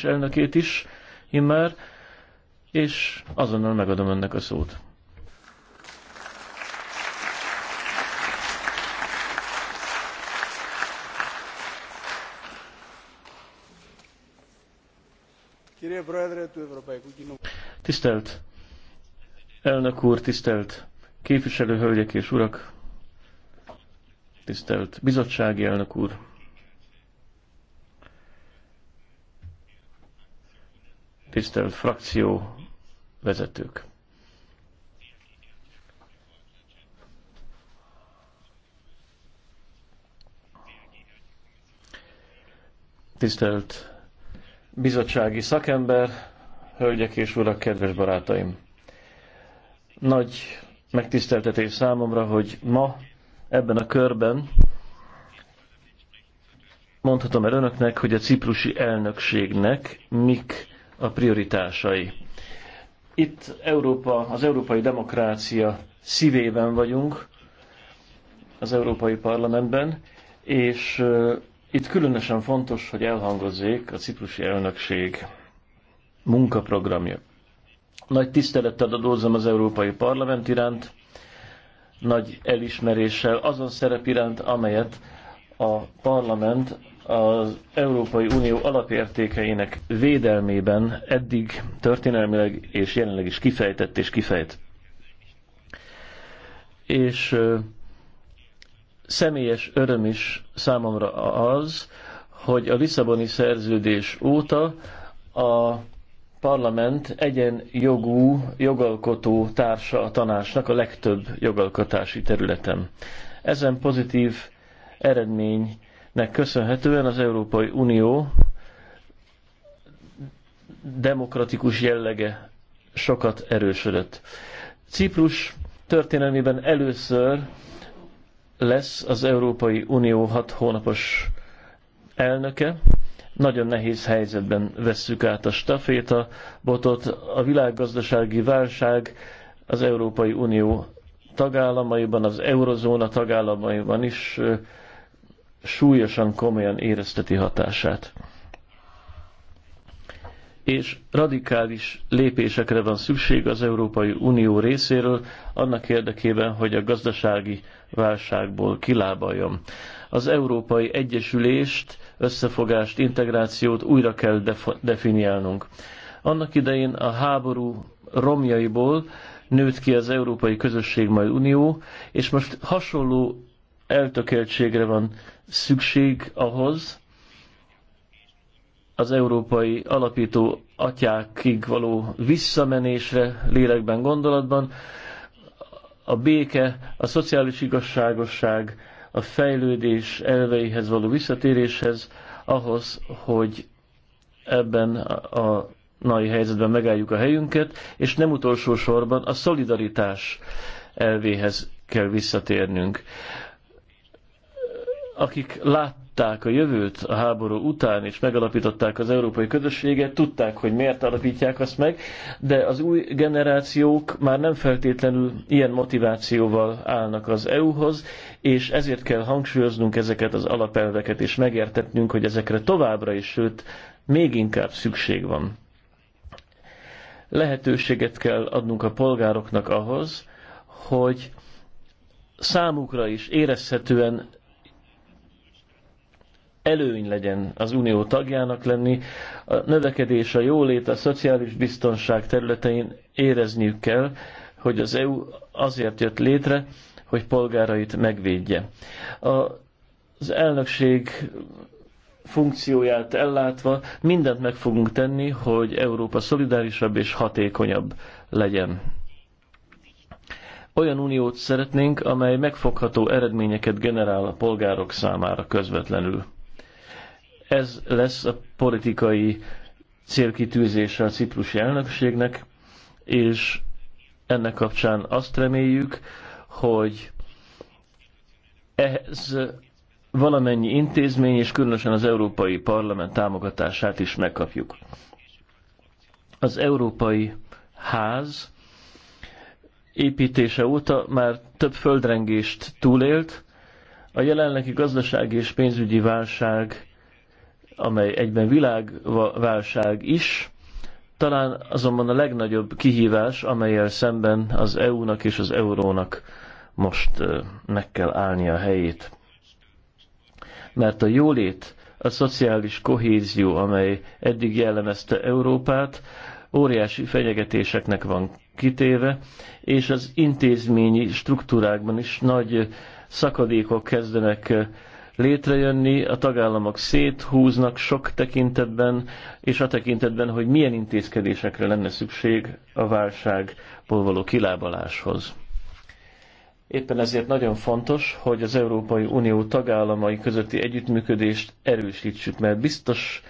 tanács elnökét is immár, és azonnal megadom önnek a szót. Tisztelt elnök úr, tisztelt képviselő hölgyek és urak, tisztelt bizottsági elnök úr, tisztelt frakció vezetők! Tisztelt bizottsági szakember, hölgyek és urak, kedves barátaim! Nagy megtiszteltetés számomra, hogy ma ebben a körben mondhatom el önöknek, hogy a ciprusi elnökségnek mik a prioritásai. Itt Európa, az európai demokrácia szívében vagyunk, az Európai Parlamentben, és itt különösen fontos, hogy elhangozzék a ciprusi elnökség munkaprogramja. Nagy tisztelettel adózom az Európai Parlament iránt, nagy elismeréssel azon szerep iránt, amelyet a parlament az Európai Unió alapértékeinek védelmében eddig történelmileg és jelenleg is kifejtett és kifejt. És személyes öröm is számomra az, hogy a Lisszaboni szerződés óta a parlament egyen jogú jogalkotó társa a tanácsnak a legtöbb jogalkotási területen. Ezen pozitív eredmény nek köszönhetően az Európai Unió demokratikus jellege sokat erősödött. Ciprus történelmében először lesz az Európai Unió hat hónapos elnöke. Nagyon nehéz helyzetben vesszük át a staféta botot. A világgazdasági válság az Európai Unió tagállamaiban, az eurozóna tagállamaiban is súlyosan, komolyan érezteti hatását. És radikális lépésekre van szükség az Európai Unió részéről, annak érdekében, hogy a gazdasági válságból kilábaljon. Az Európai Egyesülést, összefogást, integrációt újra kell definiálnunk. Annak idején a háború romjaiból nőtt ki az Európai Közösség majd Unió, és most hasonló eltökéltségre van szükség ahhoz, az európai alapító atyákig való visszamenésre lélekben, gondolatban, a béke, a szociális igazságosság, a fejlődés elveihez való visszatéréshez, ahhoz, hogy ebben a mai helyzetben megálljuk a helyünket, és nem utolsó sorban a szolidaritás elvéhez kell visszatérnünk akik látták a jövőt a háború után, és megalapították az európai közösséget, tudták, hogy miért alapítják azt meg, de az új generációk már nem feltétlenül ilyen motivációval állnak az EU-hoz, és ezért kell hangsúlyoznunk ezeket az alapelveket, és megértetnünk, hogy ezekre továbbra is, sőt, még inkább szükség van. Lehetőséget kell adnunk a polgároknak ahhoz, hogy számukra is érezhetően előny legyen az unió tagjának lenni, a növekedés, a jólét, a szociális biztonság területein érezniük kell, hogy az EU azért jött létre, hogy polgárait megvédje. A, az elnökség funkcióját ellátva mindent meg fogunk tenni, hogy Európa szolidárisabb és hatékonyabb legyen. Olyan uniót szeretnénk, amely megfogható eredményeket generál a polgárok számára közvetlenül. Ez lesz a politikai célkitűzése a ciprusi elnökségnek, és ennek kapcsán azt reméljük, hogy ehhez valamennyi intézmény, és különösen az Európai Parlament támogatását is megkapjuk. Az Európai Ház építése óta már több földrengést túlélt, a jelenlegi gazdasági és pénzügyi válság amely egyben világválság is, talán azonban a legnagyobb kihívás, amelyel szemben az EU-nak és az eurónak most meg kell állni a helyét. Mert a jólét, a szociális kohézió, amely eddig jellemezte Európát, óriási fenyegetéseknek van kitéve, és az intézményi struktúrákban is nagy szakadékok kezdenek létrejönni, a tagállamok széthúznak sok tekintetben, és a tekintetben, hogy milyen intézkedésekre lenne szükség a válságból való kilábaláshoz. Éppen ezért nagyon fontos, hogy az Európai Unió tagállamai közötti együttműködést erősítsük, mert biztos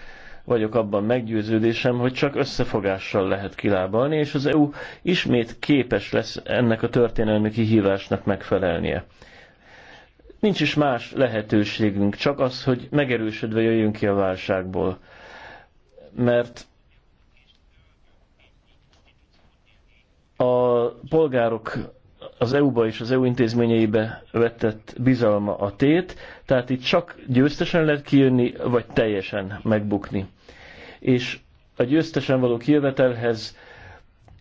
vagyok abban meggyőződésem, hogy csak összefogással lehet kilábalni, és az EU ismét képes lesz ennek a történelmi kihívásnak megfelelnie. Nincs is más lehetőségünk, csak az, hogy megerősödve jöjjünk ki a válságból. Mert a polgárok az EU-ba és az EU intézményeibe vetett bizalma a tét, tehát itt csak győztesen lehet kijönni, vagy teljesen megbukni. És a győztesen való kijövetelhez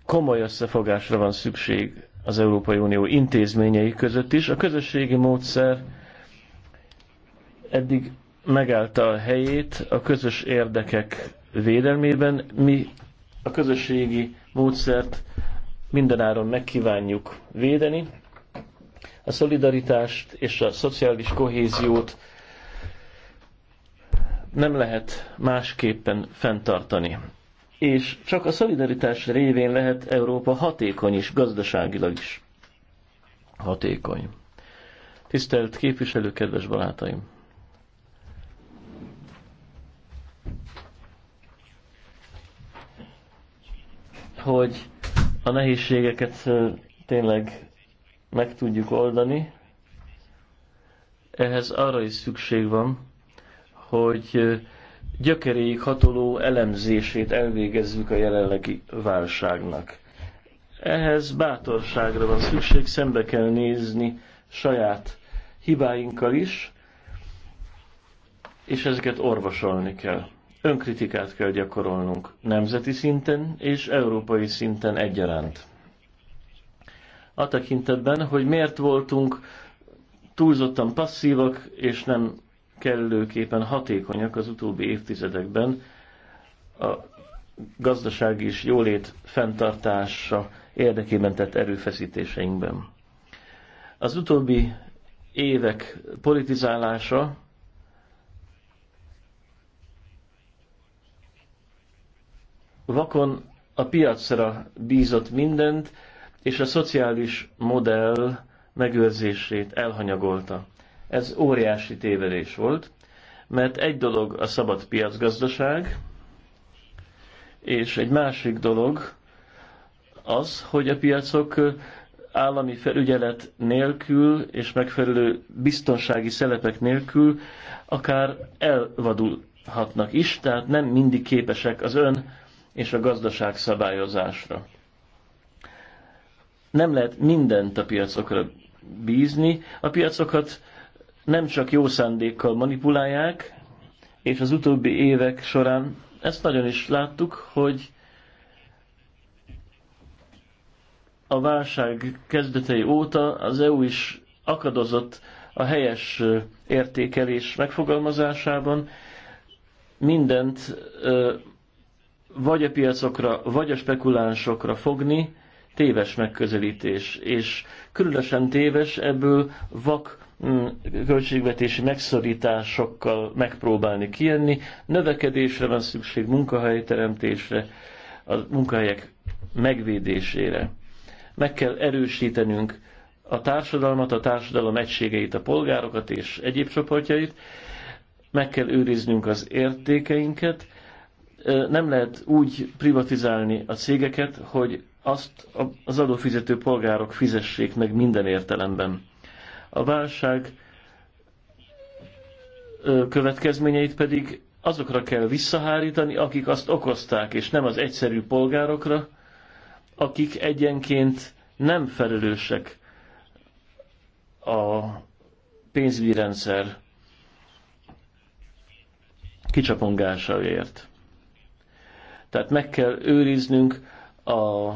komoly összefogásra van szükség az Európai Unió intézményei között is. A közösségi módszer eddig megállta a helyét a közös érdekek védelmében. Mi a közösségi módszert mindenáron megkívánjuk védeni. A szolidaritást és a szociális kohéziót nem lehet másképpen fenntartani és csak a szolidaritás révén lehet Európa hatékony is, gazdaságilag is hatékony. Tisztelt képviselő, kedves barátaim! Hogy a nehézségeket tényleg meg tudjuk oldani, ehhez arra is szükség van, hogy gyökeréig hatoló elemzését elvégezzük a jelenlegi válságnak. Ehhez bátorságra van szükség, szembe kell nézni saját hibáinkkal is, és ezeket orvosolni kell. Önkritikát kell gyakorolnunk nemzeti szinten és európai szinten egyaránt. A tekintetben, hogy miért voltunk túlzottan passzívak és nem kellőképpen hatékonyak az utóbbi évtizedekben a gazdaság és jólét fenntartása érdekében tett erőfeszítéseinkben. Az utóbbi évek politizálása vakon a piacra bízott mindent, és a szociális modell megőrzését elhanyagolta. Ez óriási tévedés volt, mert egy dolog a szabad piacgazdaság, és egy másik dolog az, hogy a piacok állami felügyelet nélkül és megfelelő biztonsági szelepek nélkül akár elvadulhatnak is, tehát nem mindig képesek az ön és a gazdaság szabályozásra. Nem lehet mindent a piacokra bízni, a piacokat nem csak jó szándékkal manipulálják, és az utóbbi évek során ezt nagyon is láttuk, hogy a válság kezdetei óta az EU is akadozott a helyes értékelés megfogalmazásában, mindent vagy a piacokra, vagy a spekulánsokra fogni, téves megközelítés, és különösen téves ebből vak Mm, költségvetési megszorításokkal megpróbálni kijönni. Növekedésre van szükség, munkahelyteremtésre, a munkahelyek megvédésére. Meg kell erősítenünk a társadalmat, a társadalom egységeit, a polgárokat és egyéb csoportjait, meg kell őriznünk az értékeinket, nem lehet úgy privatizálni a cégeket, hogy azt az adófizető polgárok fizessék meg minden értelemben a válság következményeit pedig azokra kell visszahárítani, akik azt okozták, és nem az egyszerű polgárokra, akik egyenként nem felelősek a pénzügyi rendszer kicsapongásaért. Tehát meg kell őriznünk a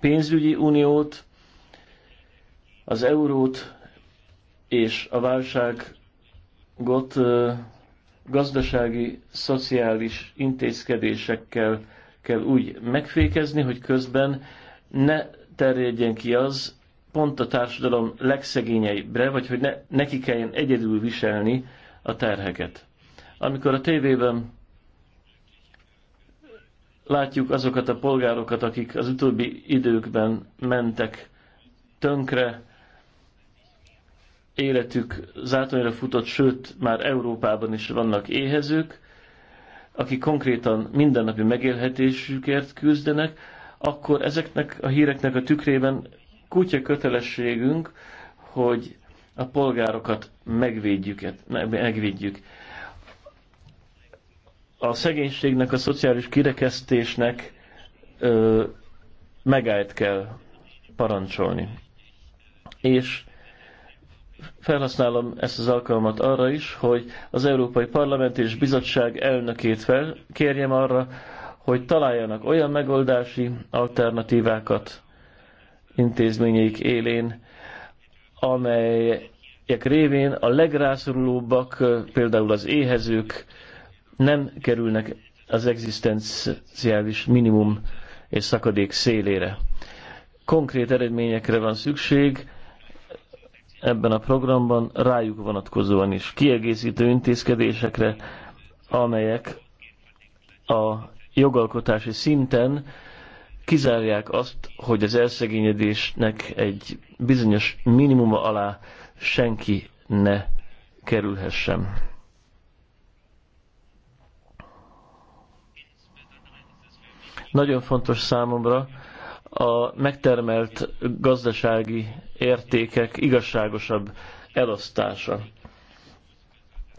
pénzügyi uniót, az eurót és a válságot gazdasági, szociális intézkedésekkel kell úgy megfékezni, hogy közben ne terjedjen ki az pont a társadalom legszegényeibbre, vagy hogy ne, neki kelljen egyedül viselni a terheket. Amikor a tévében látjuk azokat a polgárokat, akik az utóbbi időkben mentek tönkre, életük zátonyra futott, sőt, már Európában is vannak éhezők, akik konkrétan mindennapi megélhetésükért küzdenek, akkor ezeknek a híreknek a tükrében kutya kötelességünk, hogy a polgárokat megvédjük. megvédjük. A szegénységnek, a szociális kirekesztésnek megállt kell parancsolni. És felhasználom ezt az alkalmat arra is, hogy az Európai Parlament és Bizottság elnökét felkérjem arra, hogy találjanak olyan megoldási alternatívákat intézményeik élén, amelyek révén a legrászorulóbbak, például az éhezők nem kerülnek az egzisztenciális minimum és szakadék szélére. Konkrét eredményekre van szükség, ebben a programban rájuk vonatkozóan is kiegészítő intézkedésekre, amelyek a jogalkotási szinten kizárják azt, hogy az elszegényedésnek egy bizonyos minimuma alá senki ne kerülhessen. Nagyon fontos számomra a megtermelt gazdasági értékek igazságosabb elosztása.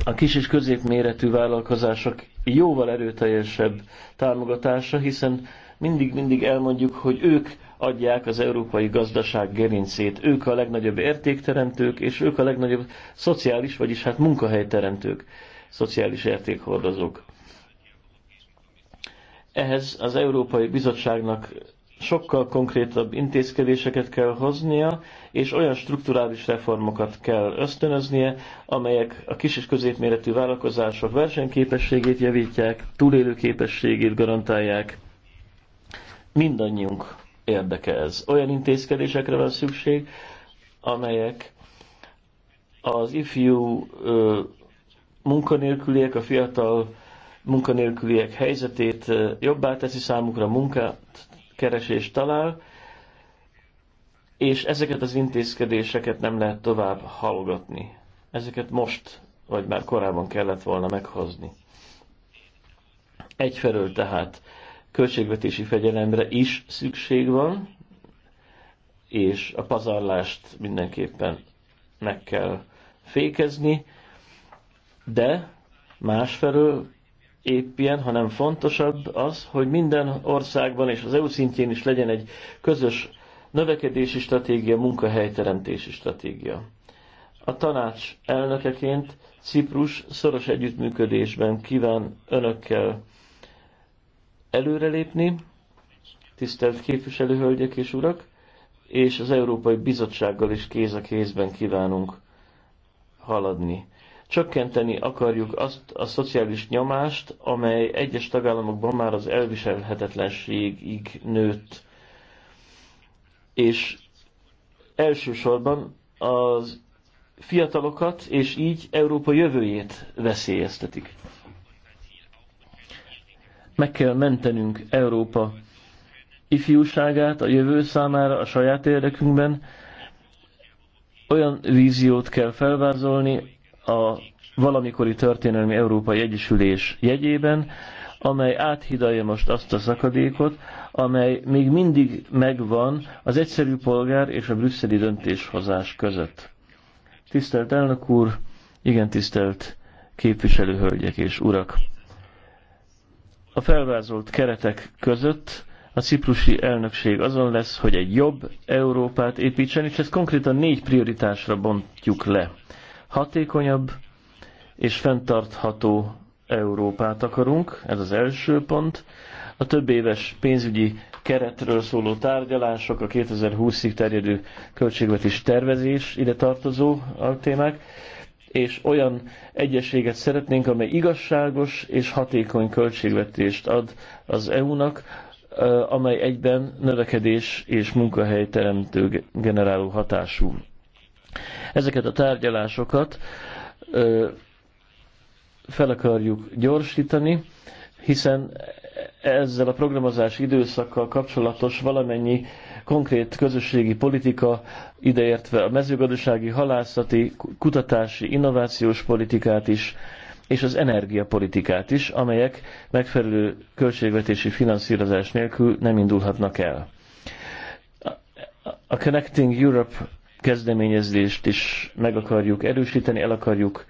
A kis és középméretű vállalkozások jóval erőteljesebb támogatása, hiszen mindig-mindig elmondjuk, hogy ők adják az európai gazdaság gerincét. Ők a legnagyobb értékteremtők, és ők a legnagyobb szociális, vagyis hát munkahelyteremtők, szociális értékhordozók. Ehhez az Európai Bizottságnak sokkal konkrétabb intézkedéseket kell hoznia, és olyan strukturális reformokat kell ösztönöznie, amelyek a kis és középméretű vállalkozások versenyképességét javítják, túlélő képességét garantálják. Mindannyiunk érdeke ez. Olyan intézkedésekre van szükség, amelyek az ifjú ö, munkanélküliek, a fiatal munkanélküliek helyzetét jobbá teszi számukra, munkát keresést talál, és ezeket az intézkedéseket nem lehet tovább hallgatni. Ezeket most, vagy már korábban kellett volna meghozni. Egyfelől tehát költségvetési fegyelemre is szükség van, és a pazarlást mindenképpen meg kell fékezni, de másfelől épp ilyen, hanem fontosabb az, hogy minden országban és az EU szintjén is legyen egy közös növekedési stratégia, munkahelyteremtési stratégia. A tanács elnökeként Ciprus szoros együttműködésben kíván önökkel előrelépni, tisztelt képviselőhölgyek és urak, és az Európai Bizottsággal is kéz a kézben kívánunk haladni. Csökkenteni akarjuk azt a szociális nyomást, amely egyes tagállamokban már az elviselhetetlenségig nőtt. És elsősorban az fiatalokat és így Európa jövőjét veszélyeztetik. Meg kell mentenünk Európa ifjúságát a jövő számára, a saját érdekünkben. Olyan víziót kell felvázolni, a valamikori történelmi Európai Egyesülés jegyében, amely áthidalja most azt a szakadékot, amely még mindig megvan az egyszerű polgár és a brüsszeli döntéshozás között. Tisztelt elnök úr, igen tisztelt képviselőhölgyek és urak! A felvázolt keretek között a ciprusi elnökség azon lesz, hogy egy jobb Európát építsen, és ezt konkrétan négy prioritásra bontjuk le hatékonyabb és fenntartható Európát akarunk, ez az első pont. A több éves pénzügyi keretről szóló tárgyalások, a 2020-ig terjedő költségvetés tervezés ide tartozó témák, és olyan egyességet szeretnénk, amely igazságos és hatékony költségvetést ad az EU-nak, amely egyben növekedés és munkahely generáló hatású Ezeket a tárgyalásokat fel akarjuk gyorsítani, hiszen ezzel a programozási időszakkal kapcsolatos valamennyi konkrét közösségi politika, ideértve a mezőgazdasági, halászati, kutatási, innovációs politikát is, és az energiapolitikát is, amelyek megfelelő költségvetési finanszírozás nélkül nem indulhatnak el. A Connecting Europe kezdeményezést is meg akarjuk erősíteni, el akarjuk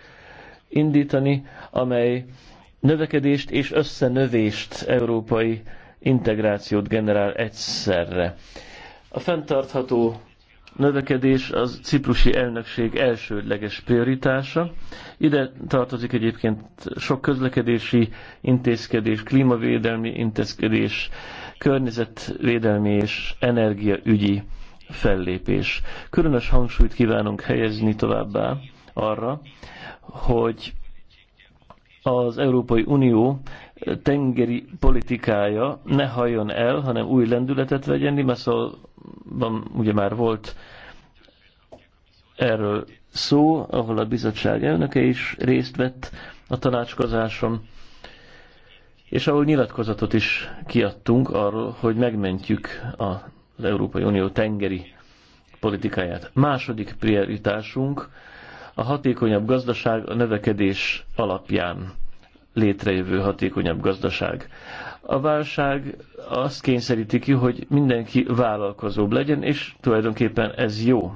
indítani, amely növekedést és összenövést, európai integrációt generál egyszerre. A fenntartható növekedés az ciprusi elnökség elsődleges prioritása. Ide tartozik egyébként sok közlekedési intézkedés, klímavédelmi intézkedés, környezetvédelmi és energiaügyi fellépés. Különös hangsúlyt kívánunk helyezni továbbá arra, hogy az Európai Unió tengeri politikája ne halljon el, hanem új lendületet vegyen. van, ugye már volt erről szó, ahol a bizottság elnöke is részt vett a tanácskozáson, és ahol nyilatkozatot is kiadtunk arról, hogy megmentjük a az Európai Unió tengeri politikáját. Második prioritásunk a hatékonyabb gazdaság a növekedés alapján létrejövő hatékonyabb gazdaság. A válság azt kényszeríti ki, hogy mindenki vállalkozóbb legyen, és tulajdonképpen ez jó.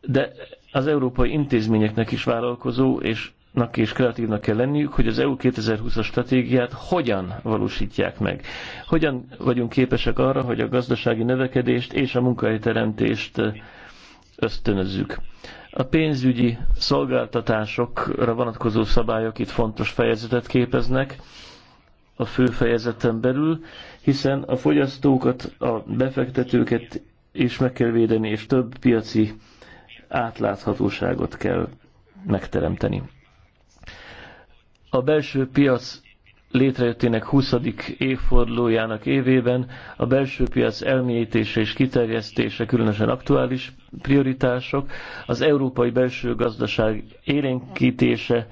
De az európai intézményeknek is vállalkozó és kreatívnak és kreatívnak kell lenniük, hogy az EU 2020-as stratégiát hogyan valósítják meg. Hogyan vagyunk képesek arra, hogy a gazdasági növekedést és a munkahelyteremtést eh, ösztönözzük. A pénzügyi szolgáltatásokra vonatkozó szabályok itt fontos fejezetet képeznek a fő fejezeten belül, hiszen a fogyasztókat, a befektetőket is meg kell védeni, és több piaci átláthatóságot kell megteremteni. A belső piac létrejöttének 20. évfordulójának évében a belső piac elmélyítése és kiterjesztése különösen aktuális prioritások, az európai belső gazdaság élénkítése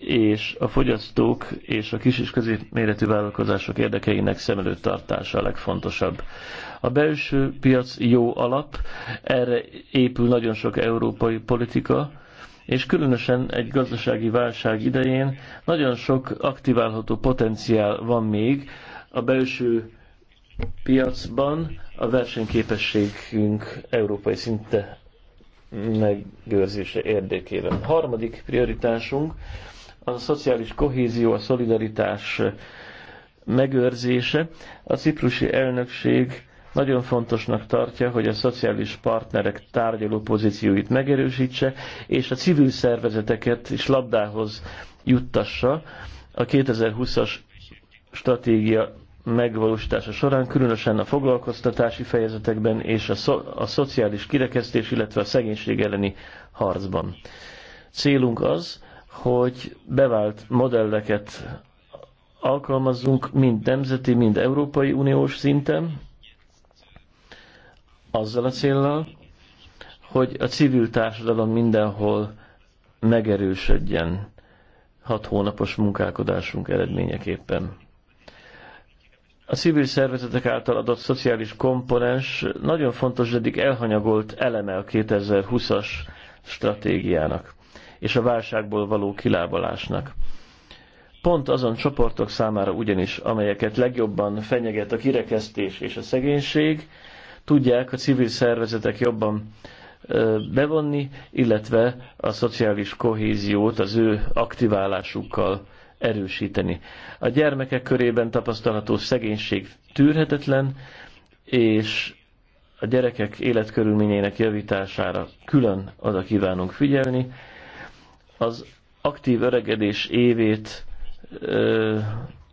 és a fogyasztók és a kis és középméretű vállalkozások érdekeinek szem előtt tartása a legfontosabb. A belső piac jó alap, erre épül nagyon sok európai politika, és különösen egy gazdasági válság idején nagyon sok aktiválható potenciál van még a belső piacban a versenyképességünk európai szinte megőrzése érdekében. Harmadik prioritásunk az a szociális kohézió, a szolidaritás megőrzése. A ciprusi elnökség nagyon fontosnak tartja, hogy a szociális partnerek tárgyaló pozícióit megerősítse, és a civil szervezeteket is labdához juttassa a 2020-as stratégia megvalósítása során, különösen a foglalkoztatási fejezetekben és a, szo a szociális kirekesztés, illetve a szegénység elleni harcban. Célunk az, hogy bevált modelleket alkalmazzunk mind nemzeti, mind Európai Uniós szinten, azzal a céllal, hogy a civil társadalom mindenhol megerősödjen hat hónapos munkálkodásunk eredményeképpen. A civil szervezetek által adott szociális komponens nagyon fontos, de eddig elhanyagolt eleme a 2020-as stratégiának és a válságból való kilábalásnak. Pont azon csoportok számára ugyanis, amelyeket legjobban fenyeget a kirekesztés és a szegénység, tudják a civil szervezetek jobban bevonni, illetve a szociális kohéziót az ő aktiválásukkal erősíteni. A gyermekek körében tapasztalható szegénység tűrhetetlen, és a gyerekek életkörülményeinek javítására külön oda kívánunk figyelni. Az aktív öregedés évét ö,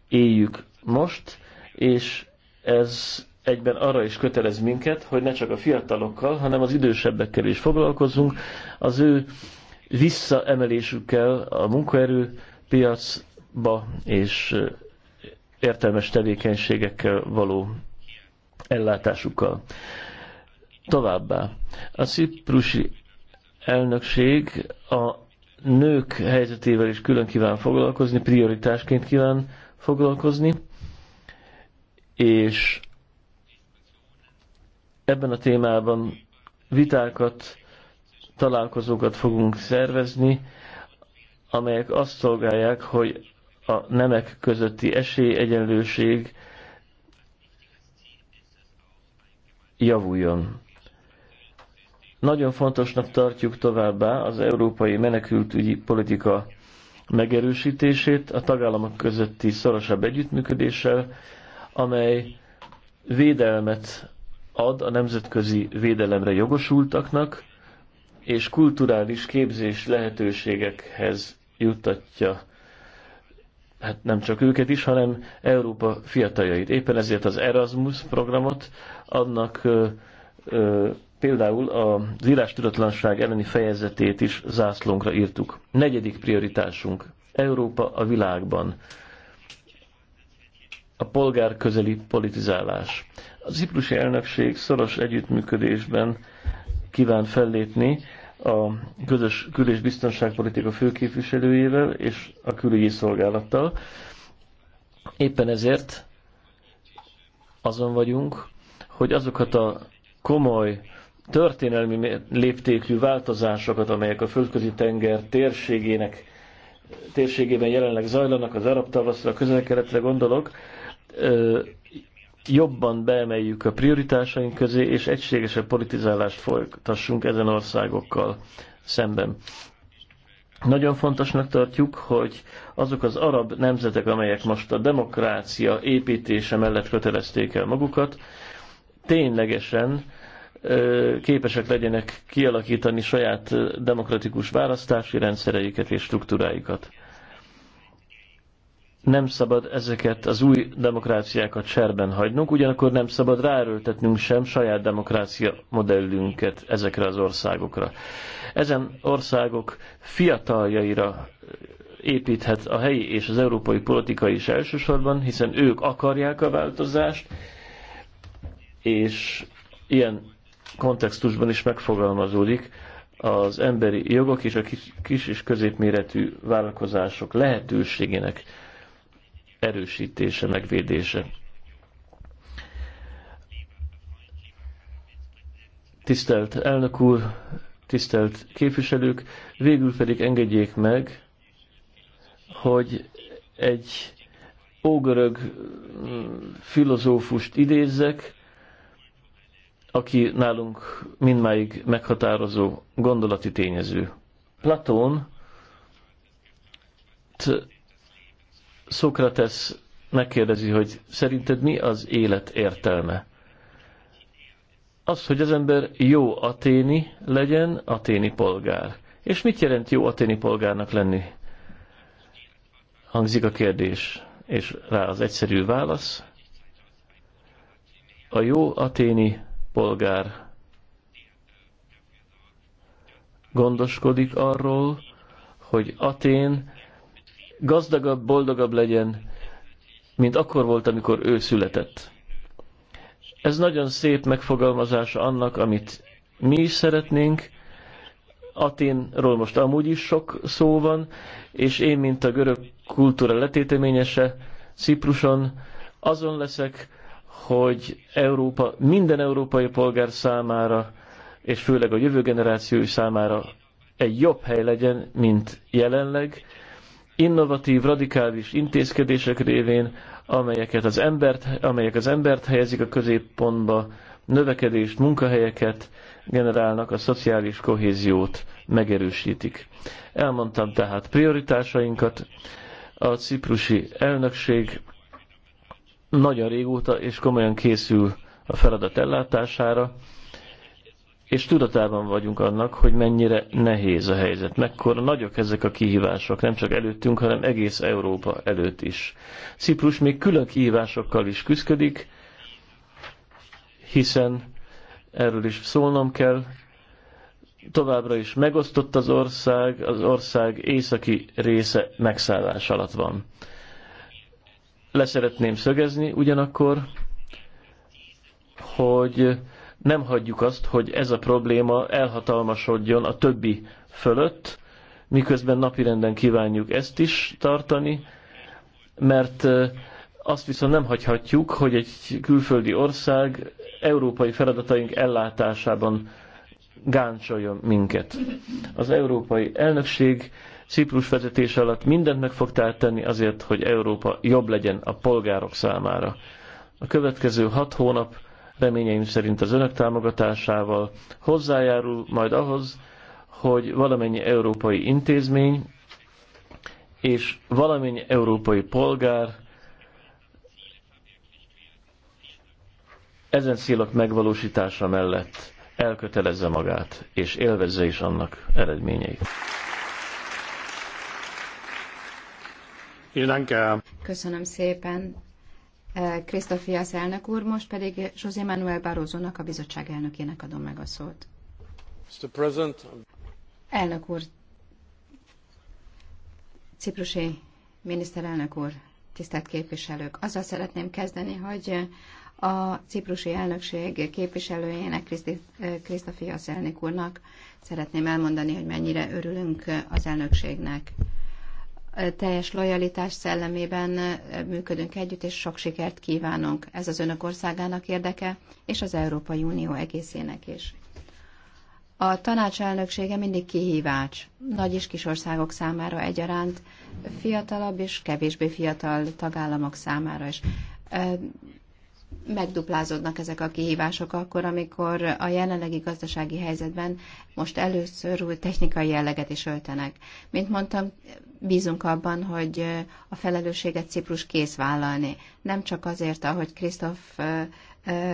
éljük most, és ez egyben arra is kötelez minket, hogy ne csak a fiatalokkal, hanem az idősebbekkel is foglalkozzunk, az ő visszaemelésükkel a munkaerőpiacba és értelmes tevékenységekkel való ellátásukkal. Továbbá, a ciprusi elnökség a nők helyzetével is külön kíván foglalkozni, prioritásként kíván foglalkozni, és Ebben a témában vitákat, találkozókat fogunk szervezni, amelyek azt szolgálják, hogy a nemek közötti esélyegyenlőség javuljon. Nagyon fontosnak tartjuk továbbá az európai menekültügyi politika megerősítését a tagállamok közötti szorosabb együttműködéssel, amely védelmet ad a nemzetközi védelemre jogosultaknak, és kulturális képzés lehetőségekhez juttatja hát nem csak őket is, hanem Európa fiataljait. Éppen ezért az Erasmus programot annak ö, ö, például az írástudatlanság elleni fejezetét is zászlónkra írtuk. Negyedik prioritásunk. Európa a világban. A közeli politizálás. A ciprusi elnökség szoros együttműködésben kíván fellépni a közös kül- és biztonságpolitika főképviselőjével és a külügyi szolgálattal. Éppen ezért azon vagyunk, hogy azokat a komoly történelmi léptékű változásokat, amelyek a földközi tenger térségének térségében jelenleg zajlanak, az arab tavaszra, a közel-keletre gondolok, jobban beemeljük a prioritásaink közé, és egységesebb politizálást folytassunk ezen országokkal szemben. Nagyon fontosnak tartjuk, hogy azok az arab nemzetek, amelyek most a demokrácia építése mellett kötelezték el magukat, ténylegesen képesek legyenek kialakítani saját demokratikus választási rendszereiket és struktúráikat nem szabad ezeket az új demokráciákat serben hagynunk, ugyanakkor nem szabad ráerőltetnünk sem saját demokrácia modellünket ezekre az országokra. Ezen országok fiataljaira építhet a helyi és az európai politika is elsősorban, hiszen ők akarják a változást, és ilyen kontextusban is megfogalmazódik az emberi jogok és a kis, kis és középméretű vállalkozások lehetőségének erősítése, megvédése. Tisztelt elnök úr, tisztelt képviselők, végül pedig engedjék meg, hogy egy ógörög mm, filozófust idézzek, aki nálunk mindmáig meghatározó gondolati tényező. Platón Szokratesz megkérdezi, hogy szerinted mi az élet értelme? Az, hogy az ember jó aténi legyen, aténi polgár. És mit jelent jó aténi polgárnak lenni? Hangzik a kérdés, és rá az egyszerű válasz. A jó aténi polgár gondoskodik arról, hogy Atén gazdagabb, boldogabb legyen, mint akkor volt, amikor ő született. Ez nagyon szép megfogalmazása annak, amit mi is szeretnénk. Aténról most amúgy is sok szó van, és én, mint a görög kultúra letéteményese Cipruson, azon leszek, hogy Európa minden európai polgár számára, és főleg a jövő generáció számára egy jobb hely legyen, mint jelenleg, innovatív, radikális intézkedések révén, amelyeket az embert, amelyek az embert helyezik a középpontba, növekedést, munkahelyeket generálnak, a szociális kohéziót megerősítik. Elmondtam tehát prioritásainkat, a ciprusi elnökség nagyon régóta és komolyan készül a feladat ellátására, és tudatában vagyunk annak, hogy mennyire nehéz a helyzet, mekkora nagyok ezek a kihívások, nem csak előttünk, hanem egész Európa előtt is. Ciprus még külön kihívásokkal is küzdik, hiszen erről is szólnom kell, továbbra is megosztott az ország, az ország északi része megszállás alatt van. Leszeretném szögezni ugyanakkor, hogy nem hagyjuk azt, hogy ez a probléma elhatalmasodjon a többi fölött, miközben napirenden kívánjuk ezt is tartani, mert azt viszont nem hagyhatjuk, hogy egy külföldi ország európai feladataink ellátásában gáncsoljon minket. Az európai elnökség Ciprus vezetése alatt mindent meg fog tenni azért, hogy Európa jobb legyen a polgárok számára. A következő hat hónap reményeim szerint az önök támogatásával hozzájárul majd ahhoz, hogy valamennyi európai intézmény és valamennyi európai polgár ezen célok megvalósítása mellett elkötelezze magát, és élvezze is annak eredményeit. Köszönöm szépen Krisztofiasz eh, elnök úr, most pedig José Manuel barroso a bizottság elnökének adom meg a szót. Mr. President. Elnök úr, Ciprusi miniszterelnök úr, tisztelt képviselők! Azzal szeretném kezdeni, hogy a ciprusi elnökség képviselőjének, Krisztofiasz eh, elnök úrnak szeretném elmondani, hogy mennyire örülünk az elnökségnek teljes lojalitás szellemében működünk együtt, és sok sikert kívánunk. Ez az önök országának érdeke, és az Európai Unió egészének is. A tanácselnöksége mindig kihívás, nagy és kis országok számára egyaránt, fiatalabb és kevésbé fiatal tagállamok számára is. Megduplázódnak ezek a kihívások akkor, amikor a jelenlegi gazdasági helyzetben most először új technikai jelleget is öltenek. Mint mondtam, Bízunk abban, hogy a felelősséget Ciprus kész vállalni. Nem csak azért, ahogy Krisztof,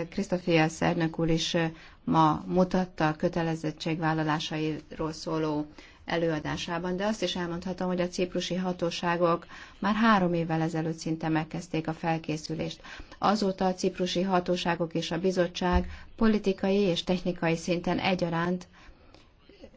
Krisztofia Szernök úr is ma mutatta a kötelezettségvállalásairól szóló előadásában, de azt is elmondhatom, hogy a ciprusi hatóságok már három évvel ezelőtt szinte megkezdték a felkészülést. Azóta a ciprusi hatóságok és a bizottság politikai és technikai szinten egyaránt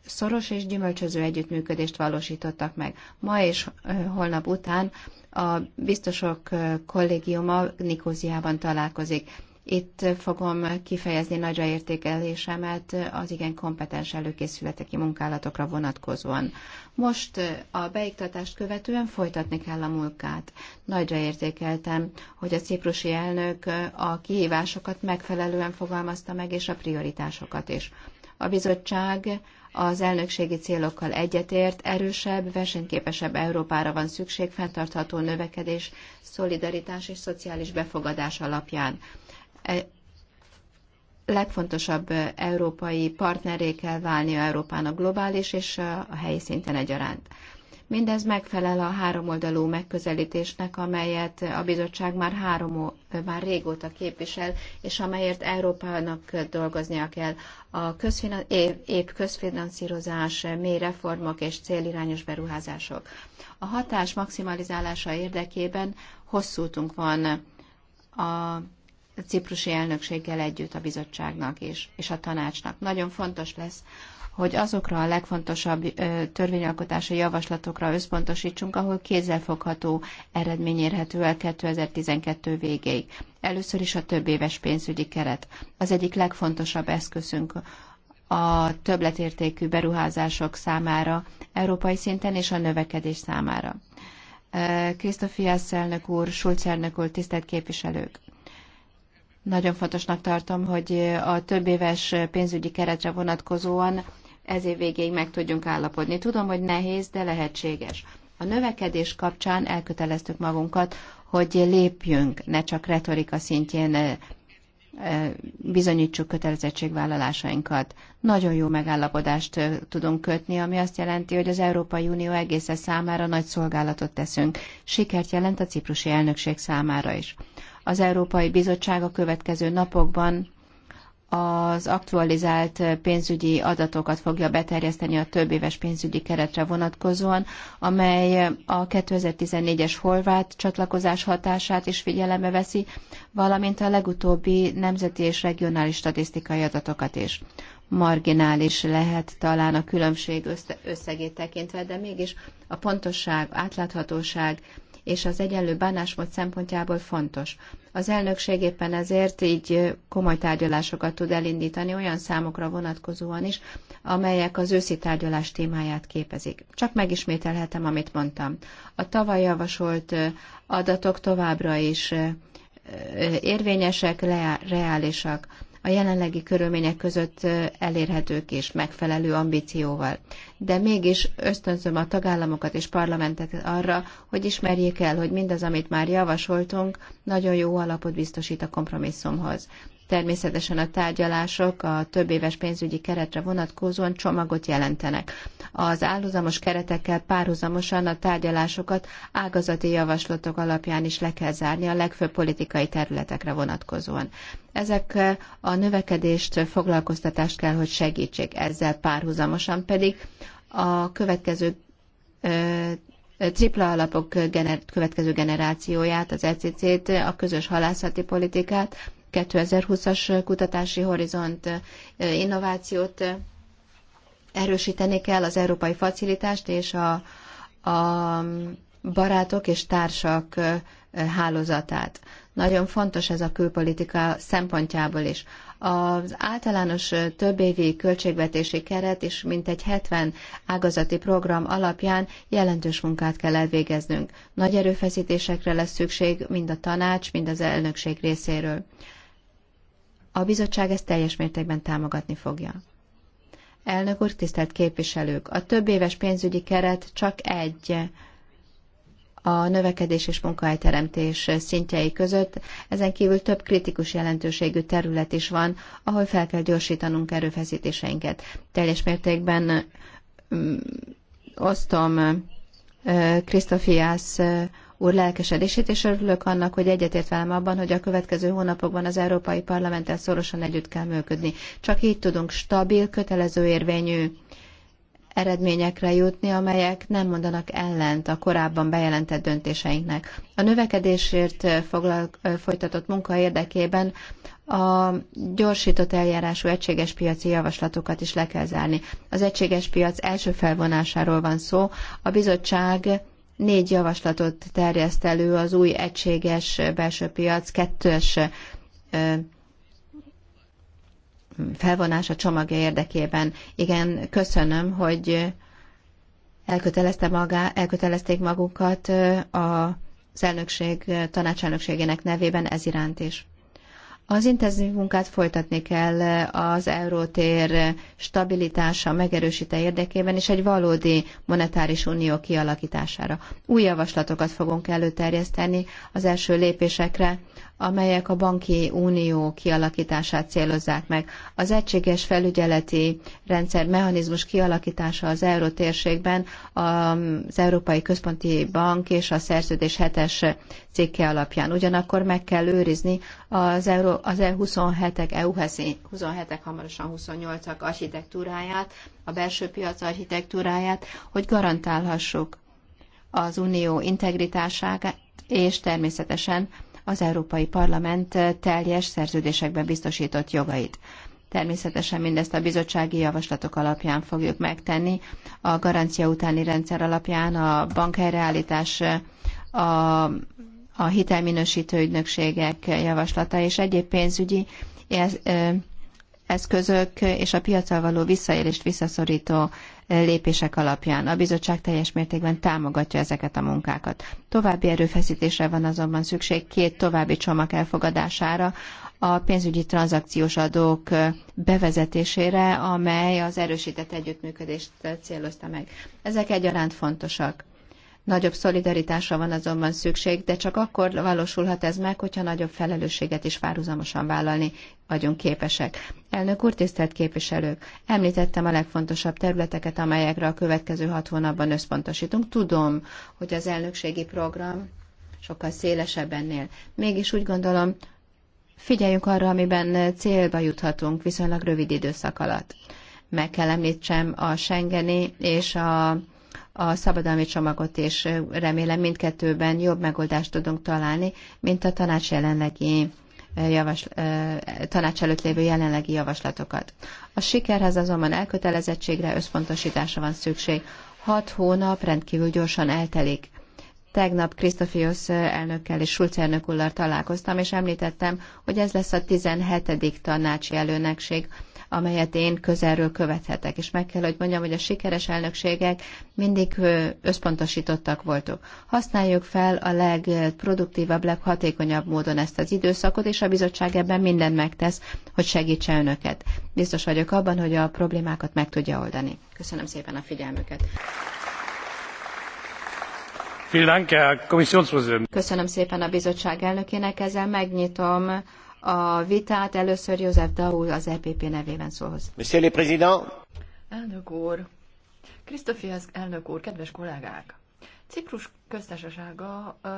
szoros és gyümölcsöző együttműködést valósítottak meg. Ma és holnap után a biztosok kollégiuma Nikóziában találkozik. Itt fogom kifejezni nagyra értékelésemet az igen kompetens előkészületeki munkálatokra vonatkozóan. Most a beiktatást követően folytatni kell a munkát. Nagyra értékeltem, hogy a ciprusi elnök a kihívásokat megfelelően fogalmazta meg, és a prioritásokat is. A bizottság az elnökségi célokkal egyetért, erősebb, versenyképesebb Európára van szükség fenntartható növekedés, szolidaritás és szociális befogadás alapján. E legfontosabb európai partnerré kell válni Európának globális és a helyi szinten egyaránt. Mindez megfelel a háromoldalú megközelítésnek, amelyet a bizottság már három, már régóta képvisel, és amelyért Európának dolgoznia kell. A közfinan- épp közfinanszírozás, mély reformok és célirányos beruházások. A hatás maximalizálása érdekében hosszútunk van a ciprusi elnökséggel együtt a bizottságnak és a tanácsnak. Nagyon fontos lesz hogy azokra a legfontosabb törvényalkotási javaslatokra összpontosítsunk, ahol kézzelfogható eredmény érhető el 2012 végéig. Először is a több éves pénzügyi keret. Az egyik legfontosabb eszközünk a többletértékű beruházások számára, európai szinten és a növekedés számára. Krisztofiász elnök úr, Schulz elnök úr, tisztelt képviselők! Nagyon fontosnak tartom, hogy a több éves pénzügyi keretre vonatkozóan ez év végéig meg tudjunk állapodni. Tudom, hogy nehéz, de lehetséges. A növekedés kapcsán elköteleztük magunkat, hogy lépjünk, ne csak retorika szintjén eh, eh, bizonyítsuk kötelezettségvállalásainkat. Nagyon jó megállapodást eh, tudunk kötni, ami azt jelenti, hogy az Európai Unió egészen számára nagy szolgálatot teszünk. Sikert jelent a ciprusi elnökség számára is. Az Európai Bizottság a következő napokban az aktualizált pénzügyi adatokat fogja beterjeszteni a több éves pénzügyi keretre vonatkozóan, amely a 2014-es horvát csatlakozás hatását is figyelembe veszi, valamint a legutóbbi nemzeti és regionális statisztikai adatokat is. Marginális lehet talán a különbség összegét tekintve, de mégis a pontosság, átláthatóság és az egyenlő bánásmód szempontjából fontos. Az elnökség éppen ezért így komoly tárgyalásokat tud elindítani olyan számokra vonatkozóan is, amelyek az őszi tárgyalás témáját képezik. Csak megismételhetem, amit mondtam. A tavaly javasolt adatok továbbra is érvényesek, reálisak a jelenlegi körülmények között elérhetők és megfelelő ambícióval. De mégis ösztönzöm a tagállamokat és parlamentet arra, hogy ismerjék el, hogy mindaz, amit már javasoltunk, nagyon jó alapot biztosít a kompromisszumhoz. Természetesen a tárgyalások a több éves pénzügyi keretre vonatkozóan csomagot jelentenek az állózamos keretekkel párhuzamosan a tárgyalásokat ágazati javaslatok alapján is le kell zárni a legfőbb politikai területekre vonatkozóan. Ezek a növekedést, foglalkoztatást kell, hogy segítsék, ezzel párhuzamosan pedig a következő tripla alapok gener- következő generációját, az ECC-t, a közös halászati politikát, 2020-as kutatási horizont innovációt erősíteni kell az európai facilitást és a, a barátok és társak hálózatát. Nagyon fontos ez a külpolitika szempontjából is. Az általános többévi költségvetési keret és mintegy 70 ágazati program alapján jelentős munkát kell elvégeznünk. Nagy erőfeszítésekre lesz szükség mind a tanács, mind az elnökség részéről. A bizottság ezt teljes mértékben támogatni fogja. Elnök úr, tisztelt képviselők! A több éves pénzügyi keret csak egy a növekedés és munkahelyteremtés szintjei között. Ezen kívül több kritikus jelentőségű terület is van, ahol fel kell gyorsítanunk erőfeszítéseinket. Teljes mértékben mm, osztom Krisztofiász úr lelkesedését, és örülök annak, hogy egyetért velem abban, hogy a következő hónapokban az Európai Parlamenttel szorosan együtt kell működni. Csak így tudunk stabil, kötelező érvényű eredményekre jutni, amelyek nem mondanak ellent a korábban bejelentett döntéseinknek. A növekedésért foglal, folytatott munka érdekében a gyorsított eljárású egységes piaci javaslatokat is le kell zárni. Az egységes piac első felvonásáról van szó. A bizottság négy javaslatot terjeszt elő az új egységes belső piac kettős felvonása csomagja érdekében. Igen, köszönöm, hogy elkötelezte magá, elkötelezték magukat a az elnökség tanácselnökségének nevében ez iránt is. Az intenzív munkát folytatni kell az eurótér stabilitása megerősíte érdekében, és egy valódi monetáris unió kialakítására. Új javaslatokat fogunk előterjeszteni az első lépésekre amelyek a banki unió kialakítását célozzák meg. Az egységes felügyeleti rendszer mechanizmus kialakítása az eurotérségben az Európai Központi Bank és a szerződés hetes cikke alapján. Ugyanakkor meg kell őrizni az, Euró, az E27-ek, EU27-ek hamarosan 28-ak architektúráját, a belső piac architektúráját, hogy garantálhassuk az unió integritását, és természetesen az Európai Parlament teljes szerződésekben biztosított jogait. Természetesen mindezt a bizottsági javaslatok alapján fogjuk megtenni. A garancia utáni rendszer alapján a bankhelyreállítás, a, a hitelminősítő ügynökségek javaslata és egyéb pénzügyi eszközök és a piacsal való visszaélést visszaszorító lépések alapján. A bizottság teljes mértékben támogatja ezeket a munkákat. További erőfeszítésre van azonban szükség két további csomag elfogadására, a pénzügyi tranzakciós adók bevezetésére, amely az erősített együttműködést célozta meg. Ezek egyaránt fontosak. Nagyobb szolidaritásra van azonban szükség, de csak akkor valósulhat ez meg, hogyha nagyobb felelősséget is párhuzamosan vállalni vagyunk képesek. Elnök úr, tisztelt képviselők! Említettem a legfontosabb területeket, amelyekre a következő hat hónapban összpontosítunk. Tudom, hogy az elnökségi program sokkal szélesebb ennél. Mégis úgy gondolom, figyeljünk arra, amiben célba juthatunk viszonylag rövid időszak alatt. Meg kell említsem a Schengeni és a a szabadalmi csomagot, és remélem mindkettőben jobb megoldást tudunk találni, mint a tanács jelenlegi eh, javas, eh, tanács előtt lévő jelenlegi javaslatokat. A sikerhez azonban elkötelezettségre, összpontosításra van szükség. Hat hónap rendkívül gyorsan eltelik. Tegnap Krisztofiusz eh, elnökkel és Schulz elnök találkoztam, és említettem, hogy ez lesz a 17. tanácsi előnökség, amelyet én közelről követhetek. És meg kell, hogy mondjam, hogy a sikeres elnökségek mindig összpontosítottak voltak. Használjuk fel a legproduktívabb, leghatékonyabb módon ezt az időszakot, és a bizottság ebben mindent megtesz, hogy segítse önöket. Biztos vagyok abban, hogy a problémákat meg tudja oldani. Köszönöm szépen a figyelmüket. Köszönöm szépen a bizottság elnökének, ezzel megnyitom a vitát. Először József Daul az EPP nevében szól Monsieur le Président! Elnök úr! Krisztofiasz elnök úr, kedves kollégák! Ciprus köztársasága ö,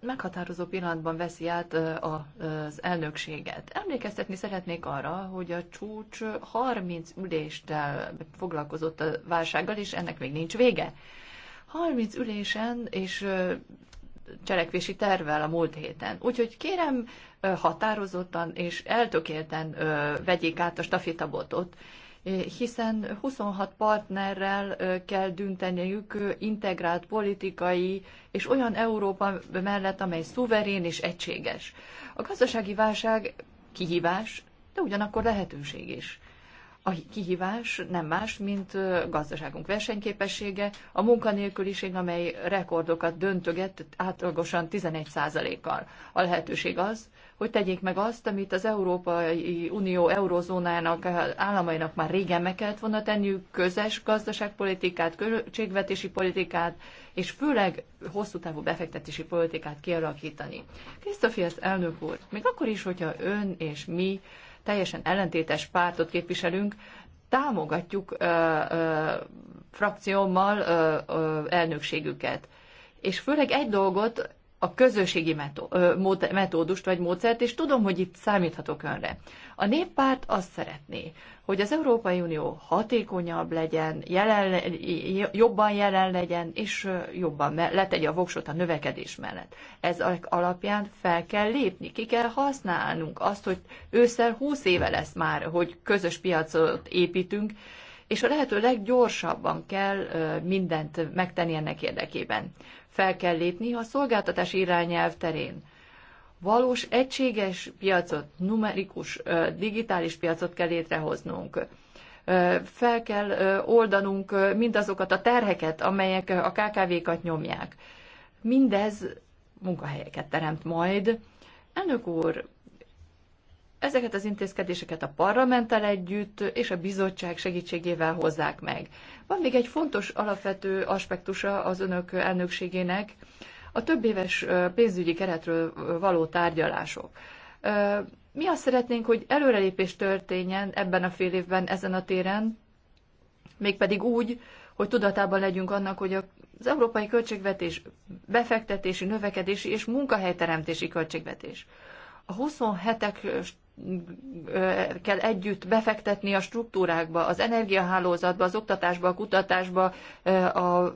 meghatározó pillanatban veszi át ö, az elnökséget. Emlékeztetni szeretnék arra, hogy a csúcs 30 üléstel foglalkozott a válsággal, és ennek még nincs vége. 30 ülésen és ö, cselekvési tervvel a múlt héten. Úgyhogy kérem, határozottan és eltökélten vegyék át a stafitabotot, hiszen 26 partnerrel kell dünteniük integrált politikai és olyan Európa mellett, amely szuverén és egységes. A gazdasági válság kihívás, de ugyanakkor lehetőség is a kihívás nem más, mint gazdaságunk versenyképessége, a munkanélküliség, amely rekordokat döntöget átlagosan 11%-kal. A lehetőség az, hogy tegyék meg azt, amit az Európai Unió eurozónának, államainak már régen meg kellett volna tenniük, közös gazdaságpolitikát, költségvetési politikát, és főleg hosszú távú befektetési politikát kialakítani. Krisztofiasz elnök úr, még akkor is, hogyha ön és mi teljesen ellentétes pártot képviselünk, támogatjuk ö, ö, frakciómmal ö, ö, elnökségüket. És főleg egy dolgot a közösségi metódust vagy módszert, és tudom, hogy itt számíthatok önre. A néppárt azt szeretné, hogy az Európai Unió hatékonyabb legyen, jelen, jobban jelen legyen, és jobban letegye a voksot a növekedés mellett. Ez alapján fel kell lépni, ki kell használnunk azt, hogy ősszel 20 éve lesz már, hogy közös piacot építünk, és a lehető leggyorsabban kell mindent megtenni ennek érdekében fel kell lépni a szolgáltatás irányelv terén. Valós egységes piacot, numerikus, digitális piacot kell létrehoznunk. Fel kell oldanunk mindazokat a terheket, amelyek a KKV-kat nyomják. Mindez munkahelyeket teremt majd. Elnök úr, Ezeket az intézkedéseket a parlamenttel együtt és a bizottság segítségével hozzák meg. Van még egy fontos alapvető aspektusa az önök elnökségének, a több éves pénzügyi keretről való tárgyalások. Mi azt szeretnénk, hogy előrelépés történjen ebben a fél évben ezen a téren, mégpedig úgy, hogy tudatában legyünk annak, hogy az európai költségvetés befektetési, növekedési és munkahelyteremtési költségvetés. A 27-ek kell együtt befektetni a struktúrákba, az energiahálózatba, az oktatásba, a kutatásba, a,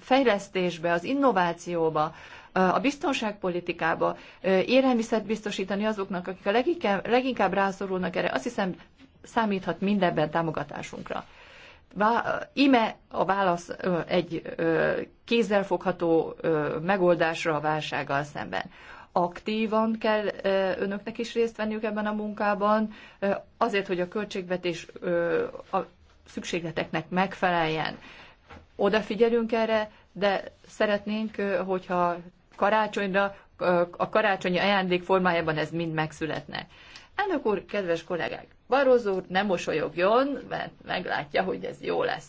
fejlesztésbe, az innovációba, a biztonságpolitikába, élelmiszert biztosítani azoknak, akik a leginkább, leginkább rászorulnak erre. Azt hiszem, számíthat mindebben támogatásunkra. Ime a válasz egy kézzelfogható megoldásra a válsággal szemben aktívan kell önöknek is részt venniük ebben a munkában, azért, hogy a költségvetés a szükségleteknek megfeleljen. Odafigyelünk erre, de szeretnénk, hogyha karácsonyra, a karácsonyi ajándék formájában ez mind megszületne. Elnök úr, kedves kollégák, Barroso úr nem mosolyogjon, mert meglátja, hogy ez jó lesz.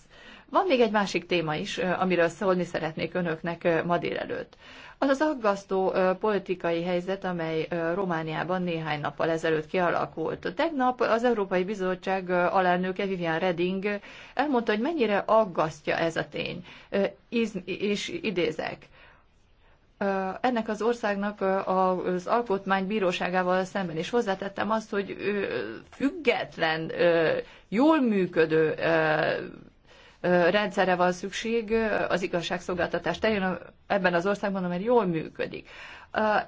Van még egy másik téma is, amiről szólni szeretnék önöknek ma délelőtt az az aggasztó politikai helyzet, amely Romániában néhány nappal ezelőtt kialakult. Tegnap az Európai Bizottság alelnöke Vivian Reding elmondta, hogy mennyire aggasztja ez a tény. És idézek. Ennek az országnak az bíróságával szemben is hozzátettem azt, hogy független, jól működő rendszere van szükség az igazságszolgáltatás terén ebben az országban, amely jól működik.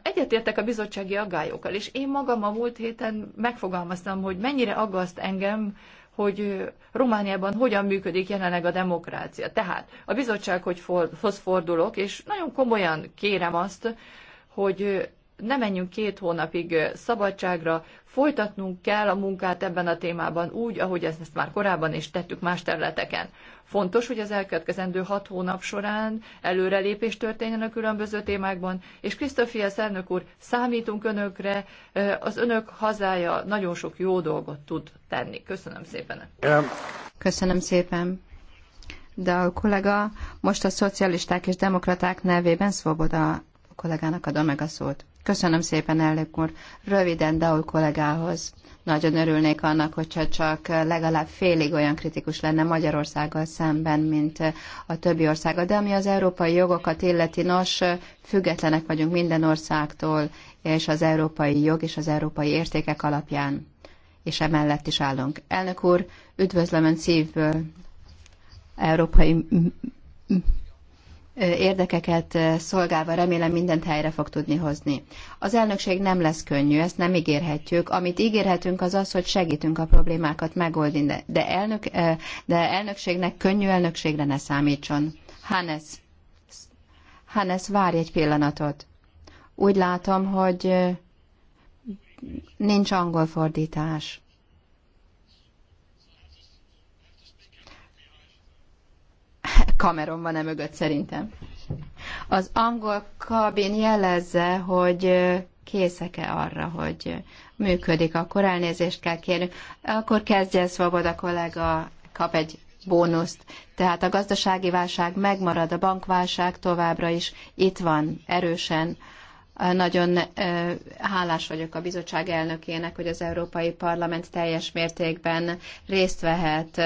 Egyetértek a bizottsági aggályokkal, és én magam a múlt héten megfogalmaztam, hogy mennyire aggaszt engem, hogy Romániában hogyan működik jelenleg a demokrácia. Tehát a bizottsághoz fordulok, és nagyon komolyan kérem azt, hogy ne menjünk két hónapig szabadságra, folytatnunk kell a munkát ebben a témában úgy, ahogy ezt már korábban is tettük más területeken. Fontos, hogy az elkövetkezendő hat hónap során előrelépés történjen a különböző témákban, és Krisztofia Szernök úr, számítunk önökre, az önök hazája nagyon sok jó dolgot tud tenni. Köszönöm szépen. Köszönöm szépen. De a kollega most a szocialisták és demokraták nevében Svoboda kollégának adom meg a szót. Köszönöm szépen, elnök úr. Röviden Daul kollégához. Nagyon örülnék annak, hogyha csak legalább félig olyan kritikus lenne Magyarországgal szemben, mint a többi országa. De ami az európai jogokat illeti, nos, függetlenek vagyunk minden országtól, és az európai jog és az európai értékek alapján. És emellett is állunk. Elnök úr, üdvözlöm Ön szívből, európai érdekeket szolgálva remélem mindent helyre fog tudni hozni. Az elnökség nem lesz könnyű, ezt nem ígérhetjük. Amit ígérhetünk az az, hogy segítünk a problémákat megoldni, de, elnök, de elnökségnek könnyű elnökségre ne számítson. Hannes, Hannes, várj egy pillanatot. Úgy látom, hogy nincs angol fordítás. Cameron van-e mögött szerintem. Az angol kabin jelezze, hogy készek-e arra, hogy működik, akkor elnézést kell kérnünk. Akkor kezdje a kollega, kap egy bónuszt. Tehát a gazdasági válság megmarad, a bankválság továbbra is itt van erősen nagyon hálás vagyok a bizottság elnökének, hogy az Európai Parlament teljes mértékben részt vehet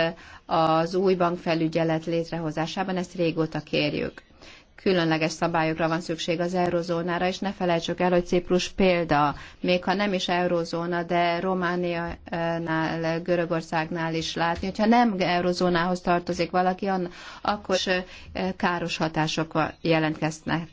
az új bankfelügyelet létrehozásában, ezt régóta kérjük különleges szabályokra van szükség az eurozónára, és ne felejtsük el, hogy Ciprus példa, még ha nem is eurozóna, de Romániánál, Görögországnál is látni, hogyha nem eurozónához tartozik valaki, akkor káros hatások jelentkeznek.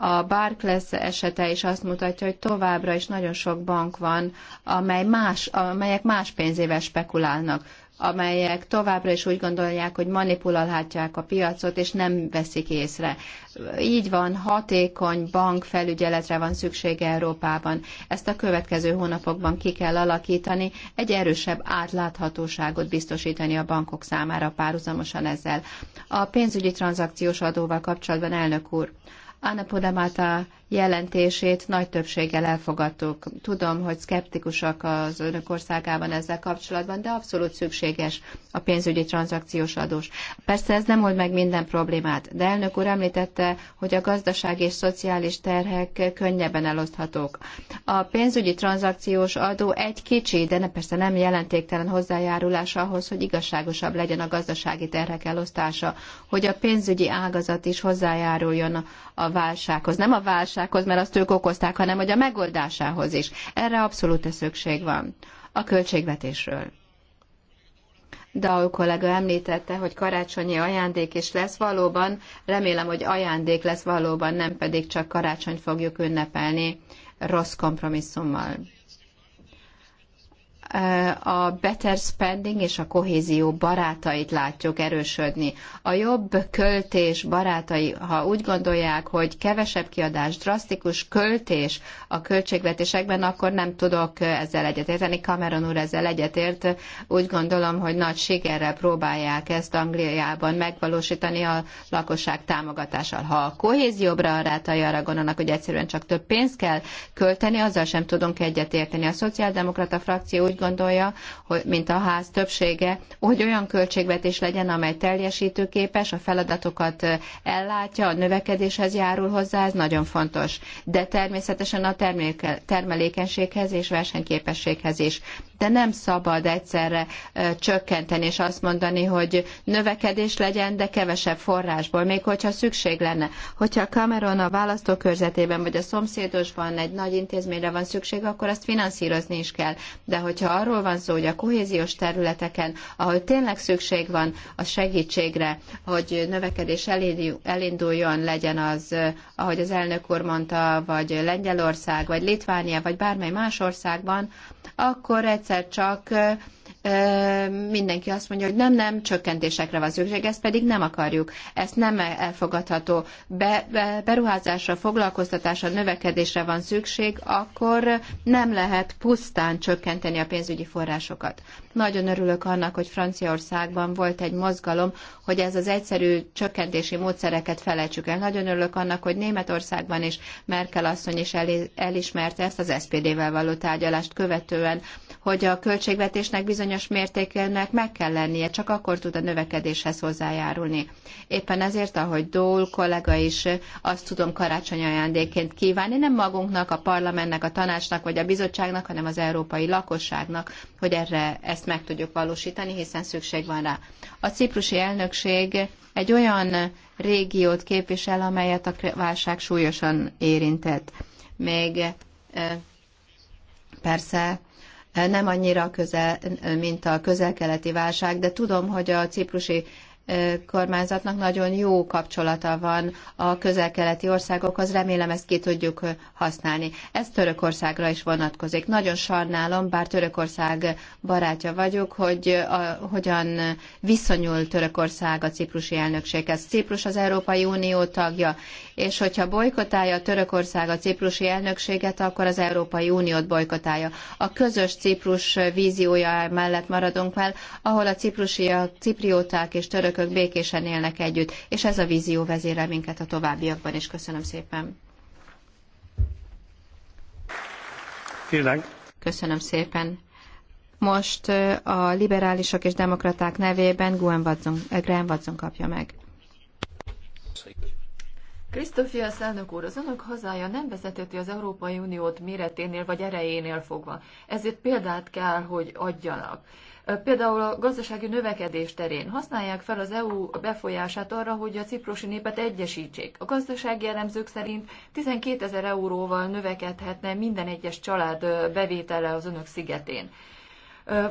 A Barclays esete is azt mutatja, hogy továbbra is nagyon sok bank van, amely más, amelyek más pénzével spekulálnak amelyek továbbra is úgy gondolják, hogy manipulálhatják a piacot, és nem veszik észre. Így van, hatékony bankfelügyeletre van szüksége Európában. Ezt a következő hónapokban ki kell alakítani, egy erősebb átláthatóságot biztosítani a bankok számára párhuzamosan ezzel. A pénzügyi tranzakciós adóval kapcsolatban elnök úr. Anna Podamata jelentését nagy többséggel elfogadtuk. Tudom, hogy szkeptikusak az önök országában ezzel kapcsolatban, de abszolút szükséges a pénzügyi tranzakciós adós. Persze ez nem old meg minden problémát, de elnök úr említette, hogy a gazdaság és szociális terhek könnyebben eloszthatók. A pénzügyi tranzakciós adó egy kicsi, de ne, persze nem jelentéktelen hozzájárulás ahhoz, hogy igazságosabb legyen a gazdasági terhek elosztása, hogy a pénzügyi ágazat is hozzájáruljon a válsághoz. Nem a válság válsághoz, mert azt ők okozták, hanem hogy a megoldásához is. Erre abszolút szükség van. A költségvetésről. Daul kollega említette, hogy karácsonyi ajándék is lesz valóban. Remélem, hogy ajándék lesz valóban, nem pedig csak karácsony fogjuk ünnepelni rossz kompromisszummal a better spending és a kohézió barátait látjuk erősödni. A jobb költés barátai, ha úgy gondolják, hogy kevesebb kiadás, drasztikus költés a költségvetésekben, akkor nem tudok ezzel egyetérteni. Cameron úr ezzel egyetért. Úgy gondolom, hogy nagy sikerrel próbálják ezt Angliában megvalósítani a lakosság támogatással. Ha a kohézió barátai arra gondolnak, hogy egyszerűen csak több pénzt kell költeni, azzal sem tudunk egyetérteni. A szociáldemokrata frakció úgy úgy gondolja, hogy, mint a ház többsége, hogy olyan költségvetés legyen, amely teljesítőképes, a feladatokat ellátja, a növekedéshez járul hozzá, ez nagyon fontos. De természetesen a termelékenységhez és versenyképességhez is. De nem szabad egyszerre csökkenteni és azt mondani, hogy növekedés legyen, de kevesebb forrásból, még hogyha szükség lenne. Hogyha Cameron a választókörzetében vagy a szomszédosban egy nagy intézményre van szükség, akkor azt finanszírozni is kell. De hogyha hogyha arról van szó, hogy a kohéziós területeken, ahol tényleg szükség van a segítségre, hogy növekedés elinduljon, legyen az, eh, ahogy az elnök úr mondta, vagy Lengyelország, vagy Litvánia, vagy bármely más országban, akkor egyszer csak eh, mindenki azt mondja, hogy nem, nem, csökkentésekre van szükség, ezt pedig nem akarjuk. Ezt nem elfogadható. Be, be, beruházásra, foglalkoztatásra, növekedésre van szükség, akkor nem lehet pusztán csökkenteni a pénzügyi forrásokat. Nagyon örülök annak, hogy Franciaországban volt egy mozgalom, hogy ez az egyszerű csökkentési módszereket felejtsük el. Nagyon örülök annak, hogy Németországban is Merkel asszony is elismerte ezt az SPD-vel való tárgyalást követően, hogy a költségvetésnek bizonyos mértékének meg kell lennie, csak akkor tud a növekedéshez hozzájárulni. Éppen ezért, ahogy Dól kollega is azt tudom karácsony ajándéként kívánni, nem magunknak, a parlamentnek, a tanácsnak vagy a bizottságnak, hanem az európai lakosságnak, hogy erre ezt meg tudjuk valósítani, hiszen szükség van rá. A ciprusi elnökség egy olyan régiót képvisel, amelyet a válság súlyosan érintett. Még persze nem annyira közel, mint a közel-keleti válság, de tudom, hogy a ciprusi kormányzatnak nagyon jó kapcsolata van a közel-keleti országokhoz, remélem ezt ki tudjuk használni. Ez Törökországra is vonatkozik. Nagyon sajnálom, bár Törökország barátja vagyok, hogy a, hogyan viszonyul Törökország a ciprusi elnökséghez. Ciprus az Európai Unió tagja, és hogyha bolykotálja Törökország a ciprusi elnökséget, akkor az Európai Uniót bolykotálja. A közös Ciprus víziója mellett maradunk fel, ahol a ciprusiak, ciprióták és törökök békésen élnek együtt, és ez a vízió vezérel minket a továbbiakban is. Köszönöm szépen. Köszönöm, Köszönöm szépen. Most a liberálisok és demokraták nevében Graham Watson, Graham Watson kapja meg. Krisztofiasz elnök úr, az önök hazája nem vezetheti az Európai Uniót méreténél vagy erejénél fogva. Ezért példát kell, hogy adjanak. Például a gazdasági növekedés terén használják fel az EU befolyását arra, hogy a ciprusi népet egyesítsék. A gazdasági elemzők szerint 12 ezer euróval növekedhetne minden egyes család bevétele az önök szigetén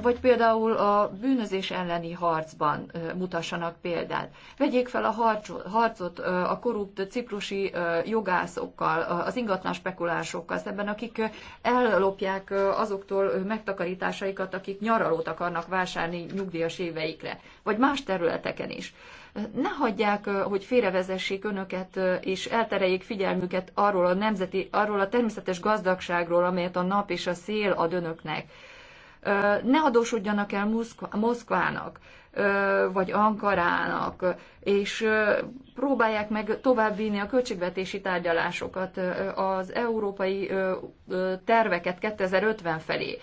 vagy például a bűnözés elleni harcban mutassanak példát. Vegyék fel a harcot a korrupt ciprusi jogászokkal, az ingatlan spekulásokkal szemben, akik ellopják azoktól megtakarításaikat, akik nyaralót akarnak vásárni nyugdíjas éveikre, vagy más területeken is ne hagyják, hogy félrevezessék önöket, és eltereljék figyelmüket arról a, nemzeti, arról a természetes gazdagságról, amelyet a nap és a szél ad önöknek ne adósodjanak el Moszkvának vagy Ankarának, és próbálják meg továbbvinni a költségvetési tárgyalásokat, az európai terveket 2050 felé.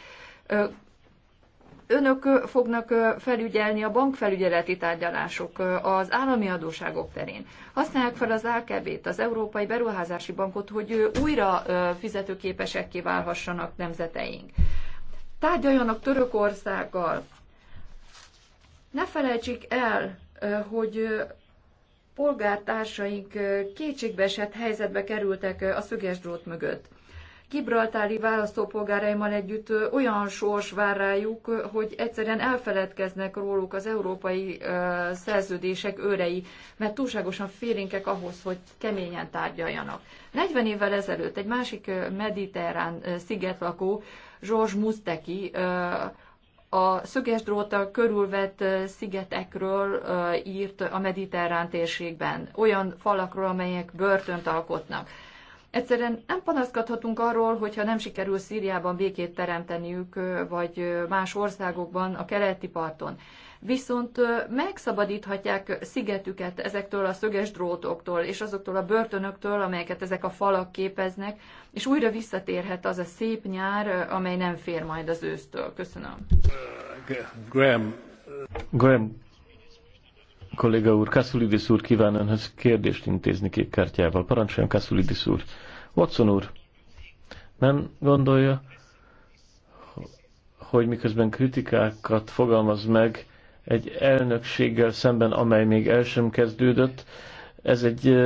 Önök fognak felügyelni a bankfelügyeleti tárgyalások az állami adóságok terén. Használják fel az AKB-t, az Európai Beruházási Bankot, hogy újra fizetőképesek válhassanak nemzeteink tárgyaljanak Törökországgal. Ne felejtsék el, hogy polgártársaink kétségbeesett helyzetbe kerültek a drót mögött. Gibraltári választópolgáraimmal együtt olyan sors vár rájuk, hogy egyszerűen elfeledkeznek róluk az európai szerződések őrei, mert túlságosan félénkek ahhoz, hogy keményen tárgyaljanak. 40 évvel ezelőtt egy másik mediterrán szigetlakó Zsorzs Muszteki a szöges dróttal körülvett szigetekről írt a mediterrán térségben, olyan falakról, amelyek börtönt alkotnak. Egyszerűen nem panaszkodhatunk arról, hogyha nem sikerül Szíriában békét teremteniük, vagy más országokban, a keleti parton viszont megszabadíthatják szigetüket ezektől a szöges drótoktól és azoktól a börtönöktől, amelyeket ezek a falak képeznek, és újra visszatérhet az a szép nyár, amely nem fér majd az ősztől. Köszönöm. Graham. Graham kolléga úr, Kasszulidis úr kíván önhöz kérdést intézni képkártyával. Parancsoljon Kasszulidis úr. Watson úr, nem gondolja, hogy miközben kritikákat fogalmaz meg, egy elnökséggel szemben, amely még el sem kezdődött. Ez egy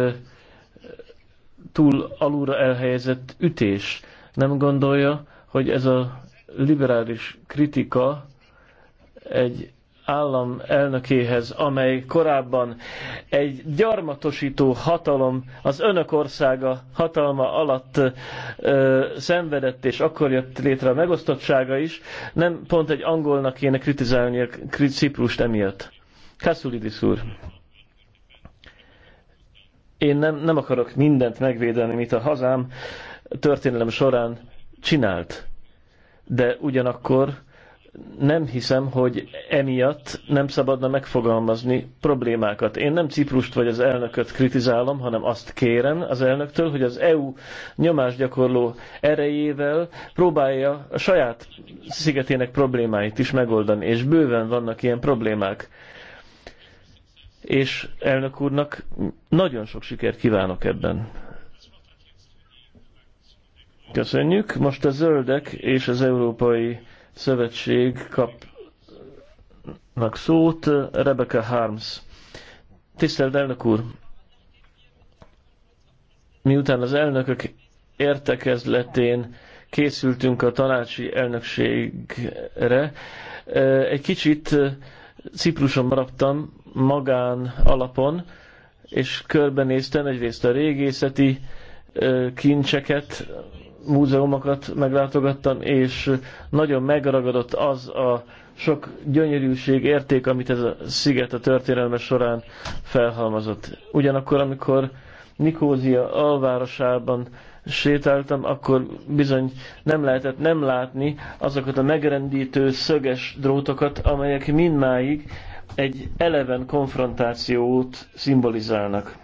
túl alulra elhelyezett ütés. Nem gondolja, hogy ez a liberális kritika egy állam elnökéhez, amely korábban egy gyarmatosító hatalom, az önök országa hatalma alatt ö, szenvedett, és akkor jött létre a megosztottsága is, nem pont egy angolnak kéne kritizálni a Ciprust emiatt. Kasszulidis úr, én nem, nem akarok mindent megvédeni, mit a hazám történelem során csinált, de ugyanakkor nem hiszem, hogy emiatt nem szabadna megfogalmazni problémákat. Én nem Ciprust vagy az elnököt kritizálom, hanem azt kérem az elnöktől, hogy az EU nyomásgyakorló erejével próbálja a saját szigetének problémáit is megoldani, és bőven vannak ilyen problémák. És elnök úrnak nagyon sok sikert kívánok ebben. Köszönjük. Most a zöldek és az európai Szövetség kapnak szót. Rebecca Harms. Tisztelt elnök úr! Miután az elnökök értekezletén készültünk a tanácsi elnökségre, egy kicsit Cipruson maradtam magán alapon, és körbenéztem egyrészt a régészeti kincseket, múzeumokat meglátogattam, és nagyon megragadott az a sok gyönyörűség, érték, amit ez a sziget a történelme során felhalmozott. Ugyanakkor, amikor Nikózia alvárosában sétáltam, akkor bizony nem lehetett nem látni azokat a megrendítő szöges drótokat, amelyek mindmáig egy eleven konfrontációt szimbolizálnak.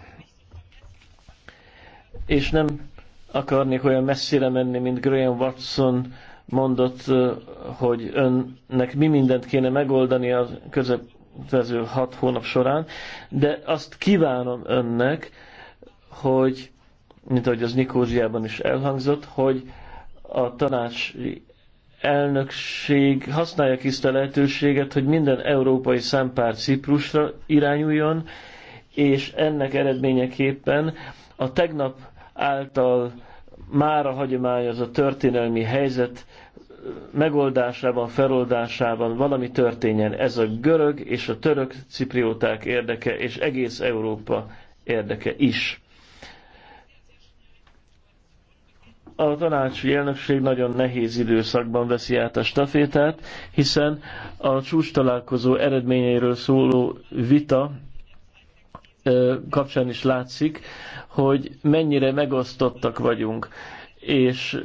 És nem akarnék olyan messzire menni, mint Graham Watson mondott, hogy önnek mi mindent kéne megoldani a közepvező hat hónap során, de azt kívánom önnek, hogy, mint ahogy az Nikóziában is elhangzott, hogy a tanács elnökség használja ki ezt a lehetőséget, hogy minden európai szempár Ciprusra irányuljon, és ennek eredményeképpen a tegnap által már az hagyományozott történelmi helyzet megoldásában, feloldásában valami történjen. Ez a görög és a török ciprióták érdeke, és egész Európa érdeke is. A tanácsi elnökség nagyon nehéz időszakban veszi át a stafétát, hiszen a csúcs találkozó eredményeiről szóló vita kapcsán is látszik, hogy mennyire megosztottak vagyunk, és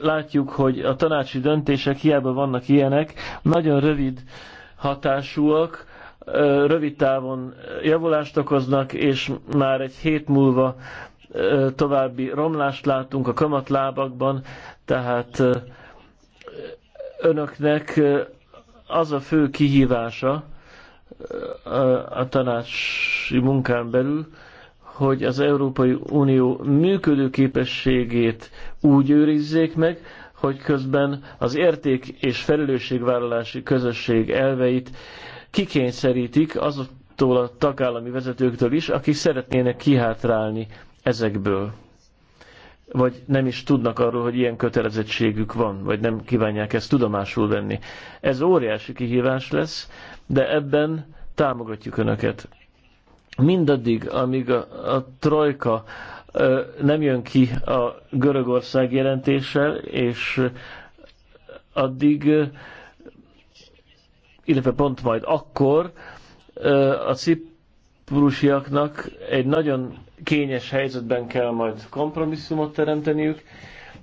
látjuk, hogy a tanácsi döntések hiába vannak ilyenek, nagyon rövid hatásúak, rövid távon javulást okoznak, és már egy hét múlva további romlást látunk a kamatlábakban, tehát önöknek az a fő kihívása a tanácsi munkán belül, hogy az Európai Unió működőképességét úgy őrizzék meg, hogy közben az érték és felelősségvállalási közösség elveit kikényszerítik azoktól a tagállami vezetőktől is, akik szeretnének kihátrálni ezekből. Vagy nem is tudnak arról, hogy ilyen kötelezettségük van, vagy nem kívánják ezt tudomásul venni. Ez óriási kihívás lesz, de ebben támogatjuk Önöket mindaddig, amíg a, a trojka ö, nem jön ki a Görögország jelentéssel, és addig, ö, illetve pont majd akkor ö, a ciprusiaknak egy nagyon kényes helyzetben kell majd kompromisszumot teremteniük,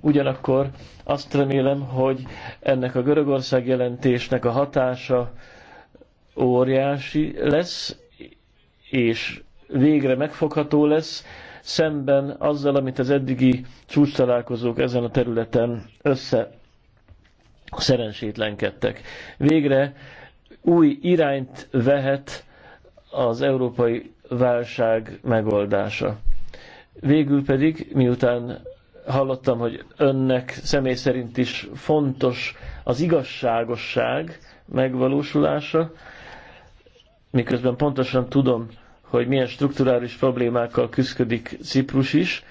ugyanakkor azt remélem, hogy ennek a Görögország jelentésnek a hatása óriási lesz, és végre megfogható lesz, szemben azzal, amit az eddigi csúcs találkozók ezen a területen össze szerencsétlenkedtek. Végre új irányt vehet az európai válság megoldása. Végül pedig, miután hallottam, hogy önnek személy szerint is fontos az igazságosság megvalósulása, miközben pontosan tudom, hogy milyen strukturális problémákkal küzdik Ciprus is,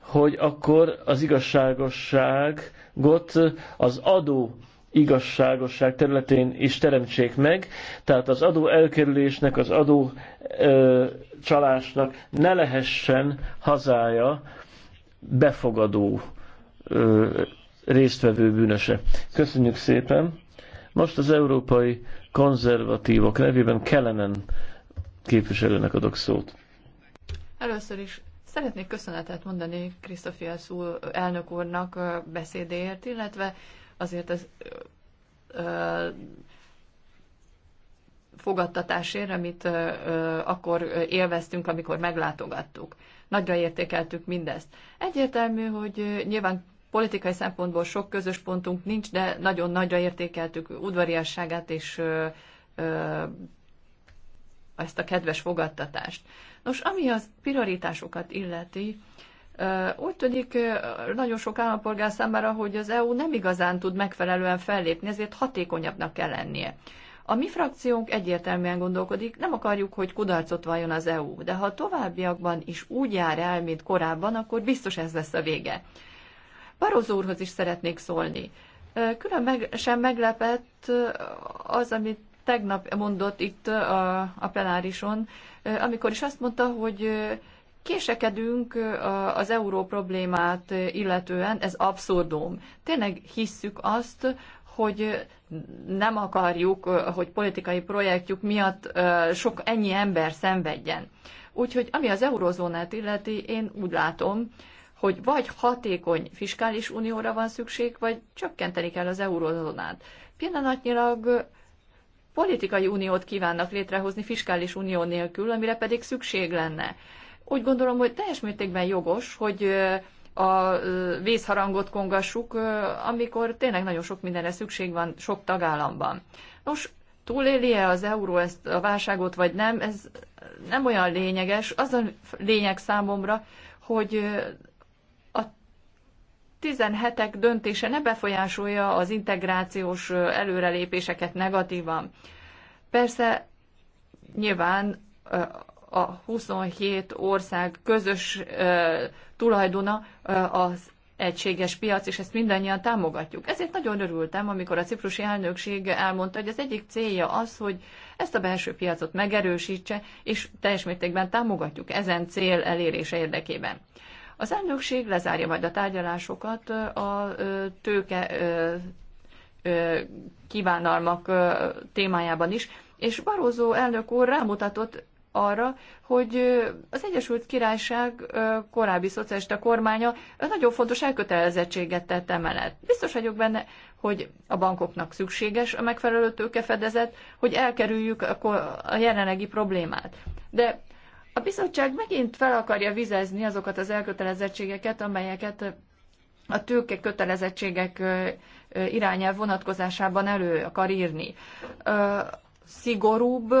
hogy akkor az igazságosságot az adó igazságosság területén is teremtsék meg, tehát az adó elkerülésnek, az adó ö, csalásnak ne lehessen hazája befogadó ö, résztvevő bűnöse. Köszönjük szépen! Most az európai konzervatívok nevében Kellenen képviselőnek adok szót. Először is szeretnék köszönetet mondani Krisztofia Szúl elnök úrnak beszédéért, illetve azért az ö, fogadtatásért, amit ö, akkor élveztünk, amikor meglátogattuk. Nagyra értékeltük mindezt. Egyértelmű, hogy nyilván politikai szempontból sok közös pontunk nincs, de nagyon nagyra értékeltük udvariasságát és ö, ö, ezt a kedves fogadtatást. Nos, ami az prioritásokat illeti, úgy tűnik nagyon sok állampolgár számára, hogy az EU nem igazán tud megfelelően fellépni, ezért hatékonyabbnak kell lennie. A mi frakciónk egyértelműen gondolkodik, nem akarjuk, hogy kudarcot valljon az EU, de ha a továbbiakban is úgy jár el, mint korábban, akkor biztos ez lesz a vége. Barozó úrhoz is szeretnék szólni. Külön meg, sem meglepett az, amit tegnap mondott itt a, a plenárison, amikor is azt mondta, hogy késekedünk az euró problémát illetően, ez abszurdum. Tényleg hisszük azt, hogy nem akarjuk, hogy politikai projektjük miatt sok ennyi ember szenvedjen. Úgyhogy ami az eurozónát illeti, én úgy látom, hogy vagy hatékony fiskális unióra van szükség, vagy csökkenteni kell az eurozónát. Pillanatnyilag politikai uniót kívánnak létrehozni fiskális unió nélkül, amire pedig szükség lenne. Úgy gondolom, hogy teljes mértékben jogos, hogy a vészharangot kongassuk, amikor tényleg nagyon sok mindenre szükség van sok tagállamban. Nos, túlélje az euró ezt a válságot, vagy nem, ez nem olyan lényeges. Az a lényeg számomra, hogy 17 döntése ne befolyásolja az integrációs előrelépéseket negatívan. Persze nyilván a 27 ország közös tulajdona az egységes piac, és ezt mindannyian támogatjuk. Ezért nagyon örültem, amikor a ciprusi elnökség elmondta, hogy az egyik célja az, hogy ezt a belső piacot megerősítse, és teljes mértékben támogatjuk ezen cél elérése érdekében. Az elnökség lezárja majd a tárgyalásokat a tőke kívánalmak témájában is, és Barózó elnök úr rámutatott arra, hogy az Egyesült Királyság korábbi szocialista kormánya nagyon fontos elkötelezettséget tett emellett. Biztos vagyok benne, hogy a bankoknak szükséges a megfelelő tőkefedezet, hogy elkerüljük a jelenlegi problémát. De a bizottság megint fel akarja vizezni azokat az elkötelezettségeket, amelyeket a tőke kötelezettségek irányel vonatkozásában elő akar írni. Szigorúbb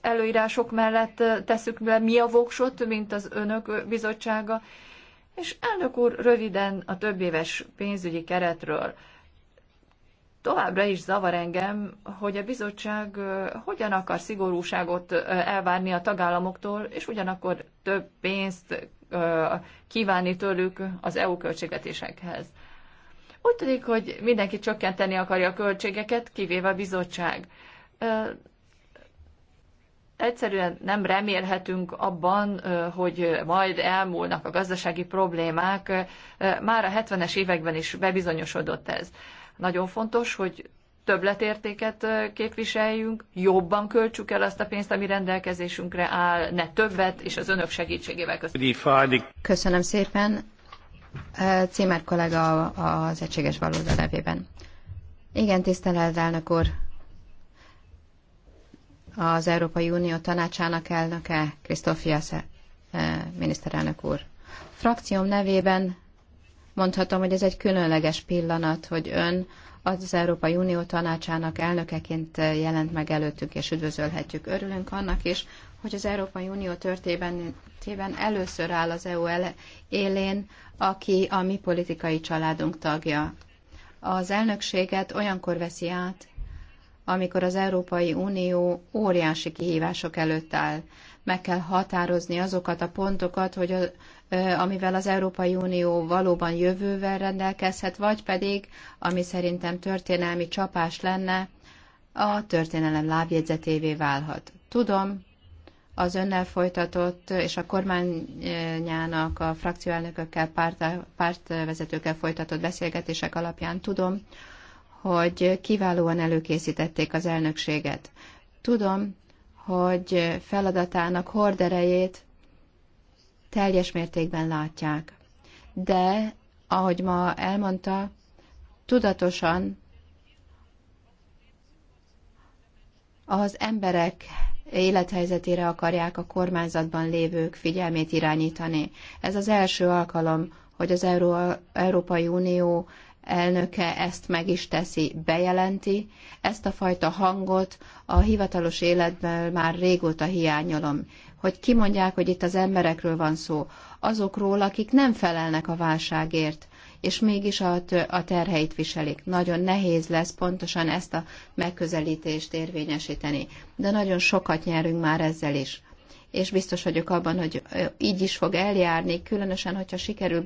előírások mellett teszük le mi a voksot, mint az önök bizottsága. És elnök úr, röviden a több éves pénzügyi keretről. Továbbra is zavar engem, hogy a bizottság hogyan akar szigorúságot elvárni a tagállamoktól, és ugyanakkor több pénzt kívánni tőlük az EU költségvetésekhez. Úgy tűnik, hogy mindenki csökkenteni akarja a költségeket, kivéve a bizottság. Egyszerűen nem remélhetünk abban, hogy majd elmúlnak a gazdasági problémák. Már a 70-es években is bebizonyosodott ez. Nagyon fontos, hogy többletértéket képviseljünk, jobban költsük el azt a pénzt, ami rendelkezésünkre áll, ne többet, és az önök segítségével köszönjük. Köszönöm szépen. Címer kollega az Egységes Valóda nevében. Igen, tisztelelt elnök úr. Az Európai Unió tanácsának elnöke, Krisztófiasz miniszterelnök úr. Frakcióm nevében Mondhatom, hogy ez egy különleges pillanat, hogy ön az Európai Unió tanácsának elnökeként jelent meg előttük, és üdvözölhetjük. Örülünk annak is, hogy az Európai Unió történetében először áll az EU élén, aki a mi politikai családunk tagja. Az elnökséget olyankor veszi át, amikor az Európai Unió óriási kihívások előtt áll. Meg kell határozni azokat a pontokat, hogy amivel az Európai Unió valóban jövővel rendelkezhet, vagy pedig, ami szerintem történelmi csapás lenne, a történelem lábjegyzetévé válhat. Tudom, az önnel folytatott és a kormányának a frakcióelnökökkel, párt, pártvezetőkkel folytatott beszélgetések alapján tudom, hogy kiválóan előkészítették az elnökséget. Tudom, hogy feladatának horderejét teljes mértékben látják. De, ahogy ma elmondta, tudatosan az emberek élethelyzetére akarják a kormányzatban lévők figyelmét irányítani. Ez az első alkalom, hogy az Euró- Európai Unió elnöke ezt meg is teszi, bejelenti. Ezt a fajta hangot a hivatalos életben már régóta hiányolom hogy kimondják, hogy itt az emberekről van szó, azokról, akik nem felelnek a válságért, és mégis a, a terheit viselik. Nagyon nehéz lesz pontosan ezt a megközelítést érvényesíteni, de nagyon sokat nyerünk már ezzel is és biztos vagyok abban, hogy így is fog eljárni, különösen, hogyha sikerül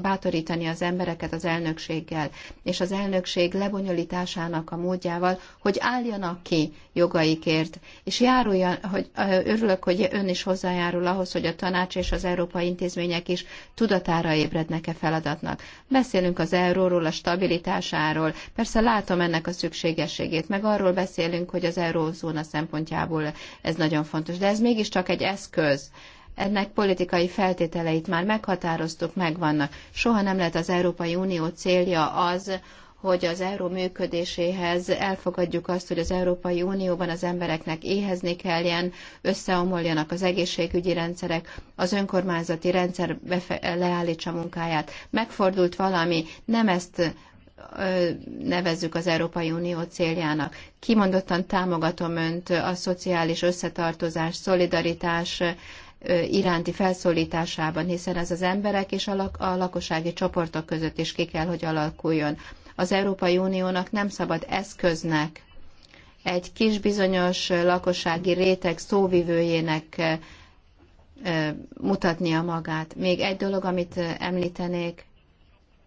bátorítani az embereket az elnökséggel, és az elnökség lebonyolításának a módjával, hogy álljanak ki jogaikért, és járuljan, hogy örülök, hogy ön is hozzájárul ahhoz, hogy a tanács és az európai intézmények is tudatára ébrednek-e feladatnak. Beszélünk az euróról, a stabilitásáról, persze látom ennek a szükségességét, meg arról beszélünk, hogy az eurózóna szempontjából ez nagyon fontos, de ez mégiscsak csak egy eszköz. Ennek politikai feltételeit már meghatároztuk, megvannak. Soha nem lett az Európai Unió célja az, hogy az euró működéséhez elfogadjuk azt, hogy az Európai Unióban az embereknek éhezni kelljen, összeomoljanak az egészségügyi rendszerek, az önkormányzati rendszer leállítsa munkáját. Megfordult valami, nem ezt nevezzük az Európai Unió céljának. Kimondottan támogatom Önt a szociális összetartozás, szolidaritás iránti felszólításában, hiszen ez az emberek és a, lak- a lakossági csoportok között is ki kell, hogy alakuljon. Az Európai Uniónak nem szabad eszköznek, egy kis bizonyos lakossági réteg szóvivőjének mutatnia magát. Még egy dolog, amit említenék,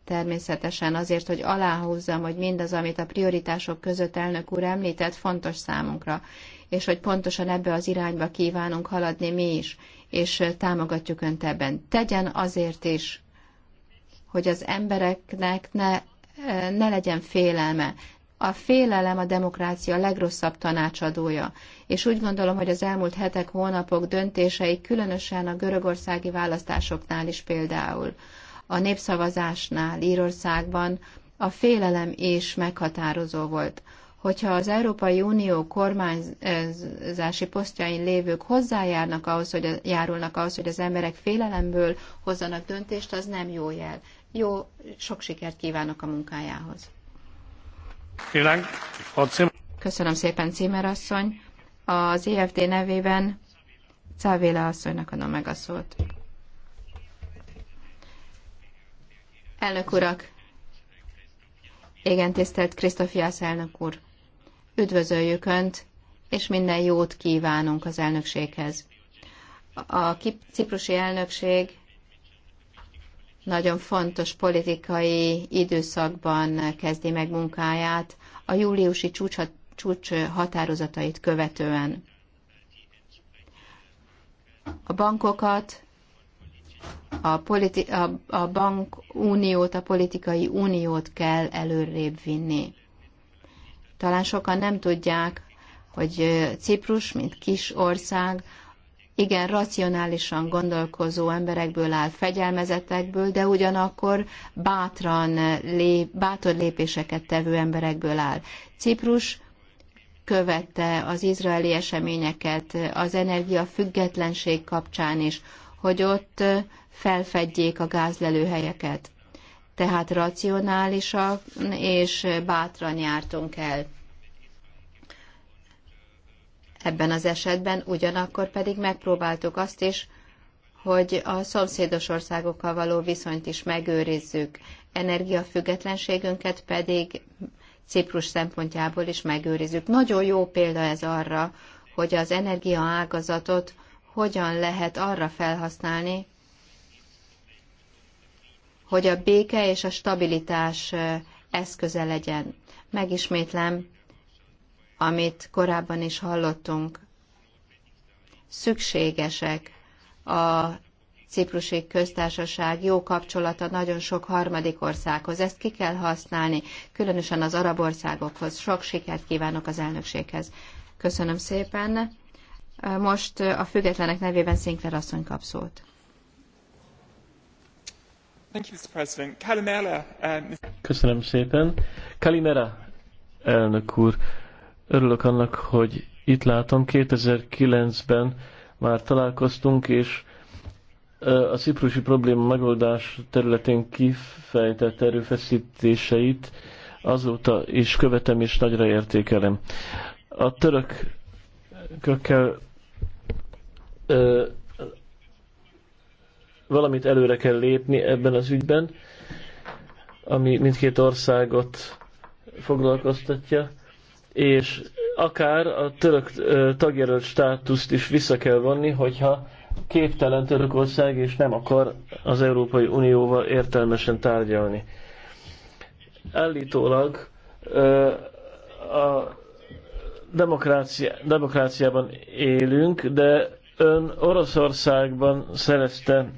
természetesen azért, hogy aláhúzzam, hogy mindaz, amit a prioritások között elnök úr említett, fontos számunkra, és hogy pontosan ebbe az irányba kívánunk haladni mi is, és támogatjuk Önt ebben. Tegyen azért is, hogy az embereknek ne, ne legyen félelme. A félelem a demokrácia legrosszabb tanácsadója, és úgy gondolom, hogy az elmúlt hetek, hónapok döntései, különösen a görögországi választásoknál is például, a népszavazásnál Írországban a félelem is meghatározó volt. Hogyha az Európai Unió kormányzási posztjain lévők hozzájárnak ahhoz, hogy járulnak ahhoz, hogy az emberek félelemből hozzanak döntést, az nem jó jel. Jó, sok sikert kívánok a munkájához. Köszönöm szépen, Címer asszony. Az EFD nevében Cávéla asszonynak adom meg a szót. Elnök urak! Igen, tisztelt Krisztofiász elnök úr! Üdvözöljük Önt, és minden jót kívánunk az elnökséghez. A ciprusi elnökség nagyon fontos politikai időszakban kezdi meg munkáját, a júliusi csúcs, csúcs határozatait követően. A bankokat, a, politi- a, a bankuniót, a politikai uniót kell előrébb vinni. Talán sokan nem tudják, hogy Ciprus, mint kis ország, igen, racionálisan gondolkozó emberekből áll, fegyelmezetekből, de ugyanakkor bátran lép, bátor lépéseket tevő emberekből áll. Ciprus követte az izraeli eseményeket az energia függetlenség kapcsán is, hogy ott felfedjék a gázlelőhelyeket. Tehát racionálisan és bátran jártunk el. Ebben az esetben ugyanakkor pedig megpróbáltuk azt is, hogy a szomszédos országokkal való viszonyt is megőrizzük, energiafüggetlenségünket pedig Ciprus szempontjából is megőrizzük. Nagyon jó példa ez arra, hogy az energiaágazatot hogyan lehet arra felhasználni, hogy a béke és a stabilitás eszköze legyen. Megismétlem, amit korábban is hallottunk. Szükségesek a Ciprusi köztársaság jó kapcsolata nagyon sok harmadik országhoz. Ezt ki kell használni, különösen az arab országokhoz. Sok sikert kívánok az elnökséghez. Köszönöm szépen. Most a függetlenek nevében Szinkler asszony kap szót. Uh, Köszönöm szépen. Kalimera, elnök úr, örülök annak, hogy itt látom. 2009-ben már találkoztunk, és a ciprusi probléma megoldás területén kifejtett erőfeszítéseit azóta is követem és nagyra értékelem. A török kökkel valamit előre kell lépni ebben az ügyben, ami mindkét országot foglalkoztatja, és akár a török tagjelölt státuszt is vissza kell vonni, hogyha képtelen Törökország és nem akar az Európai Unióval értelmesen tárgyalni. Állítólag a demokrácia, demokráciában élünk, de ön Oroszországban szerezte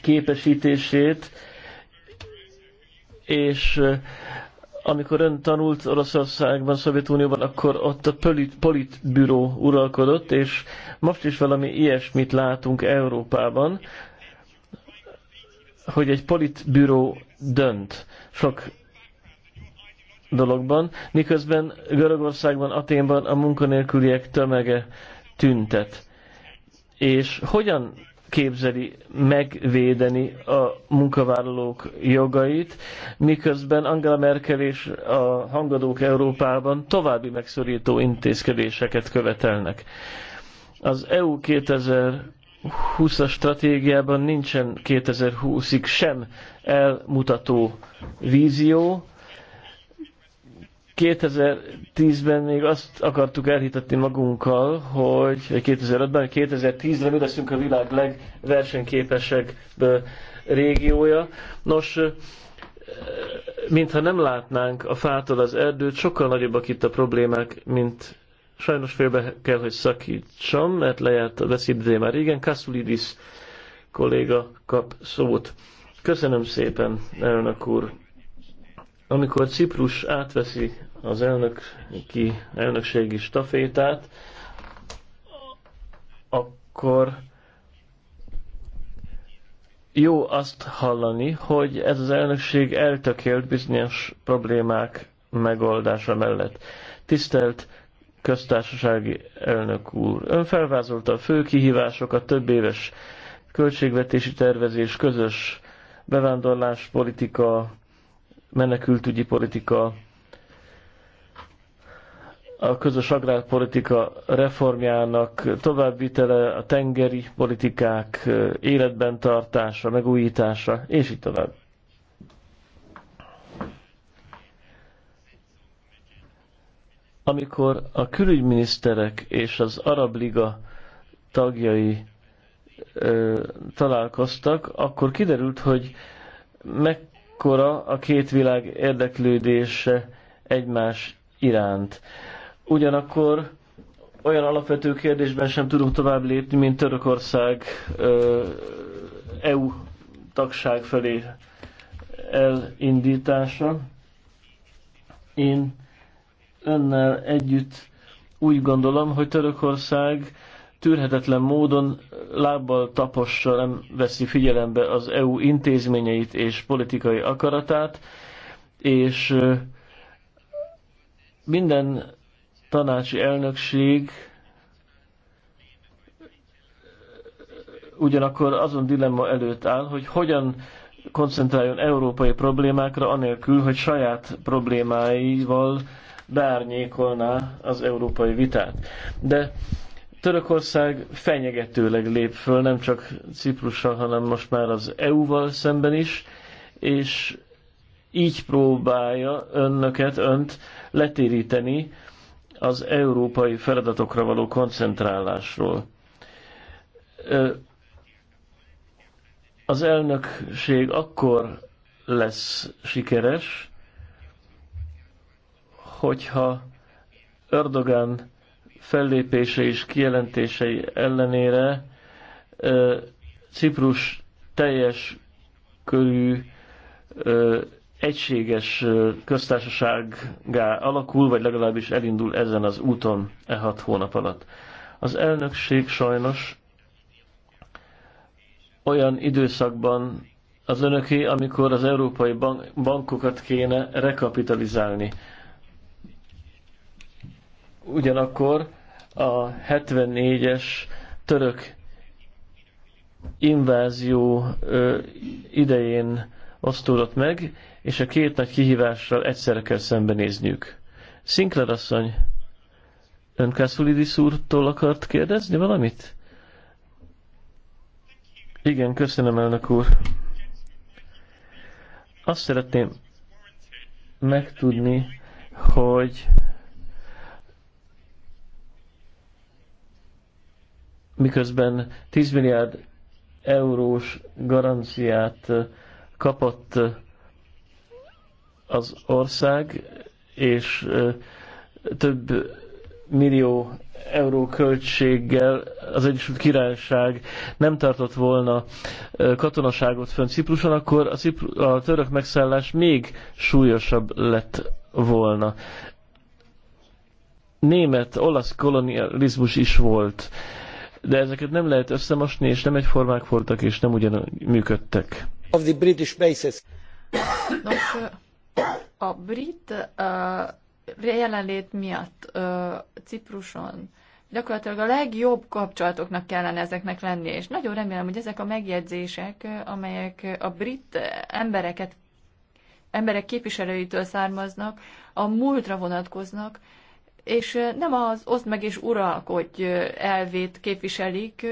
képesítését, és amikor ön tanult Oroszországban, Szovjetunióban, akkor ott a polit, politbüró uralkodott, és most is valami ilyesmit látunk Európában, hogy egy politbüró dönt sok dologban, miközben Görögországban, Aténban a munkanélküliek tömege tüntet. És hogyan képzeli megvédeni a munkavállalók jogait, miközben Angela Merkel és a hangadók Európában további megszorító intézkedéseket követelnek. Az EU 2020-as stratégiában nincsen 2020-ig sem elmutató vízió, 2010-ben még azt akartuk elhitetni magunkkal, hogy 2005-ben, 2010-re mi leszünk a világ legversenyképesebb régiója. Nos, mintha nem látnánk a fától az erdőt, sokkal nagyobbak itt a problémák, mint sajnos félbe kell, hogy szakítsam, mert lejárt a beszédidő már régen. Kasszulidis kolléga kap szót. Köszönöm szépen, elnök úr. Amikor Ciprus átveszi az elnöki, elnökségi stafétát, akkor jó azt hallani, hogy ez az elnökség eltökélt bizonyos problémák megoldása mellett. Tisztelt köztársasági elnök úr, ön felvázolta a fő kihívásokat több éves költségvetési tervezés, közös politika, menekültügyi politika, a közös agrárpolitika reformjának továbbvitele, a tengeri politikák életben tartása, megújítása, és így tovább. Amikor a külügyminiszterek és az Arab Liga tagjai ö, találkoztak, akkor kiderült, hogy mekkora a két világ érdeklődése egymás iránt ugyanakkor olyan alapvető kérdésben sem tudunk tovább lépni, mint Törökország EU tagság felé elindítása. Én önnel együtt úgy gondolom, hogy Törökország tűrhetetlen módon lábbal tapossa nem veszi figyelembe az EU intézményeit és politikai akaratát, és minden tanácsi elnökség ugyanakkor azon dilemma előtt áll, hogy hogyan koncentráljon európai problémákra, anélkül, hogy saját problémáival beárnyékolná az európai vitát. De Törökország fenyegetőleg lép föl, nem csak Ciprussal, hanem most már az EU-val szemben is, és így próbálja önnöket önt letéríteni az európai feladatokra való koncentrálásról. Az elnökség akkor lesz sikeres, hogyha Erdogan fellépése és kijelentései ellenére Ciprus teljes körű egységes köztársasággá alakul, vagy legalábbis elindul ezen az úton e hat hónap alatt. Az elnökség sajnos olyan időszakban az önöké, amikor az európai bank bankokat kéne rekapitalizálni. Ugyanakkor a 74-es török invázió idején osztódott meg, és a két nagy kihívással egyszerre kell szembenézniük. Sinclair asszony, ön Kászulidis úrtól akart kérdezni valamit? Igen, köszönöm, elnök úr. Azt szeretném megtudni, hogy miközben 10 milliárd eurós garanciát kapott az ország, és több millió euró költséggel az Egyesült Királyság nem tartott volna katonaságot fönn Cipruson, akkor a, Cipru- a török megszállás még súlyosabb lett volna. Német, olasz kolonializmus is volt, de ezeket nem lehet összemosni, és nem egyformák voltak, és nem ugyanúgy működtek. Of the British bases. Nos, a brit uh, jelenlét miatt uh, Cipruson gyakorlatilag a legjobb kapcsolatoknak kellene ezeknek lenni, és nagyon remélem, hogy ezek a megjegyzések, amelyek a brit embereket, emberek képviselőitől származnak, a múltra vonatkoznak, és nem az oszd meg és uralkodj elvét képviselik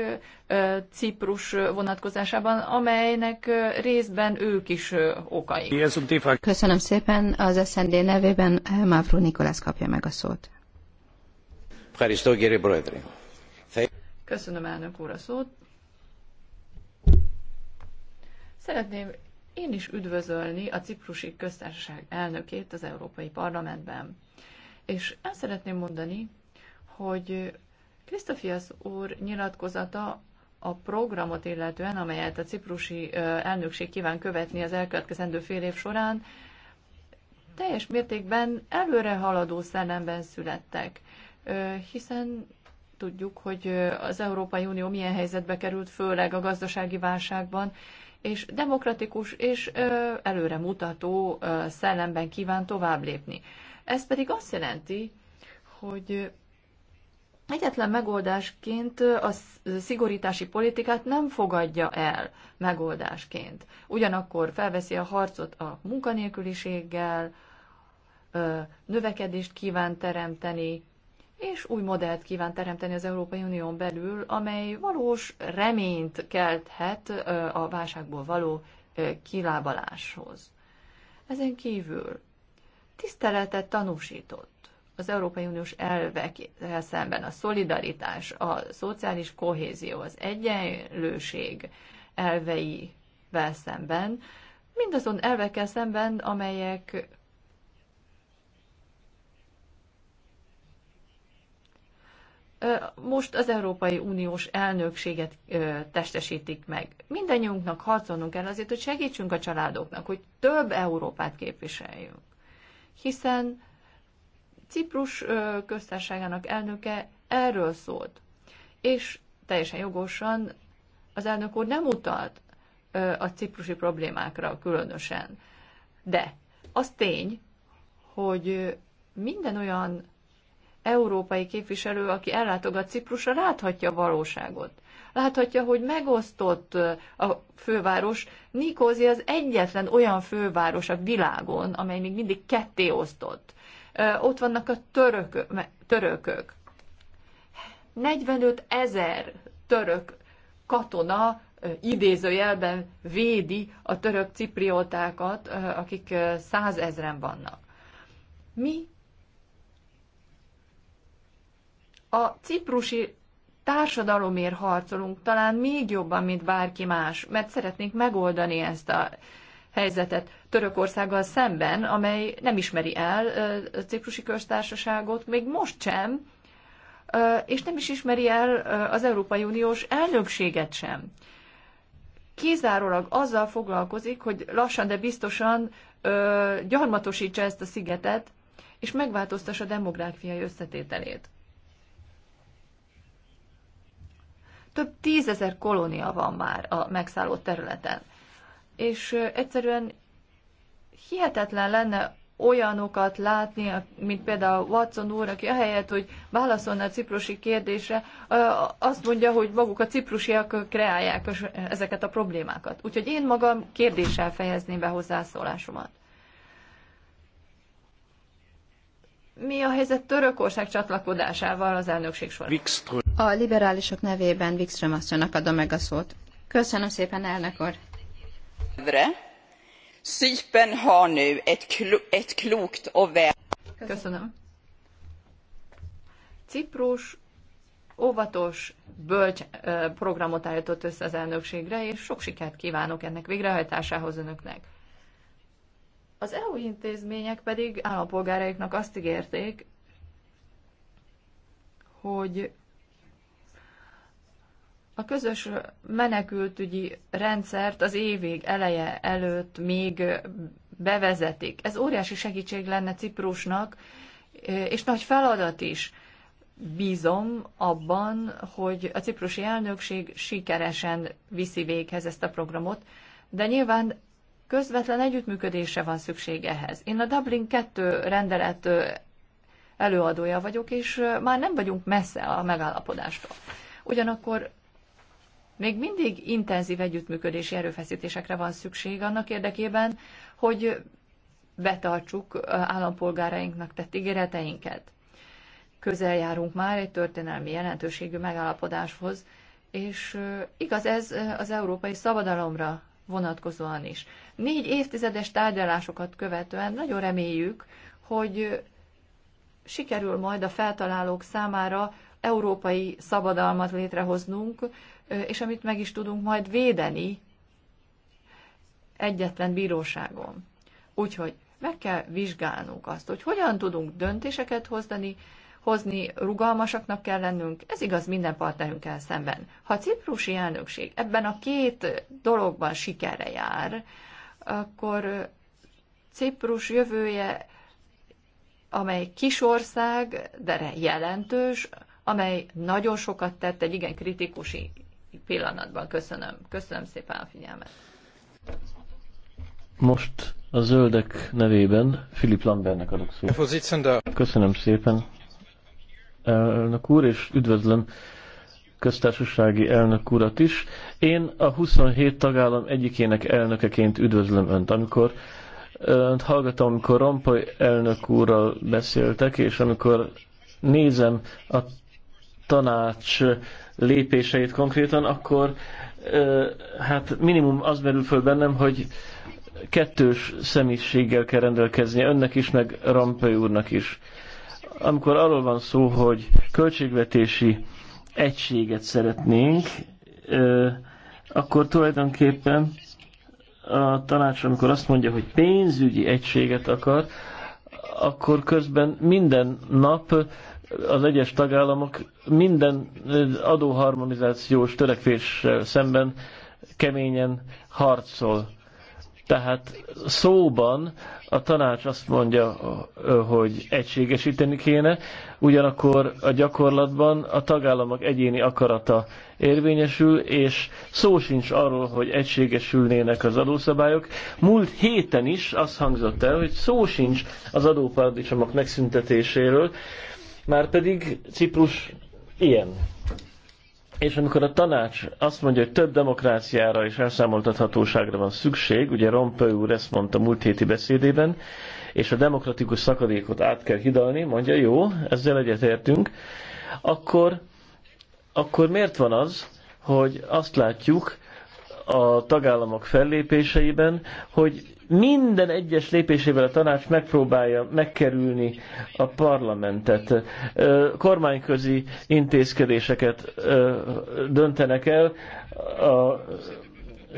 Ciprus vonatkozásában, amelynek részben ők is okai. Köszönöm szépen, az SND nevében Mavro Nikolász kapja meg a szót. Köszönöm elnök úr a szót. Szeretném én is üdvözölni a ciprusi köztársaság elnökét az Európai Parlamentben. És el szeretném mondani, hogy Krisztofias úr nyilatkozata a programot illetően, amelyet a ciprusi elnökség kíván követni az elkövetkezendő fél év során, teljes mértékben előre haladó szellemben születtek, hiszen tudjuk, hogy az Európai Unió milyen helyzetbe került, főleg a gazdasági válságban, és demokratikus és előremutató szellemben kíván tovább lépni. Ez pedig azt jelenti, hogy egyetlen megoldásként a szigorítási politikát nem fogadja el megoldásként. Ugyanakkor felveszi a harcot a munkanélküliséggel, növekedést kíván teremteni, és új modellt kíván teremteni az Európai Unión belül, amely valós reményt kelthet a válságból való kilábaláshoz. Ezen kívül tiszteletet tanúsított az Európai Uniós elvekkel szemben a szolidaritás, a szociális kohézió, az egyenlőség elveivel szemben, mindazon elvekkel szemben, amelyek most az Európai Uniós elnökséget testesítik meg. Mindennyiunknak harcolnunk kell azért, hogy segítsünk a családoknak, hogy több Európát képviseljünk hiszen Ciprus köztársaságának elnöke erről szólt. És teljesen jogosan az elnök úr nem utalt a ciprusi problémákra különösen. De az tény, hogy minden olyan európai képviselő, aki ellátogat Ciprusra, láthatja a valóságot láthatja, hogy megosztott a főváros. Nikózi az egyetlen olyan főváros a világon, amely még mindig ketté osztott. Ott vannak a törökök. törökök. 45 ezer török katona idézőjelben védi a török cipriótákat, akik százezren vannak. Mi a ciprusi társadalomért harcolunk, talán még jobban, mint bárki más, mert szeretnénk megoldani ezt a helyzetet Törökországgal szemben, amely nem ismeri el a ciprusi köztársaságot, még most sem, és nem is ismeri el az Európai Uniós elnökséget sem. Kizárólag azzal foglalkozik, hogy lassan, de biztosan gyarmatosítsa ezt a szigetet, és megváltoztassa a demográfiai összetételét. több tízezer kolónia van már a megszállott területen. És egyszerűen hihetetlen lenne olyanokat látni, mint például Watson úr, aki ahelyett, hogy válaszolna a ciprusi kérdésre, azt mondja, hogy maguk a ciprusiak kreálják ezeket a problémákat. Úgyhogy én magam kérdéssel fejezném be hozzászólásomat. Mi a helyzet Törökország csatlakodásával az elnökség során? A liberálisok nevében Wikström asszonynak adom meg a szót. Köszönöm szépen, elnök úr. Cypern har nu ett, klo Köszönöm. Ciprus óvatos, bölcs programot állított össze az elnökségre, és sok sikert kívánok ennek végrehajtásához önöknek. Az EU intézmények pedig állampolgáraiknak azt ígérték, hogy a közös menekültügyi rendszert az évig eleje előtt még bevezetik. Ez óriási segítség lenne Ciprusnak, és nagy feladat is. Bízom abban, hogy a ciprusi elnökség sikeresen viszi véghez ezt a programot, de nyilván közvetlen együttműködésre van szükség ehhez. Én a Dublin 2 rendelet előadója vagyok, és már nem vagyunk messze a megállapodástól. Ugyanakkor még mindig intenzív együttműködési erőfeszítésekre van szükség annak érdekében, hogy betartsuk állampolgárainknak tett ígéreteinket. Közel járunk már egy történelmi jelentőségű megállapodáshoz, és igaz ez az európai szabadalomra vonatkozóan is. Négy évtizedes tárgyalásokat követően nagyon reméljük, hogy sikerül majd a feltalálók számára európai szabadalmat létrehoznunk, és amit meg is tudunk majd védeni egyetlen bíróságon. Úgyhogy meg kell vizsgálnunk azt, hogy hogyan tudunk döntéseket hozni, hozni, rugalmasaknak kell lennünk, ez igaz minden partnerünkkel szemben. Ha a ciprusi elnökség ebben a két dologban sikerre jár, akkor Ciprus jövője, amely kis ország, de jelentős, amely nagyon sokat tett egy igen kritikus pillanatban. Köszönöm. Köszönöm szépen a figyelmet. Most a zöldek nevében Filip Lambernek adok szót. Köszönöm szépen, elnök úr, és üdvözlöm köztársasági elnök urat is. Én a 27 tagállam egyikének elnökeként üdvözlöm önt. Amikor önt hallgatom, amikor Rampoly elnök úrral beszéltek, és amikor nézem a tanács lépéseit konkrétan, akkor hát minimum az merül föl bennem, hogy kettős személyiséggel kell rendelkeznie önnek is, meg Rampai úrnak is. Amikor arról van szó, hogy költségvetési egységet szeretnénk, akkor tulajdonképpen a tanács, amikor azt mondja, hogy pénzügyi egységet akar, akkor közben minden nap az egyes tagállamok minden adóharmonizációs törekvés szemben keményen harcol. Tehát szóban a tanács azt mondja, hogy egységesíteni kéne, ugyanakkor a gyakorlatban a tagállamok egyéni akarata érvényesül, és szó sincs arról, hogy egységesülnének az adószabályok. Múlt héten is azt hangzott el, hogy szó sincs az adóparadicsomok megszüntetéséről, már pedig Ciprus ilyen. És amikor a tanács azt mondja, hogy több demokráciára és elszámoltathatóságra van szükség, ugye Rompuy úr ezt mondta múlt héti beszédében, és a demokratikus szakadékot át kell hidalni, mondja, jó, ezzel egyetértünk, akkor, akkor miért van az, hogy azt látjuk a tagállamok fellépéseiben, hogy minden egyes lépésével a tanács megpróbálja megkerülni a parlamentet. Kormányközi intézkedéseket döntenek el a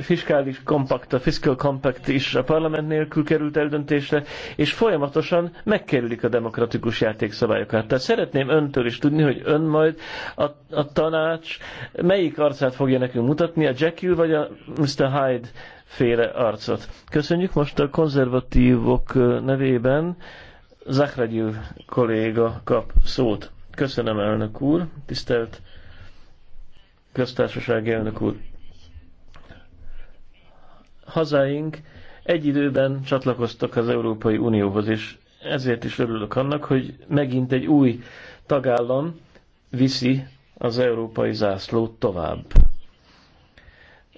fiskális kompakt, a fiscal compact is a parlament nélkül került eldöntésre, és folyamatosan megkerülik a demokratikus játékszabályokat. Tehát szeretném öntől is tudni, hogy ön majd a, a tanács melyik arcát fogja nekünk mutatni, a Jekyll vagy a Mr. Hyde féle arcot. Köszönjük most a konzervatívok nevében. Zahragyil kolléga kap szót. Köszönöm, elnök úr, tisztelt köztársasági elnök úr hazáink egy időben csatlakoztak az Európai Unióhoz, és ezért is örülök annak, hogy megint egy új tagállam viszi az európai zászlót tovább.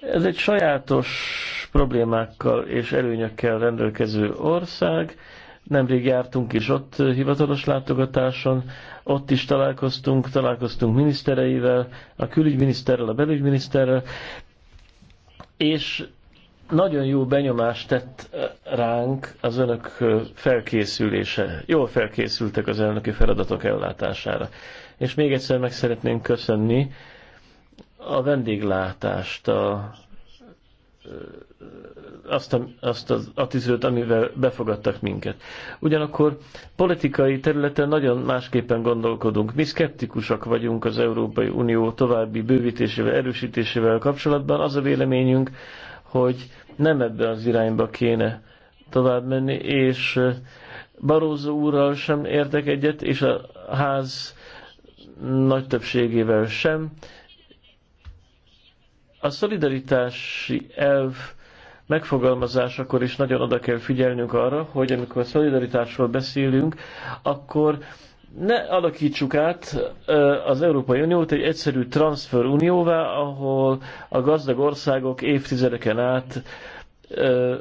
Ez egy sajátos problémákkal és előnyökkel rendelkező ország. Nemrég jártunk is ott hivatalos látogatáson, ott is találkoztunk, találkoztunk minisztereivel, a külügyminiszterrel, a belügyminiszterrel, és nagyon jó benyomást tett eh, ránk az önök eh, felkészülése. Jól felkészültek az elnöki feladatok ellátására. És még egyszer meg szeretnénk köszönni a vendéglátást, a, eh, azt, a, azt az attitűdöt, amivel befogadtak minket. Ugyanakkor politikai területen nagyon másképpen gondolkodunk. Mi szkeptikusak vagyunk az Európai Unió további bővítésével, erősítésével kapcsolatban. Az a véleményünk, hogy nem ebbe az irányba kéne tovább menni, és Barózó úrral sem értek egyet, és a ház nagy többségével sem. A szolidaritási elv megfogalmazásakor is nagyon oda kell figyelnünk arra, hogy amikor szolidaritásról beszélünk, akkor ne alakítsuk át az Európai Uniót egy egyszerű transfer unióvá, ahol a gazdag országok évtizedeken át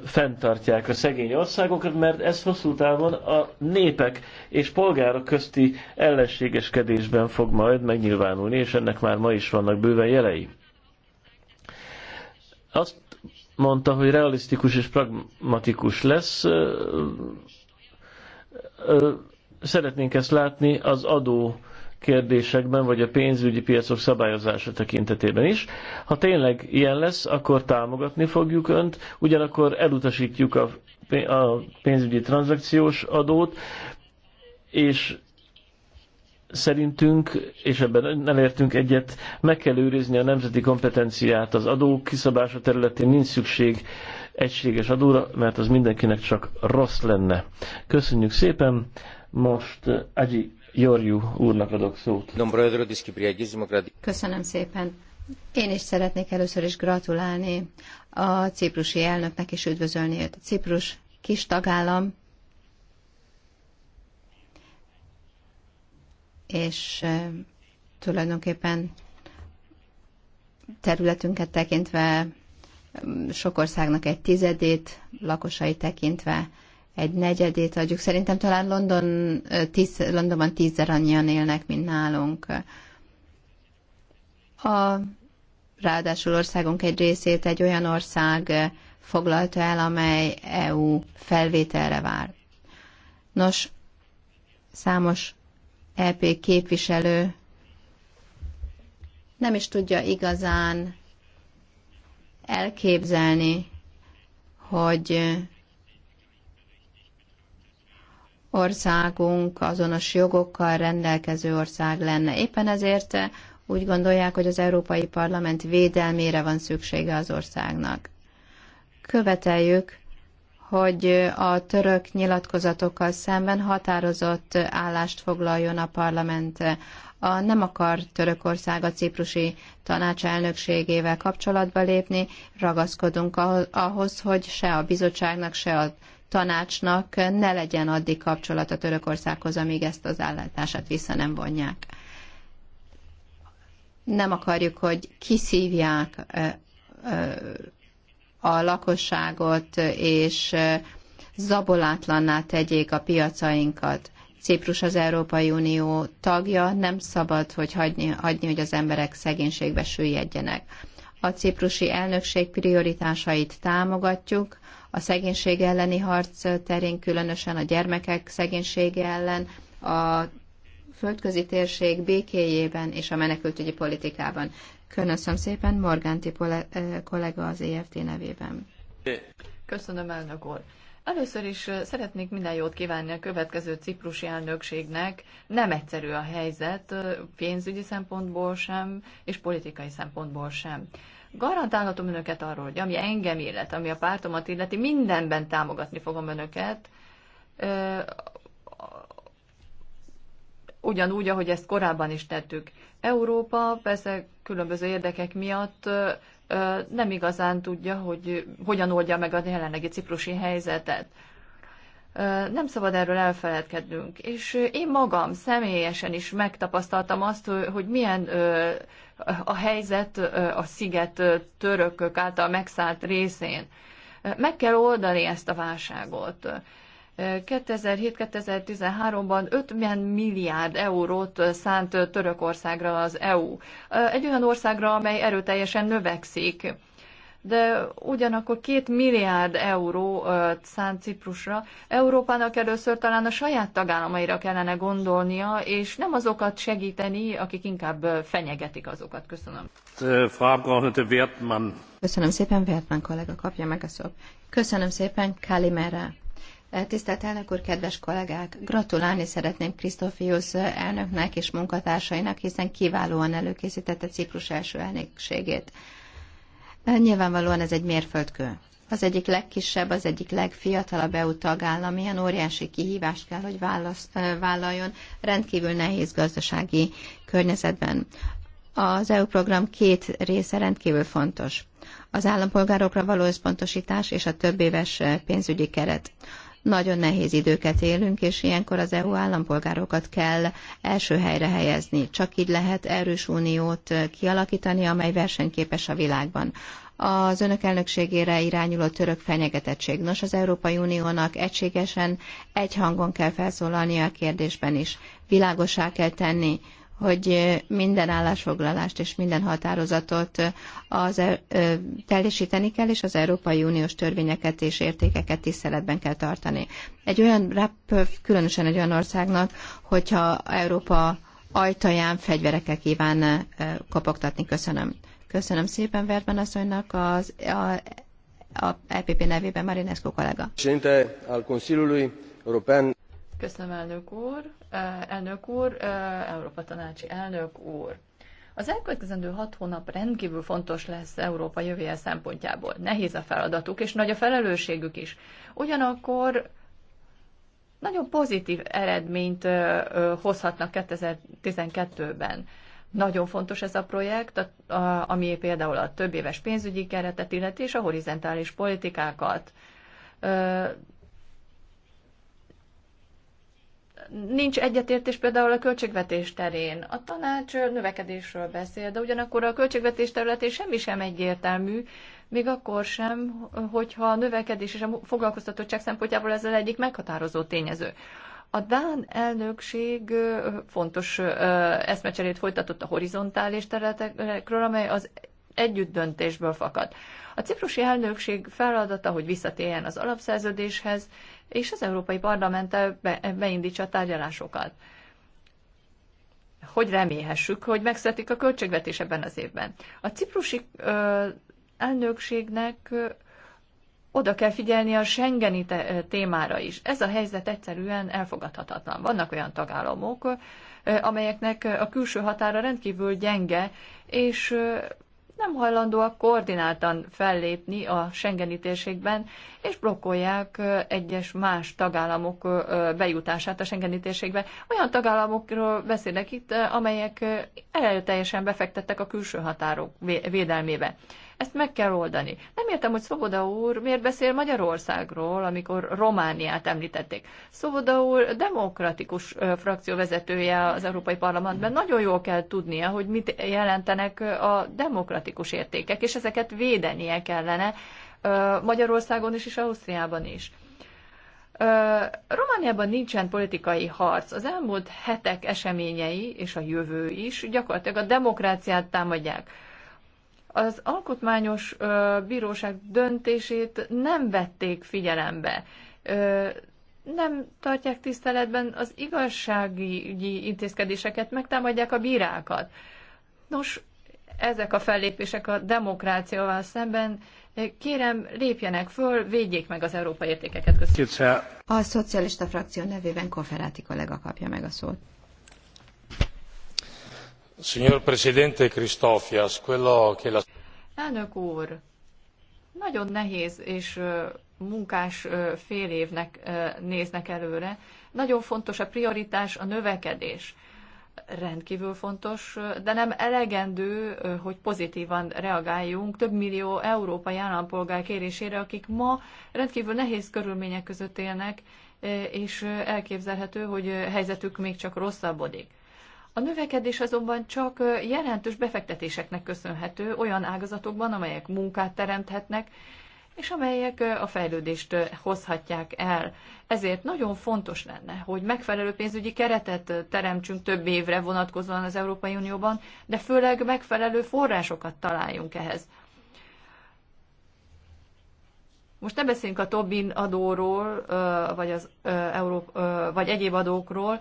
fenntartják a szegény országokat, mert ez hosszú távon a népek és polgárok közti ellenségeskedésben fog majd megnyilvánulni, és ennek már ma is vannak bőven jelei. Azt mondta, hogy realisztikus és pragmatikus lesz Szeretnénk ezt látni az adó kérdésekben, vagy a pénzügyi piacok szabályozása tekintetében is. Ha tényleg ilyen lesz, akkor támogatni fogjuk Önt, ugyanakkor elutasítjuk a, a pénzügyi tranzakciós adót, és szerintünk, és ebben elértünk egyet, meg kell őrizni a nemzeti kompetenciát. Az adó kiszabása területén nincs szükség egységes adóra, mert az mindenkinek csak rossz lenne. Köszönjük szépen! Most eh, Agyi Jorjú úrnak adok szót. Köszönöm szépen. Én is szeretnék először is gratulálni a ciprusi elnöknek, és üdvözölni őt. Ciprus kis tagállam, és eh, tulajdonképpen területünket tekintve mm, sok országnak egy tizedét, lakosai tekintve egy negyedét adjuk. Szerintem talán London, tíz, Londonban tízzer annyian élnek, mint nálunk. A, ráadásul országunk egy részét egy olyan ország foglalta el, amely EU felvételre vár. Nos, számos EP képviselő nem is tudja igazán elképzelni, hogy országunk azonos jogokkal rendelkező ország lenne. Éppen ezért úgy gondolják, hogy az Európai Parlament védelmére van szüksége az országnak. Követeljük, hogy a török nyilatkozatokkal szemben határozott állást foglaljon a parlament. A nem akar Törökország a ciprusi tanács elnökségével kapcsolatba lépni, ragaszkodunk ahhoz, hogy se a bizottságnak, se a tanácsnak ne legyen addig kapcsolat a Törökországhoz, amíg ezt az állítását vissza nem vonják. Nem akarjuk, hogy kiszívják a lakosságot, és zabolátlanná tegyék a piacainkat. Ciprus az Európai Unió tagja, nem szabad, hogy hagyni, hagyni hogy az emberek szegénységbe süllyedjenek. A ciprusi elnökség prioritásait támogatjuk, a szegénység elleni harc terén, különösen a gyermekek szegénysége ellen, a földközi térség békéjében és a menekültügyi politikában. Köszönöm szépen, Morganti eh, kollega az EFT nevében. Köszönöm, elnök úr. Először is eh, szeretnék minden jót kívánni a következő ciprusi elnökségnek. Nem egyszerű a helyzet, eh, pénzügyi szempontból sem, és politikai szempontból sem garantálhatom önöket arról, hogy ami engem illet, ami a pártomat illeti, mindenben támogatni fogom önöket, ugyanúgy, ahogy ezt korábban is tettük. Európa persze különböző érdekek miatt nem igazán tudja, hogy hogyan oldja meg a jelenlegi ciprusi helyzetet nem szabad erről elfeledkednünk. És én magam személyesen is megtapasztaltam azt, hogy milyen a helyzet a sziget törökök által megszállt részén. Meg kell oldani ezt a válságot. 2007-2013-ban 50 milliárd eurót szánt Törökországra az EU. Egy olyan országra, amely erőteljesen növekszik de ugyanakkor két milliárd euró szánt Ciprusra. Európának először talán a saját tagállamaira kellene gondolnia, és nem azokat segíteni, akik inkább fenyegetik azokat. Köszönöm. Köszönöm szépen, Wertmann kollega, kapja meg a szót. Köszönöm szépen, Kalimera. E, tisztelt elnök úr, kedves kollégák! Gratulálni szeretném Krisztofiusz elnöknek és munkatársainak, hiszen kiválóan előkészítette Ciprus első elnökségét. Eh, nyilvánvalóan ez egy mérföldkő. Az egyik legkisebb, az egyik legfiatalabb EU tagállam ilyen óriási kihívást kell, hogy válasz, eh, vállaljon rendkívül nehéz gazdasági környezetben. Az EU program két része rendkívül fontos. Az állampolgárokra való összpontosítás és a több éves eh, pénzügyi keret. Nagyon nehéz időket élünk, és ilyenkor az EU állampolgárokat kell első helyre helyezni. Csak így lehet erős uniót kialakítani, amely versenyképes a világban az önök elnökségére irányuló török fenyegetettség. Nos, az Európai Uniónak egységesen, egy hangon kell felszólalnia a kérdésben is. Világosá kell tenni, hogy minden állásfoglalást és minden határozatot az, e, teljesíteni kell, és az Európai Uniós törvényeket és értékeket tiszteletben kell tartani. Egy olyan rap, különösen egy olyan országnak, hogyha Európa ajtaján fegyverekkel kíván e, kopogtatni. Köszönöm. Köszönöm szépen Verben asszonynak az, a, a EPP nevében Marinescu kollega. Köszönöm, elnök úr elnök úr, Európa tanácsi elnök úr. Az elkövetkezendő hat hónap rendkívül fontos lesz Európa jövője szempontjából. Nehéz a feladatuk, és nagy a felelősségük is. Ugyanakkor nagyon pozitív eredményt hozhatnak 2012-ben. Nagyon fontos ez a projekt, ami például a több éves pénzügyi keretet illeti, és a horizontális politikákat nincs egyetértés például a költségvetés terén. A tanács növekedésről beszél, de ugyanakkor a költségvetés területén semmi sem egyértelmű, még akkor sem, hogyha a növekedés és a foglalkoztatottság szempontjából ez az egyik meghatározó tényező. A Dán elnökség fontos eszmecserét folytatott a horizontális területekről, amely az együttdöntésből fakad. A ciprusi elnökség feladata, hogy visszatérjen az alapszerződéshez, és az Európai parlament beindítsa a tárgyalásokat. Hogy remélhessük, hogy megszületik a költségvetés ebben az évben. A ciprusi ö, elnökségnek ö, oda kell figyelni a Schengeni témára is. Ez a helyzet egyszerűen elfogadhatatlan. Vannak olyan tagállamok, amelyeknek a külső határa rendkívül gyenge, és nem hajlandóak koordináltan fellépni a Schengeni térségben, és blokkolják egyes más tagállamok bejutását a Schengeni térségbe. Olyan tagállamokról beszélek itt, amelyek erőteljesen befektettek a külső határok védelmébe. Ezt meg kell oldani. Nem értem, hogy Szoboda úr miért beszél Magyarországról, amikor Romániát említették. Szoboda úr demokratikus frakció vezetője az Európai Parlamentben. Nagyon jól kell tudnia, hogy mit jelentenek a demokratikus értékek, és ezeket védenie kellene Magyarországon is és Ausztriában is. Romániában nincsen politikai harc. Az elmúlt hetek eseményei és a jövő is gyakorlatilag a demokráciát támadják az alkotmányos bíróság döntését nem vették figyelembe. nem tartják tiszteletben az igazságügyi intézkedéseket, megtámadják a bírákat. Nos, ezek a fellépések a demokráciával szemben Kérem, lépjenek föl, védjék meg az európai értékeket. Köszönöm. A szocialista frakció nevében Koferáti kollega kapja meg a szót. Elnök úr, nagyon nehéz és munkás fél évnek néznek előre. Nagyon fontos a prioritás, a növekedés. Rendkívül fontos, de nem elegendő, hogy pozitívan reagáljunk több millió európai állampolgár kérésére, akik ma rendkívül nehéz körülmények között élnek, és elképzelhető, hogy helyzetük még csak rosszabbodik. A növekedés azonban csak jelentős befektetéseknek köszönhető olyan ágazatokban, amelyek munkát teremthetnek, és amelyek a fejlődést hozhatják el. Ezért nagyon fontos lenne, hogy megfelelő pénzügyi keretet teremtsünk több évre vonatkozóan az Európai Unióban, de főleg megfelelő forrásokat találjunk ehhez. Most ne beszéljünk a Tobin adóról, vagy, az, vagy egyéb adókról,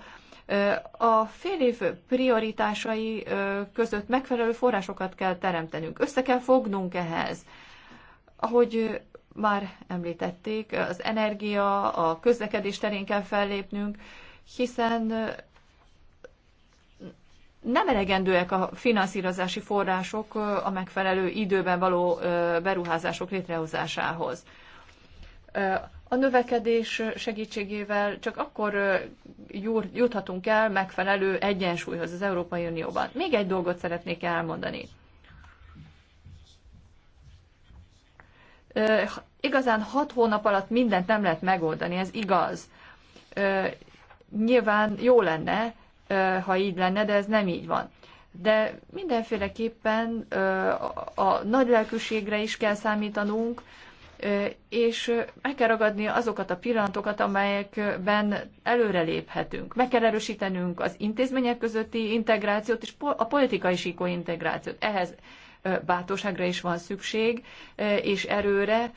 a fél év prioritásai között megfelelő forrásokat kell teremtenünk. Össze kell fognunk ehhez. Ahogy már említették, az energia, a közlekedés terén kell fellépnünk, hiszen nem elegendőek a finanszírozási források a megfelelő időben való beruházások létrehozásához a növekedés segítségével csak akkor juthatunk el megfelelő egyensúlyhoz az Európai Unióban. Még egy dolgot szeretnék elmondani. Igazán hat hónap alatt mindent nem lehet megoldani, ez igaz. Nyilván jó lenne, ha így lenne, de ez nem így van. De mindenféleképpen a nagy lelkűségre is kell számítanunk, és meg kell ragadni azokat a pillanatokat, amelyekben előreléphetünk. Meg kell erősítenünk az intézmények közötti integrációt és a politikai síkó integrációt. Ehhez bátorságra is van szükség, és erőre.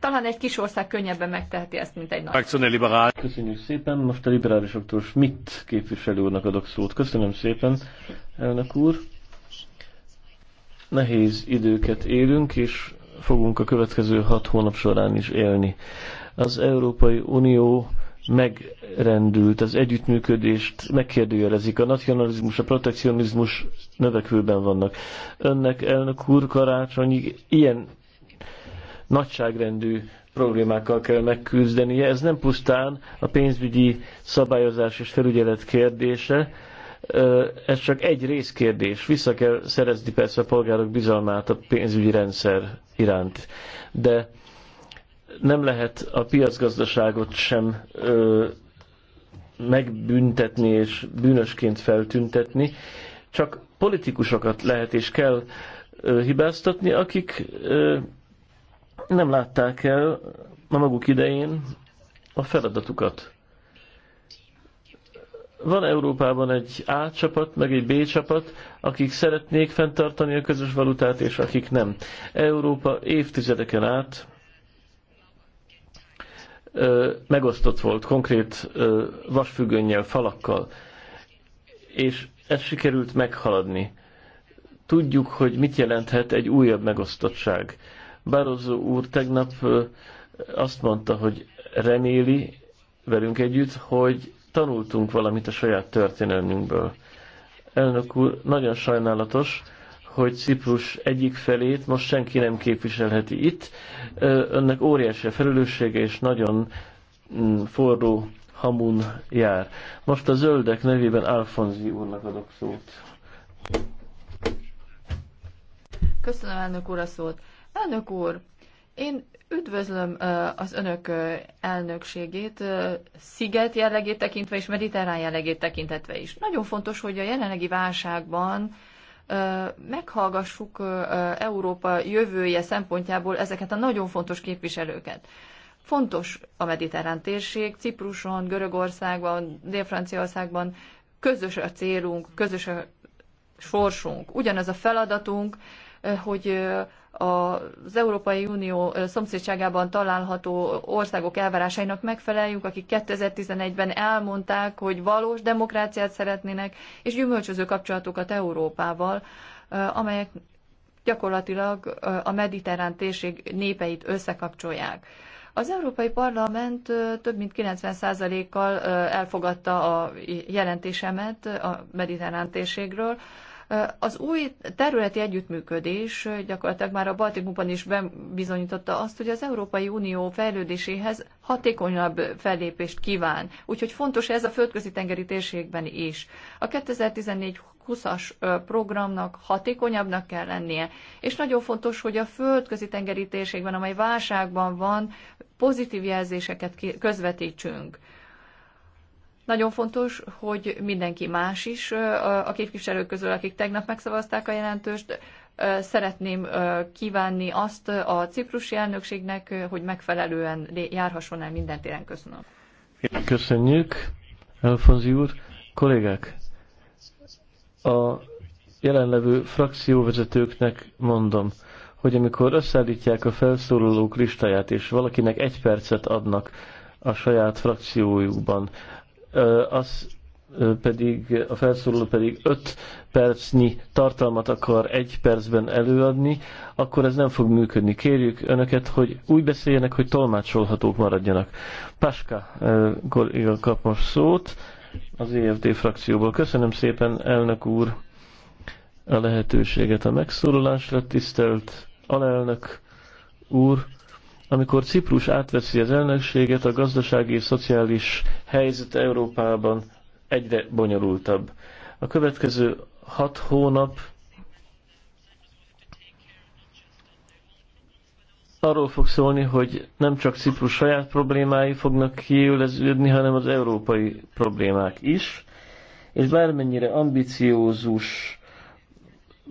Talán egy kis ország könnyebben megteheti ezt, mint egy nagy. Köszönjük szépen. Most a liberálisoktól Schmidt képviselő úrnak adok szót. Köszönöm szépen, elnök úr. Nehéz időket élünk, és fogunk a következő hat hónap során is élni. Az Európai Unió megrendült, az együttműködést megkérdőjelezik. A nacionalizmus, a protekcionizmus növekvőben vannak. Önnek, elnök úr, karácsonyig ilyen nagyságrendű problémákkal kell megküzdenie. Ez nem pusztán a pénzügyi szabályozás és felügyelet kérdése, ez csak egy részkérdés. Vissza kell szerezni persze a polgárok bizalmát a pénzügyi rendszer iránt. De nem lehet a piacgazdaságot sem ö, megbüntetni és bűnösként feltüntetni, csak politikusokat lehet és kell ö, hibáztatni, akik ö, nem látták el a maguk idején a feladatukat. Van Európában egy A csapat, meg egy B csapat, akik szeretnék fenntartani a közös valutát, és akik nem. Európa évtizedeken át ö, megosztott volt konkrét ö, vasfüggönnyel, falakkal, és ezt sikerült meghaladni. Tudjuk, hogy mit jelenthet egy újabb megosztottság. Barozó úr tegnap ö, azt mondta, hogy reméli velünk együtt, hogy tanultunk valamit a saját történelmünkből. Elnök úr, nagyon sajnálatos, hogy Ciprus egyik felét most senki nem képviselheti itt. Önnek óriási a felelőssége, és nagyon mm, forró hamun jár. Most a zöldek nevében Alfonzi úrnak adok szót. Köszönöm, elnök úr, a szót. Elnök úr, én Üdvözlöm az önök elnökségét, sziget jellegét tekintve és mediterrán jellegét tekintetve is. Nagyon fontos, hogy a jelenlegi válságban meghallgassuk Európa jövője szempontjából ezeket a nagyon fontos képviselőket. Fontos a mediterrán térség, Cipruson, Görögországban, Dél-Franciaországban közös a célunk, közös a sorsunk, ugyanaz a feladatunk, hogy az Európai Unió szomszédságában található országok elvárásainak megfeleljünk, akik 2011-ben elmondták, hogy valós demokráciát szeretnének, és gyümölcsöző kapcsolatokat Európával, amelyek gyakorlatilag a mediterrán térség népeit összekapcsolják. Az Európai Parlament több mint 90%-kal elfogadta a jelentésemet a mediterrán térségről, az új területi együttműködés gyakorlatilag már a Baltikumban is bizonyította azt, hogy az Európai Unió fejlődéséhez hatékonyabb fellépést kíván. Úgyhogy fontos ez a földközi tengeri térségben is. A 2014 20-as programnak hatékonyabbnak kell lennie, és nagyon fontos, hogy a földközi tengeri térségben, amely válságban van, pozitív jelzéseket közvetítsünk. Nagyon fontos, hogy mindenki más is, a képviselők közül, akik tegnap megszavazták a jelentőst, szeretném kívánni azt a ciprusi elnökségnek, hogy megfelelően járhasson el minden téren. Köszönöm. Köszönjük, Alfonzi úr. Kollégák, a jelenlevő frakcióvezetőknek mondom, hogy amikor összeállítják a felszólalók listáját, és valakinek egy percet adnak a saját frakciójukban, az pedig, a felszóló pedig 5 percnyi tartalmat akar egy percben előadni, akkor ez nem fog működni. Kérjük önöket, hogy úgy beszéljenek, hogy tolmácsolhatók maradjanak. Paska kolléga kap most szót az EFD frakcióból. Köszönöm szépen, elnök úr, a lehetőséget a megszólalásra, tisztelt alelnök úr, amikor Ciprus átveszi az elnökséget, a gazdasági és szociális helyzet Európában egyre bonyolultabb. A következő hat hónap arról fog szólni, hogy nem csak Ciprus saját problémái fognak kiéleződni, hanem az európai problémák is, és bármennyire ambiciózus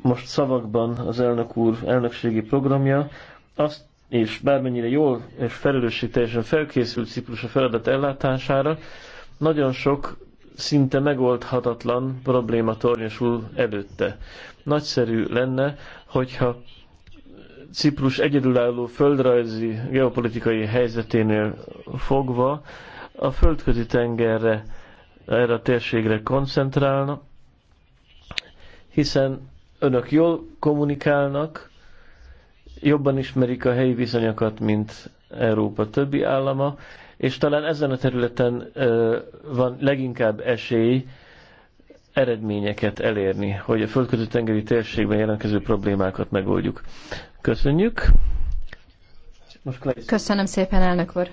most szavakban az elnök úr elnökségi programja, azt és bármennyire jól és felelősségteljesen felkészült Ciprus a feladat ellátására, nagyon sok szinte megoldhatatlan probléma tornyosul előtte. Nagyszerű lenne, hogyha Ciprus egyedülálló földrajzi geopolitikai helyzeténél fogva a földközi tengerre, erre a térségre koncentrálna, hiszen önök jól kommunikálnak, jobban ismerik a helyi viszonyokat, mint Európa többi állama, és talán ezen a területen van leginkább esély eredményeket elérni, hogy a földközi tengeri térségben jelentkező problémákat megoldjuk. Köszönjük! Most Köszönöm szépen, elnök úr!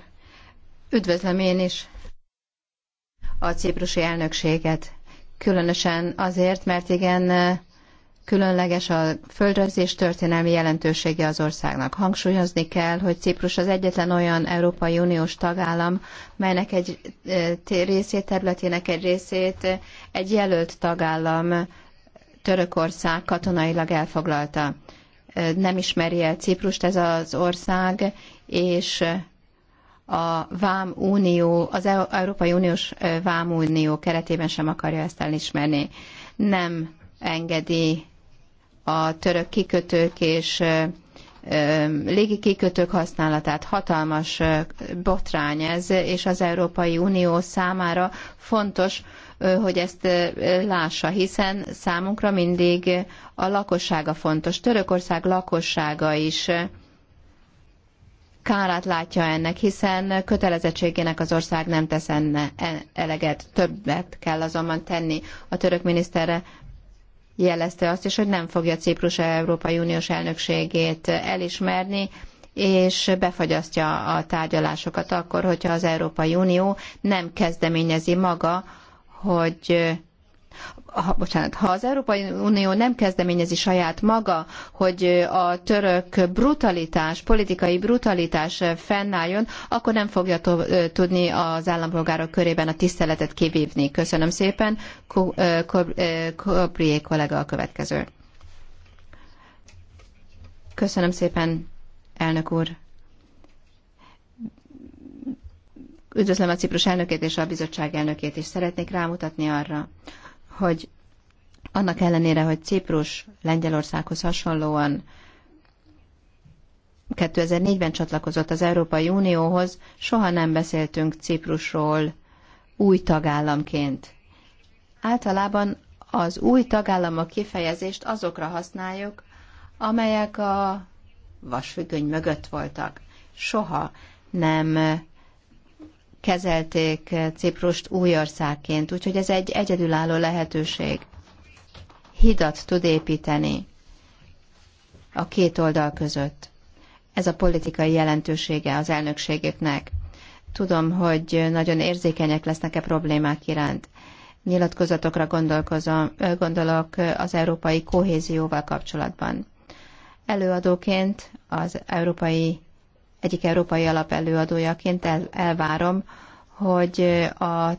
Üdvözlöm én is a ciprusi elnökséget, különösen azért, mert igen, Különleges a földrajzés történelmi jelentősége az országnak. Hangsúlyozni kell, hogy Ciprus az egyetlen olyan Európai Uniós tagállam, melynek egy eh, részét, területének egy részét eh, egy jelölt tagállam eh, Törökország katonailag elfoglalta. Nem ismeri el Ciprust ez az ország, és a Vám Unió, az e-, Európai Uniós Vám Unió keretében sem akarja ezt elismerni. Nem engedi a török kikötők és légi kikötők használatát hatalmas botrány ez, és az Európai Unió számára fontos, hogy ezt lássa, hiszen számunkra mindig a lakossága fontos. Törökország lakossága is kárát látja ennek, hiszen kötelezettségének az ország nem tesz enne e, eleget. Többet kell azonban tenni. A török miniszterre jelezte azt is, hogy nem fogja Ciprus Európai Uniós elnökségét elismerni, és befagyasztja a tárgyalásokat akkor, hogyha az Európai Unió nem kezdeményezi maga, hogy ha, bocsánat, ha az Európai Unió nem kezdeményezi saját maga, hogy a török brutalitás, politikai brutalitás fennálljon, akkor nem fogja tudni az állampolgárok körében a tiszteletet kivívni. Köszönöm szépen. Kobrié kollega a következő. Köszönöm szépen, elnök úr. Üdvözlöm a Ciprus elnökét és a bizottság elnökét, és szeretnék rámutatni arra, hogy annak ellenére, hogy Ciprus Lengyelországhoz hasonlóan 2004-ben csatlakozott az Európai Unióhoz, soha nem beszéltünk Ciprusról új tagállamként. Általában az új tagállamok kifejezést azokra használjuk, amelyek a vasfüggöny mögött voltak. Soha nem kezelték eh, Ciprust újországként, úgyhogy ez egy egyedülálló lehetőség. Hidat tud építeni a két oldal között. Ez a politikai jelentősége az elnökségeknek. Tudom, hogy nagyon érzékenyek lesznek-e problémák iránt. Nyilatkozatokra gondolkozom, gondolok az európai kohézióval kapcsolatban. Előadóként az európai egyik európai alapelőadójaként el, elvárom, hogy a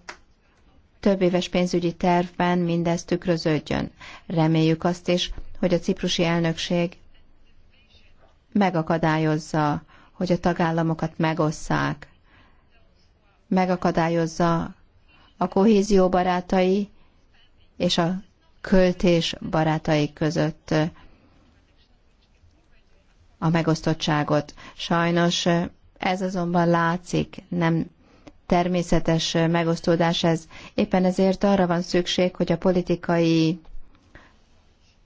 több éves pénzügyi tervben mindez tükröződjön. Reméljük azt is, hogy a ciprusi elnökség megakadályozza, hogy a tagállamokat megosszák, megakadályozza a kohézió barátai és a költés barátai között a megosztottságot. Sajnos ez azonban látszik, nem természetes megosztódás ez. Éppen ezért arra van szükség, hogy a politikai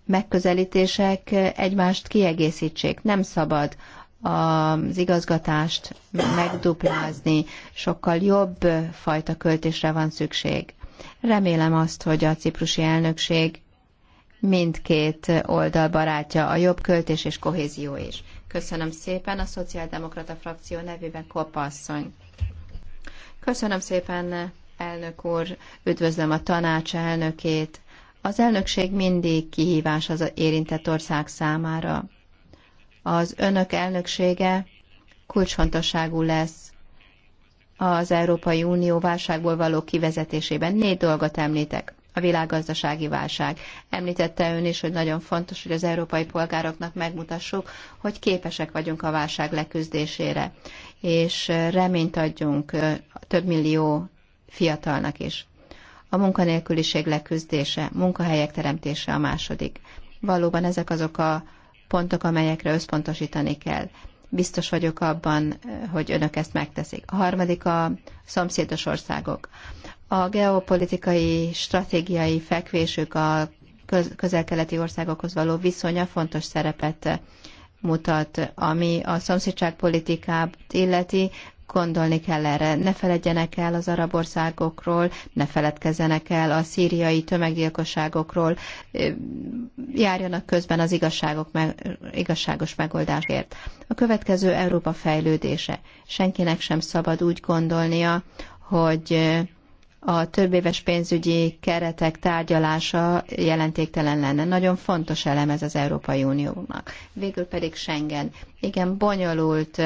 megközelítések egymást kiegészítsék. Nem szabad az igazgatást megduplázni, sokkal jobb fajta költésre van szükség. Remélem azt, hogy a ciprusi elnökség mindkét oldal barátja, a jobb költés és kohézió is. Köszönöm szépen a Szociáldemokrata frakció nevében Kopasszony. Köszönöm szépen, elnök úr, üdvözlöm a tanács elnökét. Az elnökség mindig kihívás az érintett ország számára. Az önök elnöksége kulcsfontosságú lesz az Európai Unió válságból való kivezetésében. Négy dolgot említek a világgazdasági válság. Említette ön is, hogy nagyon fontos, hogy az európai polgároknak megmutassuk, hogy képesek vagyunk a válság leküzdésére, és reményt adjunk több millió fiatalnak is. A munkanélküliség leküzdése, munkahelyek teremtése a második. Valóban ezek azok a pontok, amelyekre összpontosítani kell. Biztos vagyok abban, hogy önök ezt megteszik. A harmadik a szomszédos országok a geopolitikai, stratégiai fekvésük a közel-keleti országokhoz való viszonya fontos szerepet mutat, ami a szomszédságpolitikát illeti, gondolni kell erre. Ne feledjenek el az arab országokról, ne feledkezzenek el a szíriai tömeggyilkosságokról, járjanak közben az igazságok meg, igazságos megoldásért. A következő Európa fejlődése. Senkinek sem szabad úgy gondolnia, hogy a többéves pénzügyi keretek tárgyalása jelentéktelen lenne. Nagyon fontos elem ez az Európai Uniónak. Végül pedig Schengen. Igen, bonyolult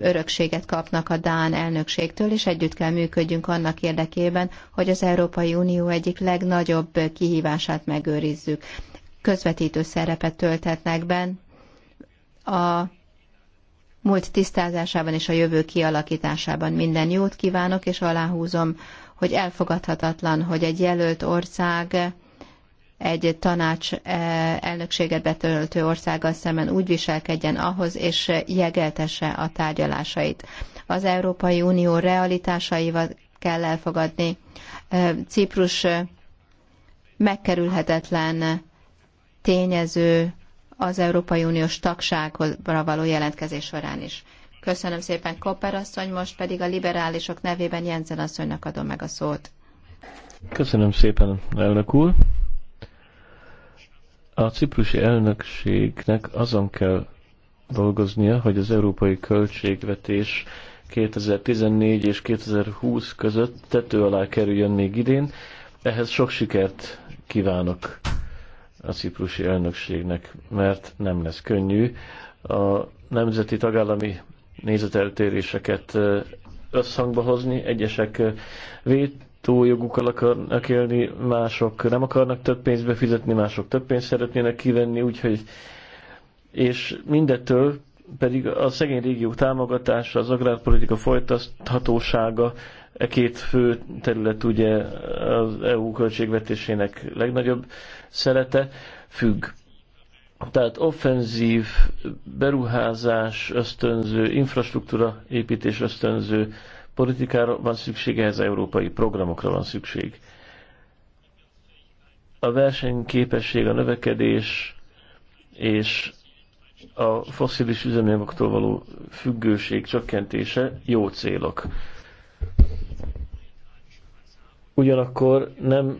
örökséget kapnak a Dán elnökségtől, és együtt kell működjünk annak érdekében, hogy az Európai Unió egyik legnagyobb kihívását megőrizzük. Közvetítő szerepet tölthetnek ben a múlt tisztázásában és a jövő kialakításában. Minden jót kívánok, és aláhúzom, hogy elfogadhatatlan, hogy egy jelölt ország egy tanács eh, elnökséget betöltő országgal szemben úgy viselkedjen ahhoz, és jegeltesse a tárgyalásait. Az Európai Unió realitásaival kell elfogadni. Eh, Ciprus eh, megkerülhetetlen tényező az Európai Uniós tagságra való jelentkezés során is. Köszönöm szépen, Koper asszony, most pedig a liberálisok nevében Jensen asszonynak adom meg a szót. Köszönöm szépen, elnök úr. A ciprusi elnökségnek azon kell dolgoznia, hogy az európai költségvetés 2014 és 2020 között tető alá kerüljön még idén. Ehhez sok sikert kívánok a ciprusi elnökségnek, mert nem lesz könnyű. A nemzeti tagállami nézeteltéréseket összhangba hozni. Egyesek vétójogukkal akarnak élni, mások nem akarnak több pénzt fizetni, mások több pénzt szeretnének kivenni, úgyhogy és mindettől pedig a szegény régiók támogatása, az agrárpolitika folytathatósága, e két fő terület ugye az EU költségvetésének legnagyobb szerete függ tehát offenzív beruházás ösztönző, infrastruktúra építés ösztönző politikára van szükség, ehhez európai programokra van szükség. A versenyképesség, a növekedés és a foszilis üzemanyagoktól való függőség csökkentése jó célok. Ugyanakkor nem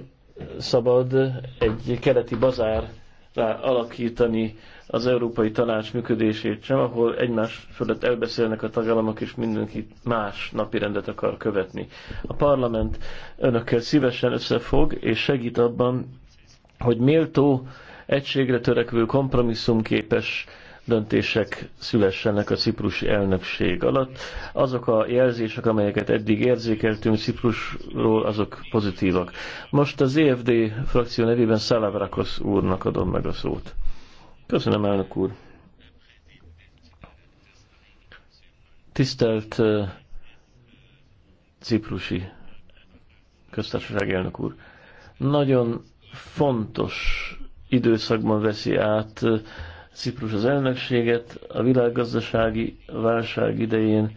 szabad egy keleti bazár alakítani az Európai Tanács működését sem, ahol egymás fölött elbeszélnek a tagállamok, és mindenki más napi rendet akar követni. A parlament önökkel szívesen összefog, és segít abban, hogy méltó, egységre törekvő, kompromisszumképes döntések szülessenek a ciprusi elnökség alatt. Azok a jelzések, amelyeket eddig érzékeltünk Ciprusról, azok pozitívak. Most az EFD frakció nevében Szalavrakosz úrnak adom meg a szót. Köszönöm, elnök úr. Tisztelt ciprusi köztársaság elnök úr, nagyon fontos időszakban veszi át Ciprus az elnökséget a világgazdasági válság idején.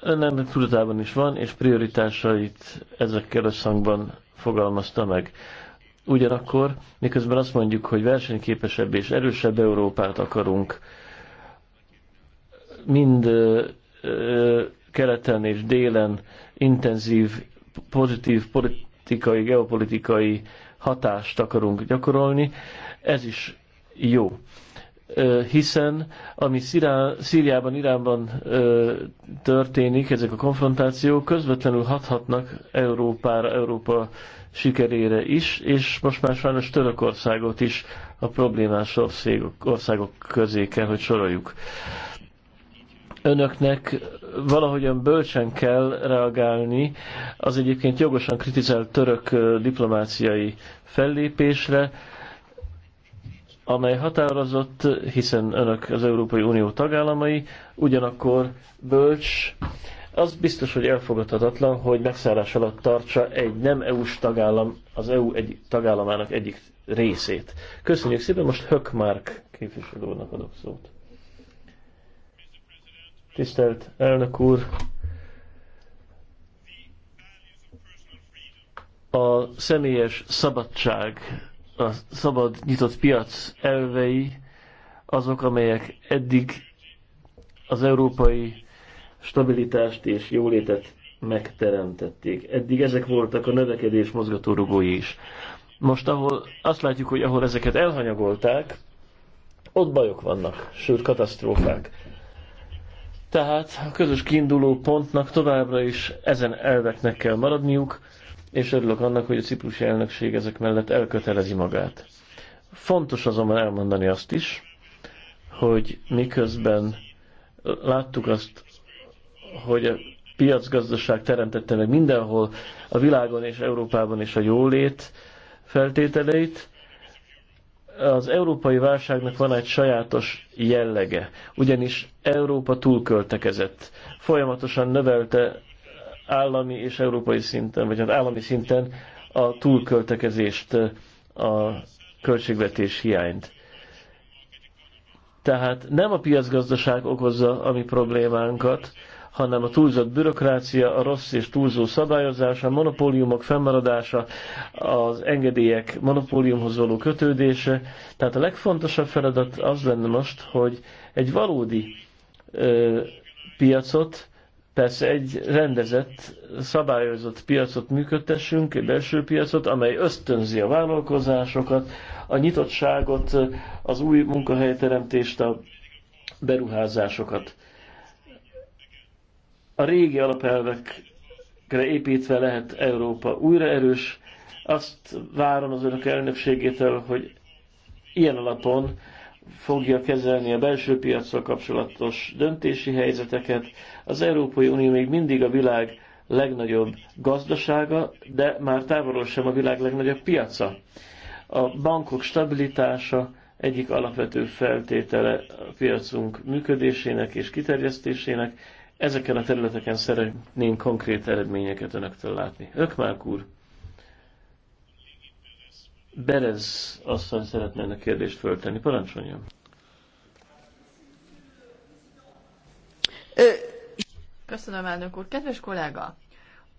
Önnek tudatában is van, és prioritásait ezekkel összhangban fogalmazta meg. Ugyanakkor, miközben azt mondjuk, hogy versenyképesebb és erősebb Európát akarunk, mind keleten és délen intenzív, pozitív politikai, geopolitikai hatást akarunk gyakorolni, ez is jó. Hiszen ami Szirá, Szíriában, Iránban történik, ezek a konfrontációk közvetlenül hathatnak Európára, Európa sikerére is, és most már sajnos Törökországot is a problémás országok, országok közé kell, hogy soroljuk. Önöknek valahogyan bölcsen kell reagálni az egyébként jogosan kritizált török diplomáciai fellépésre, amely határozott, hiszen önök az Európai Unió tagállamai, ugyanakkor bölcs, az biztos, hogy elfogadhatatlan, hogy megszállás alatt tartsa egy nem EU-s tagállam, az EU egy tagállamának egyik részét. Köszönjük szépen, most Hökmark képviselőnek adok szót. Tisztelt elnök úr! A személyes szabadság a szabad nyitott piac elvei azok, amelyek eddig az európai stabilitást és jólétet megteremtették. Eddig ezek voltak a növekedés mozgatórugói is. Most ahol azt látjuk, hogy ahol ezeket elhanyagolták, ott bajok vannak, sőt katasztrófák. Tehát a közös kiinduló pontnak továbbra is ezen elveknek kell maradniuk, és örülök annak, hogy a ciprusi elnökség ezek mellett elkötelezi magát. Fontos azonban elmondani azt is, hogy miközben láttuk azt, hogy a piacgazdaság teremtette meg mindenhol a világon és Európában is a jólét feltételeit, az európai válságnak van egy sajátos jellege, ugyanis Európa túlköltekezett. Folyamatosan növelte állami és európai szinten, vagy az hát állami szinten a túlköltekezést, a költségvetés hiányt. Tehát nem a piacgazdaság okozza a mi problémánkat, hanem a túlzott bürokrácia, a rossz és túlzó szabályozás, a monopóliumok fennmaradása, az engedélyek monopóliumhoz való kötődése. Tehát a legfontosabb feladat az lenne most, hogy egy valódi ö, piacot persze egy rendezett, szabályozott piacot működtessünk, egy belső piacot, amely ösztönzi a vállalkozásokat, a nyitottságot, az új munkahelyteremtést, a beruházásokat. A régi alapelvekre építve lehet Európa újra erős. Azt várom az önök elnökségétől, hogy ilyen alapon fogja kezelni a belső piacra kapcsolatos döntési helyzeteket. Az Európai Unió még mindig a világ legnagyobb gazdasága, de már távolról sem a világ legnagyobb piaca. A bankok stabilitása egyik alapvető feltétele a piacunk működésének és kiterjesztésének. Ezeken a területeken szeretnénk konkrét eredményeket önöktől látni. Ökmák úr! Berez asszony szeretne ennek kérdést föltenni. Parancsoljon! Köszönöm, elnök úr. Kedves kollega,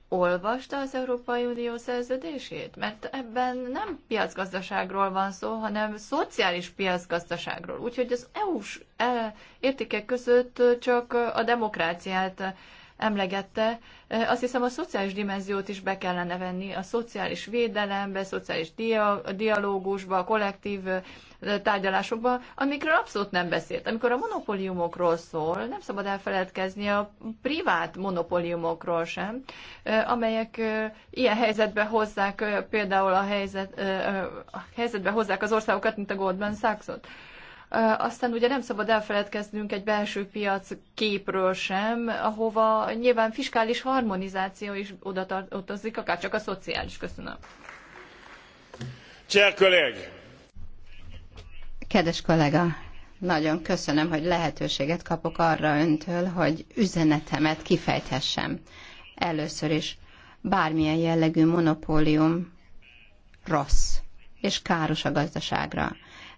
olvasta az Európai Unió szerződését? Mert ebben nem piacgazdaságról van szó, hanem szociális piacgazdaságról. Úgyhogy az EU-s eh, értékek között csak a demokráciát emlegette, azt hiszem a szociális dimenziót is be kellene venni, a szociális védelembe, a szociális dia- dialógusba, a kollektív tárgyalásokba, amikről abszolút nem beszélt. Amikor a monopóliumokról szól, nem szabad elfeledkezni a privát monopóliumokról sem, amelyek ilyen helyzetbe hozzák például a, helyzet, a helyzetbe hozzák az országokat, mint a Goldman Sachs-ot. Aztán ugye nem szabad elfeledkeznünk egy belső piac képről sem, ahova nyilván fiskális harmonizáció is oda tartozik, akár csak a szociális. Köszönöm. Kedves kollega, nagyon köszönöm, hogy lehetőséget kapok arra öntől, hogy üzenetemet kifejthessem. Először is bármilyen jellegű monopólium rossz és káros a gazdaságra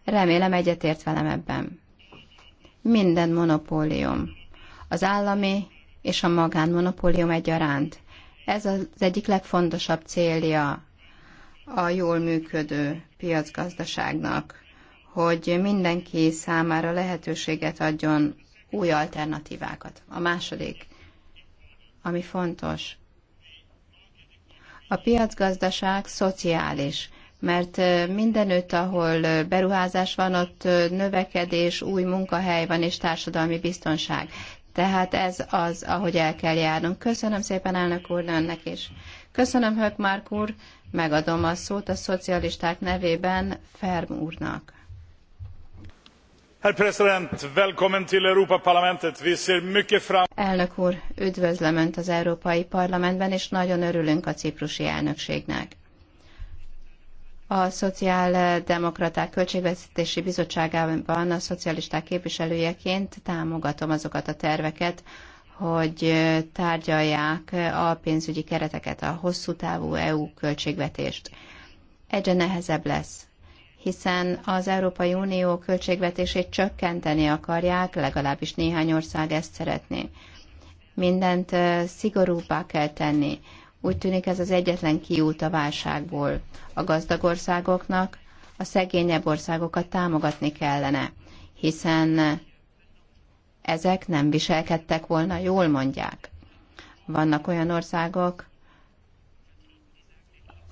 Remélem egyetért velem ebben. Minden monopólium, az állami és a magánmonopólium egyaránt. Ez az egyik legfontosabb célja a jól működő piacgazdaságnak, hogy mindenki számára lehetőséget adjon új alternatívákat. A második, ami fontos, a piacgazdaság szociális mert mindenütt, ahol beruházás van, ott növekedés, új munkahely van és társadalmi biztonság. Tehát ez az, ahogy el kell járnunk. Köszönöm szépen elnök úr önnek is. Köszönöm Márk úr, megadom a szót a szocialisták nevében Ferm úrnak. Herr President, välkommen till Europaparlamentet. Vi ser mycket fram... Elnök úr, üdvözlöm Önt az Európai Parlamentben, és nagyon örülünk a ciprusi elnökségnek a Szociáldemokraták Költségvetési Bizottságában a szocialisták képviselőjeként támogatom azokat a terveket, hogy tárgyalják a pénzügyi kereteket, a hosszú távú EU költségvetést. Egyre nehezebb lesz, hiszen az Európai Unió költségvetését csökkenteni akarják, legalábbis néhány ország ezt szeretné. Mindent szigorúbbá kell tenni úgy tűnik ez az egyetlen kiút a válságból. A gazdag országoknak a szegényebb országokat támogatni kellene, hiszen ezek nem viselkedtek volna, jól mondják. Vannak olyan országok,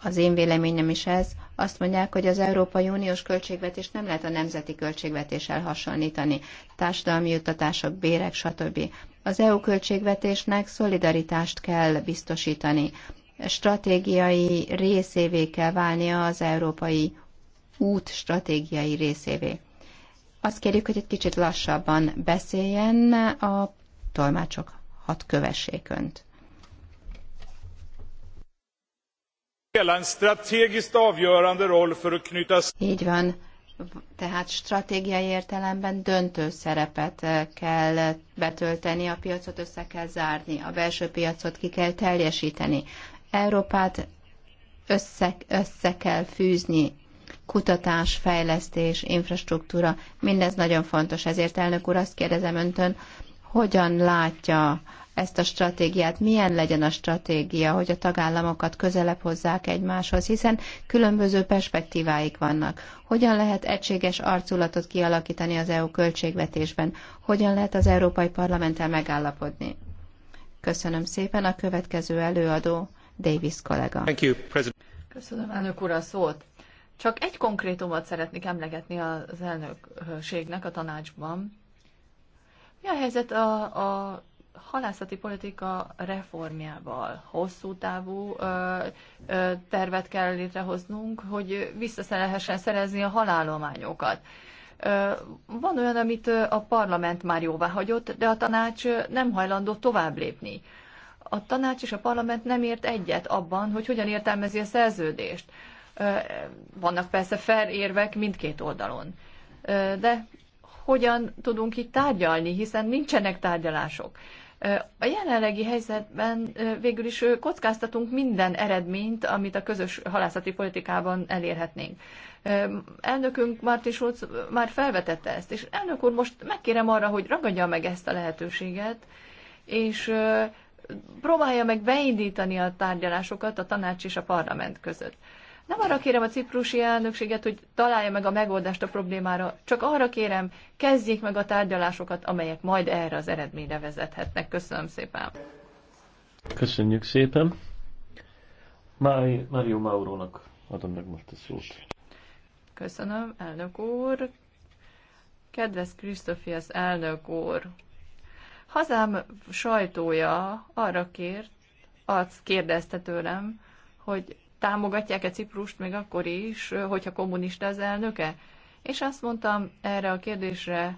az én véleményem is ez, azt mondják, hogy az Európai Uniós költségvetést nem lehet a nemzeti költségvetéssel hasonlítani. Társadalmi juttatások, bérek, stb. Az EU költségvetésnek szolidaritást kell biztosítani. Stratégiai részévé kell válnia az európai út stratégiai részévé. Azt kérjük, hogy egy kicsit lassabban beszéljen a tolmácsok hat kövessék önt. Így van, tehát stratégiai értelemben döntő szerepet eh, kell betölteni, a piacot össze kell zárni, a belső piacot ki kell teljesíteni. Európát össze, össze kell fűzni, kutatás, fejlesztés, infrastruktúra, mindez nagyon fontos. Ezért, elnök úr, azt kérdezem öntön, hogyan látja ezt a stratégiát, milyen legyen a stratégia, hogy a tagállamokat közelebb hozzák egymáshoz, hiszen különböző perspektíváik vannak. Hogyan lehet egységes arculatot kialakítani az EU költségvetésben? Hogyan lehet az Európai Parlamenttel megállapodni? Köszönöm szépen a következő előadó, Davis kollega. Thank you, President. Köszönöm, elnök úr, a szót. Csak egy konkrétumot szeretnék emlegetni az elnökségnek a tanácsban. Mi a helyzet a, a halászati politika reformjával hosszú távú ö, ö, tervet kell létrehoznunk, hogy visszaszerelhessen szerezni a halálományokat. Ö, van olyan, amit a parlament már jóvá hagyott, de a tanács nem hajlandó tovább lépni. A tanács és a parlament nem ért egyet abban, hogy hogyan értelmezi a szerződést. Ö, vannak persze érvek mindkét oldalon. Ö, de hogyan tudunk itt tárgyalni, hiszen nincsenek tárgyalások. A jelenlegi helyzetben végül is kockáztatunk minden eredményt, amit a közös halászati politikában elérhetnénk. Elnökünk Martin Schulz már felvetette ezt, és elnök úr, most megkérem arra, hogy ragadja meg ezt a lehetőséget, és próbálja meg beindítani a tárgyalásokat a tanács és a parlament között. Nem arra kérem a ciprusi elnökséget, hogy találja meg a megoldást a problémára, csak arra kérem, kezdjék meg a tárgyalásokat, amelyek majd erre az eredményre vezethetnek. Köszönöm szépen. Köszönjük szépen. Máj, Mário Maurónak adom meg most a szót. Köszönöm, elnök úr. Kedves Krisztofiasz elnök úr, hazám sajtója arra kért, azt kérdezte tőlem, hogy támogatják-e Ciprust még akkor is, hogyha kommunista az elnöke? És azt mondtam erre a kérdésre,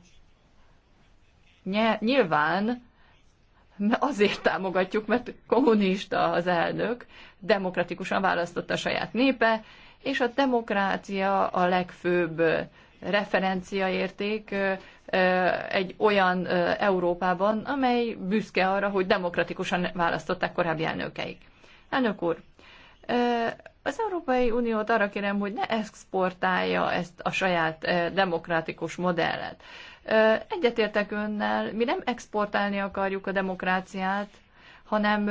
nyilván azért támogatjuk, mert kommunista az elnök, demokratikusan választotta a saját népe, és a demokrácia a legfőbb referenciaérték egy olyan Európában, amely büszke arra, hogy demokratikusan választották korábbi elnökeik. Elnök úr, az Európai Uniót arra kérem, hogy ne exportálja ezt a saját demokratikus modellet. Egyetértek önnel, mi nem exportálni akarjuk a demokráciát, hanem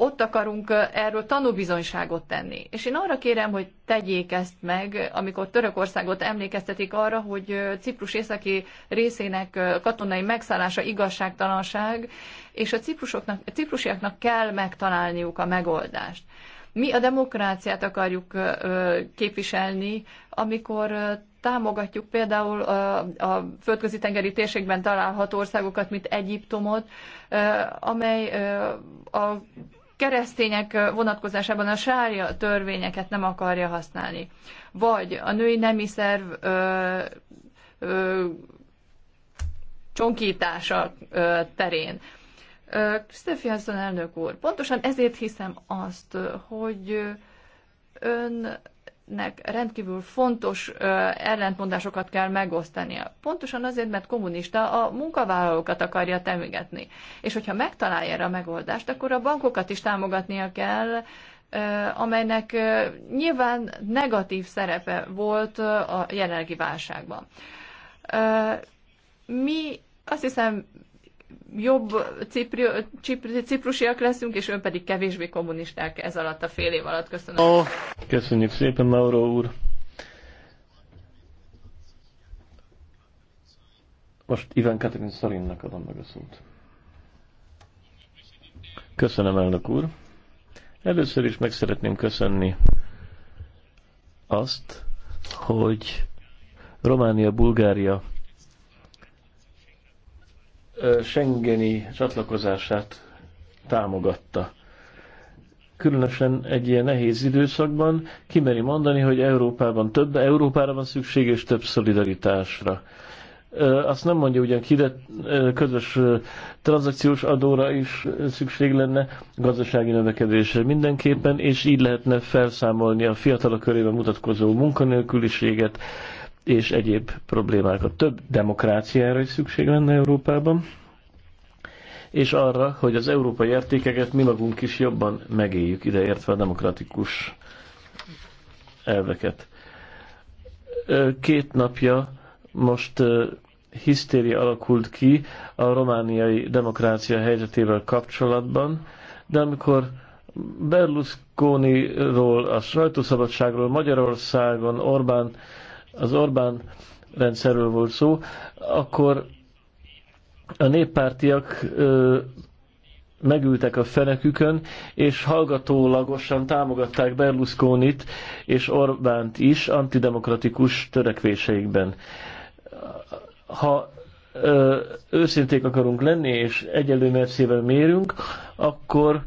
ott akarunk erről tanúbizonyságot tenni. És én arra kérem, hogy tegyék ezt meg, amikor Törökországot emlékeztetik arra, hogy Ciprus északi részének katonai megszállása igazságtalanság, és a ciprusoknak, a ciprusiaknak kell megtalálniuk a megoldást. Mi a demokráciát akarjuk képviselni, amikor támogatjuk például a földközi tengeri térségben található országokat, mint Egyiptomot, amely a keresztények vonatkozásában a sárja törvényeket nem akarja használni, vagy a női nemi szerv ö, ö, csonkítása ö, terén. Stephenson elnök úr, pontosan ezért hiszem azt, hogy ön embereknek rendkívül fontos ellentmondásokat kell megosztania. Pontosan azért, mert kommunista a munkavállalókat akarja temegetni. És hogyha megtalálja erre a megoldást, akkor a bankokat is támogatnia kell, amelynek nyilván negatív szerepe volt a jelenlegi válságban. Mi azt hiszem jobb cipri, ciprusiak leszünk, és ön pedig kevésbé kommunisták ez alatt a fél év alatt. Köszönöm. Oh. Köszönjük szépen, Mauro úr. Most Iván Katalin Szalinnak adom meg a szót. Köszönöm, elnök úr. Először is meg szeretném köszönni azt, hogy Románia, Bulgária Schengeni csatlakozását támogatta. Különösen egy ilyen nehéz időszakban kimeri mondani, hogy Európában több Európára van szükség és több szolidaritásra. Azt nem mondja ugyan ki, de közös tranzakciós adóra is szükség lenne, gazdasági növekedésre mindenképpen, és így lehetne felszámolni a fiatalok körében mutatkozó munkanélküliséget, és egyéb problémákat. Több demokráciára is szükség lenne Európában, és arra, hogy az európai értékeket mi magunk is jobban megéljük, ideértve a demokratikus elveket. Két napja most hisztéria alakult ki a romániai demokrácia helyzetével kapcsolatban, de amikor Berlusconiról, a sajtószabadságról Magyarországon Orbán az Orbán rendszerről volt szó, akkor a néppártiak ö, megültek a fenekükön, és hallgatólagosan támogatták Berlusconit és Orbánt is antidemokratikus törekvéseikben. Ha ö, őszinték akarunk lenni, és egyenlő mércével mérünk, akkor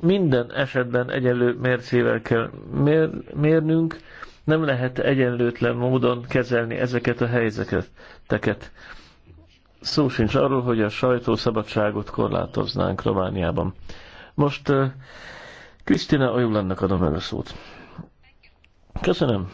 minden esetben egyenlő mércével kell mér, mérnünk, nem lehet egyenlőtlen módon kezelni ezeket a helyzeteket. Szó sincs arról, hogy a sajtószabadságot korlátoznánk Romániában. Most eh, Krisztina uh, Ajulannak adom el a szót. Köszönöm.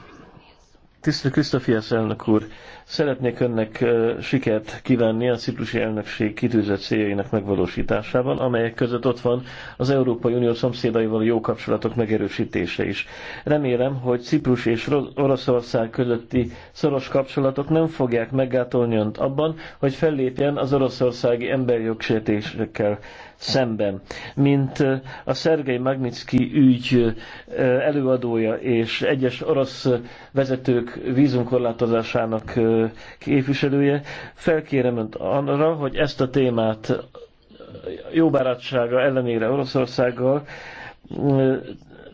Tisztelt Krisztofiasz elnök úr, szeretnék önnek sikert kívánni a ciprusi elnökség kitűzött céljainak megvalósításában, amelyek között ott van az Európai Unió szomszédaival jó kapcsolatok megerősítése is. Remélem, hogy Ciprus és Oroszország közötti szoros kapcsolatok nem fogják meggátolni önt abban, hogy fellépjen az oroszországi emberjogsértésekkel szemben, mint a Szergei Magnitsky ügy előadója és egyes orosz vezetők vízunkorlátozásának képviselője, felkérem önt arra, hogy ezt a témát jóbarátsága ellenére Oroszországgal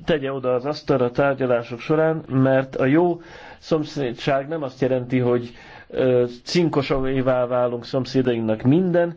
tegye oda az asztalra a tárgyalások során, mert a jó szomszédság nem azt jelenti, hogy cinkosavévá válunk szomszédainknak minden,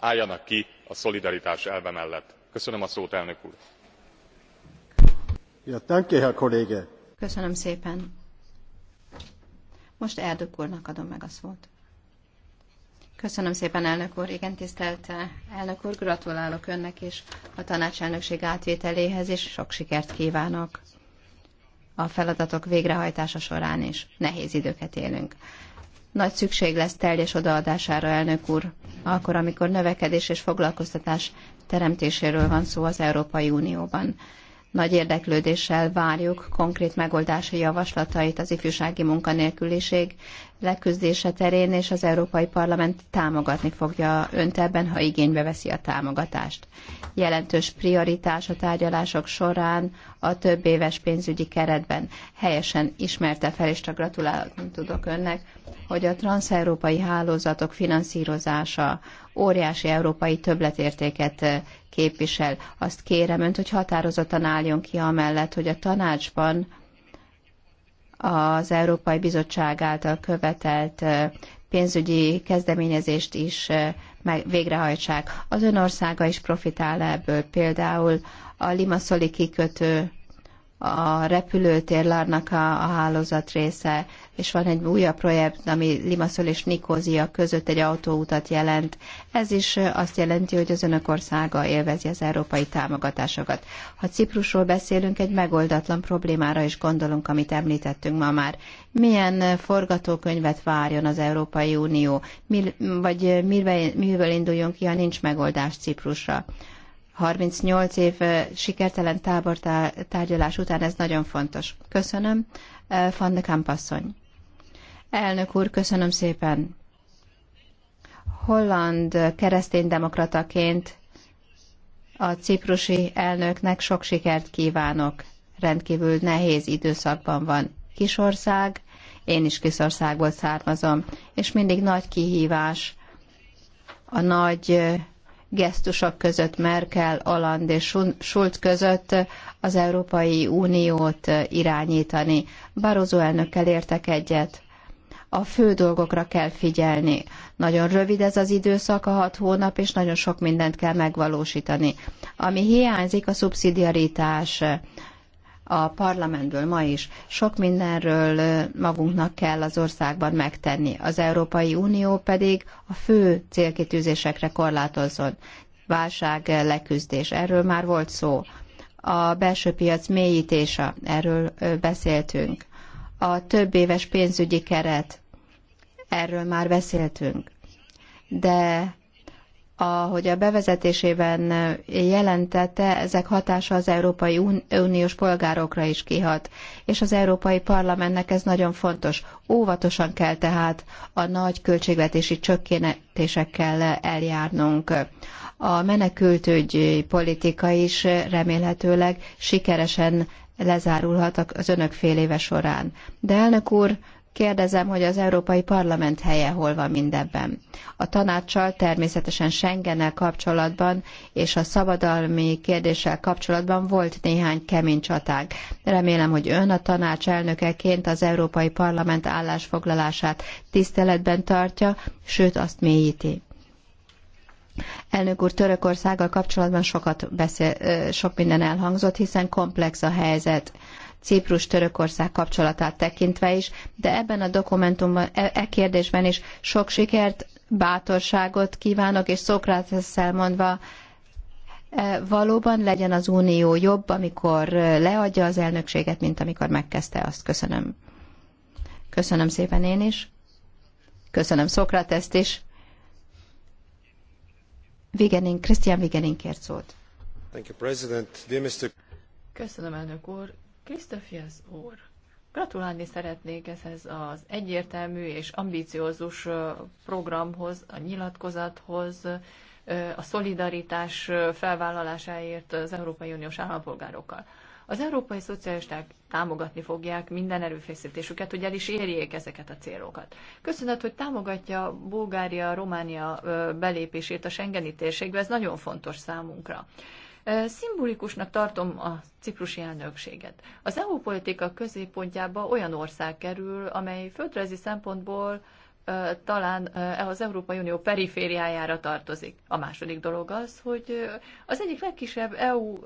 álljanak ki a szolidaritás elve mellett. köszönöm a szót elnök úr! Köszönöm szépen. Most Erdők adom meg a szót. Köszönöm szépen, elnök úr. Igen, tisztelt elnök úr, gratulálok önnek és a tanácselnökség átvételéhez, és sok sikert kívánok a feladatok végrehajtása során is. Nehéz időket élünk nagy szükség lesz teljes odaadására, elnök úr, akkor, amikor növekedés és foglalkoztatás teremtéséről van szó az Európai Unióban. Nagy érdeklődéssel várjuk konkrét megoldási javaslatait az ifjúsági munkanélküliség leküzdése terén, és az Európai Parlament támogatni fogja önt ebben, ha igénybe veszi a támogatást. Jelentős prioritás a tárgyalások során a több éves pénzügyi keretben helyesen ismerte fel, és csak gratulálni tudok önnek, hogy a transzeurópai hálózatok finanszírozása óriási európai többletértéket képvisel. Azt kérem önt, hogy határozottan álljon ki amellett, hogy a tanácsban az Európai Bizottság által követelt pénzügyi kezdeményezést is meg végrehajtsák. Az ön országa is profitál ebből, például a Limassoli kikötő a repülőtér lárnak a hálózat része, és van egy újabb projekt, ami Limassol és Nikózia között egy autóutat jelent. Ez is azt jelenti, hogy az önök országa élvezi az európai támogatásokat. Ha Ciprusról beszélünk, egy megoldatlan problémára is gondolunk, amit említettünk ma már. Milyen forgatókönyvet várjon az Európai Unió, Mil, vagy mivel induljon ki, ha nincs megoldás Ciprusra? 38 év sikertelen tábor tárgyalás után ez nagyon fontos. Köszönöm, Van de Kampasszony. Elnök úr, köszönöm szépen. Holland kereszténydemokrataként a ciprusi elnöknek sok sikert kívánok. Rendkívül nehéz időszakban van. Kisország, én is Kisországból származom, és mindig nagy kihívás a nagy gesztusok között Merkel, Aland és Schulz között az Európai Uniót eh, irányítani. Barozó elnökkel értek egyet. A fő dolgokra kell figyelni. Nagyon rövid ez az időszak, a hat hónap, és nagyon sok mindent kell megvalósítani. Ami hiányzik, a szubszidiaritás a parlamentből ma is. Sok mindenről magunknak kell az országban megtenni. Az Európai Unió pedig a fő célkitűzésekre korlátozott. Válság leküzdés, erről már volt szó. A belső piac mélyítése, erről beszéltünk. A több éves pénzügyi keret, erről már beszéltünk. De ahogy a bevezetésében jelentette, ezek hatása az Európai Uniós polgárokra is kihat. És az Európai Parlamentnek ez nagyon fontos. Óvatosan kell tehát a nagy költségvetési csökkentésekkel eljárnunk. A menekültügyi politika is remélhetőleg sikeresen lezárulhat az önök fél éve során. De elnök úr, Kérdezem, hogy az Európai Parlament helye hol van mindebben. A tanácssal természetesen Schengennel kapcsolatban és a szabadalmi kérdéssel kapcsolatban volt néhány kemény csatánk. Remélem, hogy ön a tanács elnökeként az Európai Parlament állásfoglalását tiszteletben tartja, sőt azt mélyíti. Elnök úr, Törökországgal kapcsolatban sokat beszél, sok minden elhangzott, hiszen komplex a helyzet. Ciprus-Törökország kapcsolatát tekintve is, de ebben a dokumentumban, e, e kérdésben is sok sikert, bátorságot kívánok, és Szókrátesszel mondva, e, valóban legyen az Unió jobb, amikor e, leadja az elnökséget, mint amikor megkezdte azt. Köszönöm. Köszönöm szépen én is. Köszönöm Szokrateszt is. Vigenin, Krisztián Vigenin kért szót. Köszönöm, elnök úr. Krisztofiasz úr, gratulálni szeretnék ezhez az egyértelmű és ambiciózus programhoz, a nyilatkozathoz, a szolidaritás felvállalásáért az Európai Uniós állampolgárokkal. Az európai szocialisták támogatni fogják minden erőfeszítésüket, hogy el is érjék ezeket a célokat. Köszönet, hogy támogatja Bulgária, Románia belépését a Schengeni térségbe, ez nagyon fontos számunkra. Szimbolikusnak tartom a ciprusi elnökséget. Az EU politika középpontjába olyan ország kerül, amely földrajzi szempontból talán e az Európai Unió perifériájára tartozik. A második dolog az, hogy az egyik legkisebb EU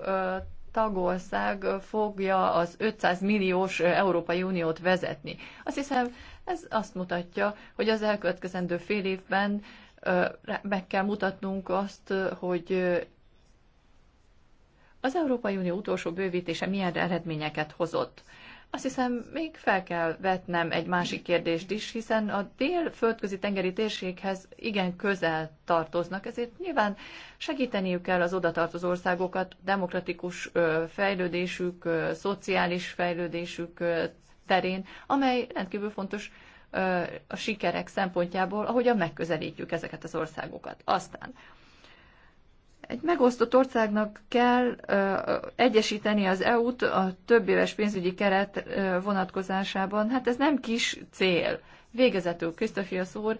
tagország fogja az 500 milliós Európai Uniót vezetni. Azt hiszem, ez azt mutatja, hogy az elkövetkezendő fél évben meg kell mutatnunk azt, hogy az Európai Unió utolsó bővítése milyen eredményeket hozott? Azt hiszem, még fel kell vetnem egy másik kérdést is, hiszen a dél-földközi tengeri térséghez igen közel tartoznak, ezért nyilván segíteniük kell az odatartozó országokat demokratikus fejlődésük, szociális fejlődésük terén, amely rendkívül fontos a sikerek szempontjából, ahogyan megközelítjük ezeket az országokat. Aztán egy megosztott országnak kell egyesíteni az EU-t a több éves pénzügyi keret vonatkozásában. Hát ez nem kis cél. Végezetül, Krisztofiasz úr,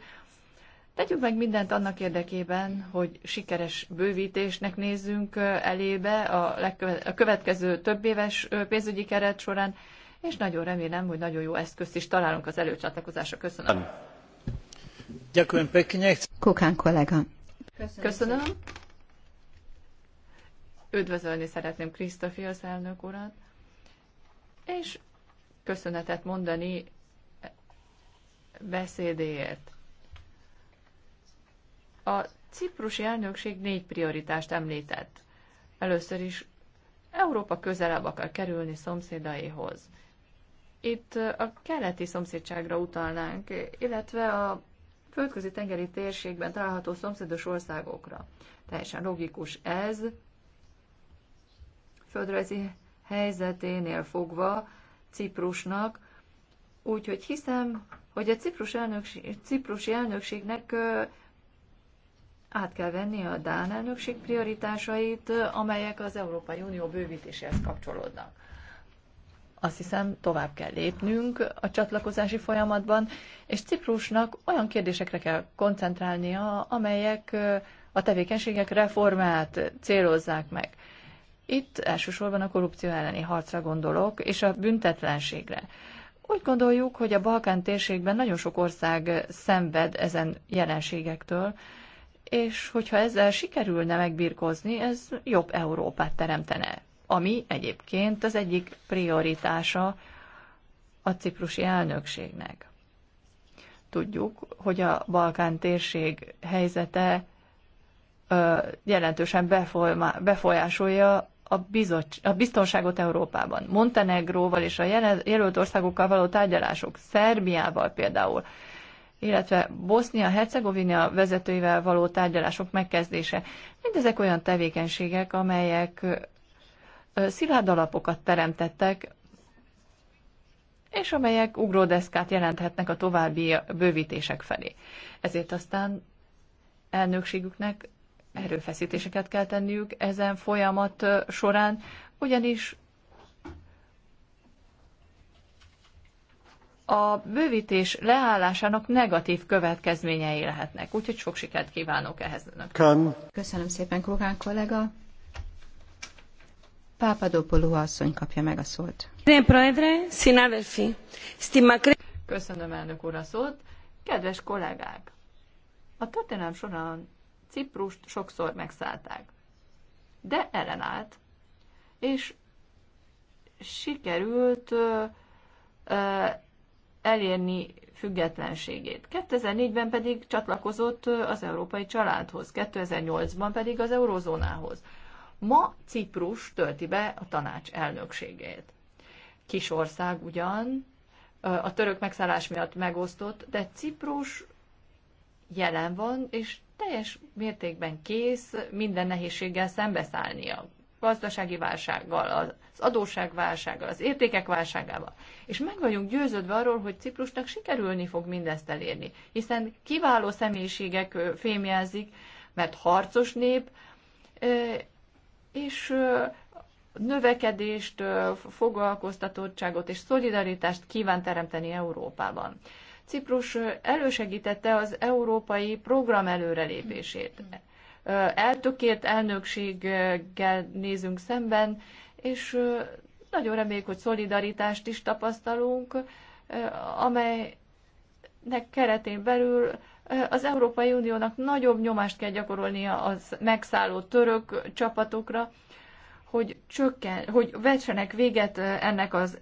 tegyük meg mindent annak érdekében, hogy sikeres bővítésnek nézzünk elébe a, a következő több éves pénzügyi keret során, és nagyon remélem, hogy nagyon jó eszközt is találunk az előcsatlakozásra. Köszönöm. Köszönöm. Kukán kollega. Köszönöm. Köszönöm. Üdvözölni szeretném Krisztofiasz elnök urat, és köszönetet mondani beszédéért. A ciprusi elnökség négy prioritást említett. Először is Európa közelebb akar kerülni szomszédaihoz. Itt a keleti szomszédságra utalnánk, illetve a földközi tengeri térségben található szomszédos országokra. Teljesen logikus ez, földrajzi helyzeténél fogva Ciprusnak, úgyhogy hiszem, hogy a Ciprus elnökség, ciprusi elnökségnek át kell venni a Dán elnökség prioritásait, amelyek az Európai Unió bővítéséhez kapcsolódnak. Azt hiszem, tovább kell lépnünk a csatlakozási folyamatban, és Ciprusnak olyan kérdésekre kell koncentrálnia, amelyek a tevékenységek reformát célozzák meg. Itt elsősorban a korrupció elleni harcra gondolok, és a büntetlenségre. Úgy gondoljuk, hogy a Balkán térségben nagyon sok ország szenved ezen jelenségektől, és hogyha ezzel sikerülne megbirkózni, ez jobb Európát teremtene, ami egyébként az egyik prioritása a ciprusi elnökségnek. Tudjuk, hogy a Balkán térség helyzete jelentősen befolyásolja a, bizot, a biztonságot Európában. Montenegróval és a jelölt országokkal való tárgyalások, Szerbiával például, illetve Bosznia-Hercegovina vezetőivel való tárgyalások megkezdése. Mindezek olyan tevékenységek, amelyek szilárd alapokat teremtettek, és amelyek ugródeszkát jelenthetnek a további bővítések felé. Ezért aztán elnökségüknek erőfeszítéseket kell tenniük ezen folyamat során, ugyanis a bővítés leállásának negatív következményei lehetnek. Úgyhogy sok sikert kívánok ehhez önök. Köszönöm. Köszönöm szépen, Kogán kollega. Pápadopoló asszony kapja meg a szót. Köszönöm, elnök úr, a szót. Kedves kollégák! A történelem során Ciprust sokszor megszállták. De ellenállt, és sikerült ö, ö, elérni függetlenségét. 2004-ben pedig csatlakozott az európai családhoz, 2008-ban pedig az eurozónához. Ma Ciprus tölti be a tanács elnökségét. Kis ország ugyan, a török megszállás miatt megosztott, de Ciprus jelen van, és teljes mértékben kész minden nehézséggel szembeszállni a gazdasági válsággal, az adósság válsággal, az értékek válságával. És meg vagyunk győződve arról, hogy Ciprusnak sikerülni fog mindezt elérni, hiszen kiváló személyiségek fémjelzik, mert harcos nép, és növekedést, foglalkoztatottságot és szolidaritást kíván teremteni Európában. Ciprus elősegítette az európai program előrelépését. Eltökélt elnökséggel nézünk szemben, és nagyon reméljük, hogy szolidaritást is tapasztalunk, amelynek keretén belül az Európai Uniónak nagyobb nyomást kell gyakorolnia a megszálló török csapatokra, hogy, csökken, hogy vetsenek véget ennek az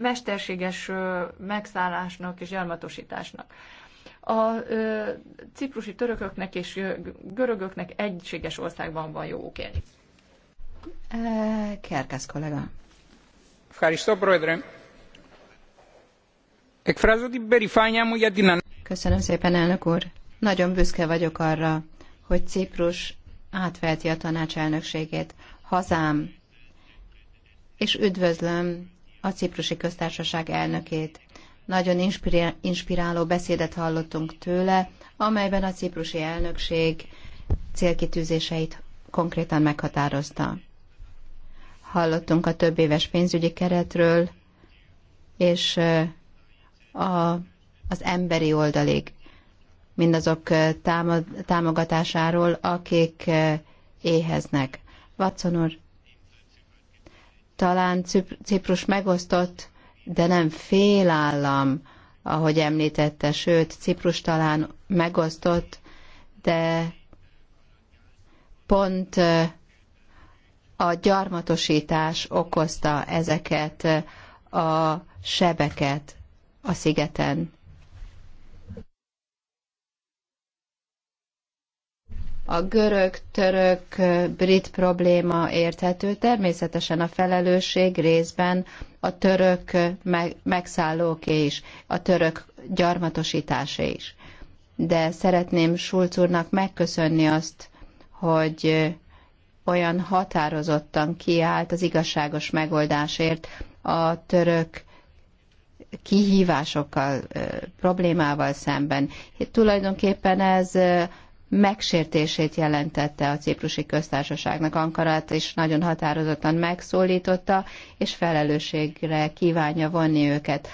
mesterséges megszállásnak és gyarmatosításnak. A ciprusi törököknek és görögöknek egységes országban van jó oké. Kérkez kollega. Köszönöm szépen, elnök úr. Nagyon büszke vagyok arra, hogy Ciprus átvelti a tanács elnökségét. Hazám, és üdvözlöm a Ciprusi Köztársaság elnökét. Nagyon inspiráló beszédet hallottunk tőle, amelyben a ciprusi elnökség célkitűzéseit konkrétan meghatározta. Hallottunk a több éves pénzügyi keretről, és a, az emberi oldalig, mindazok támogatásáról, akik éheznek. Watson úr, talán Ciprus megosztott, de nem félállam, ahogy említette, sőt, Ciprus talán megosztott, de pont a gyarmatosítás okozta ezeket a sebeket a szigeten. A görög-török brit probléma érthető, természetesen a felelősség részben a török megszállóké is, a török gyarmatosításé is. De szeretném Schulz úrnak megköszönni azt, hogy olyan határozottan kiállt az igazságos megoldásért a török kihívásokkal, problémával szemben. Itt tulajdonképpen ez megsértését jelentette a ciprusi köztársaságnak. Ankarát és nagyon határozottan megszólította, és felelősségre kívánja vonni őket.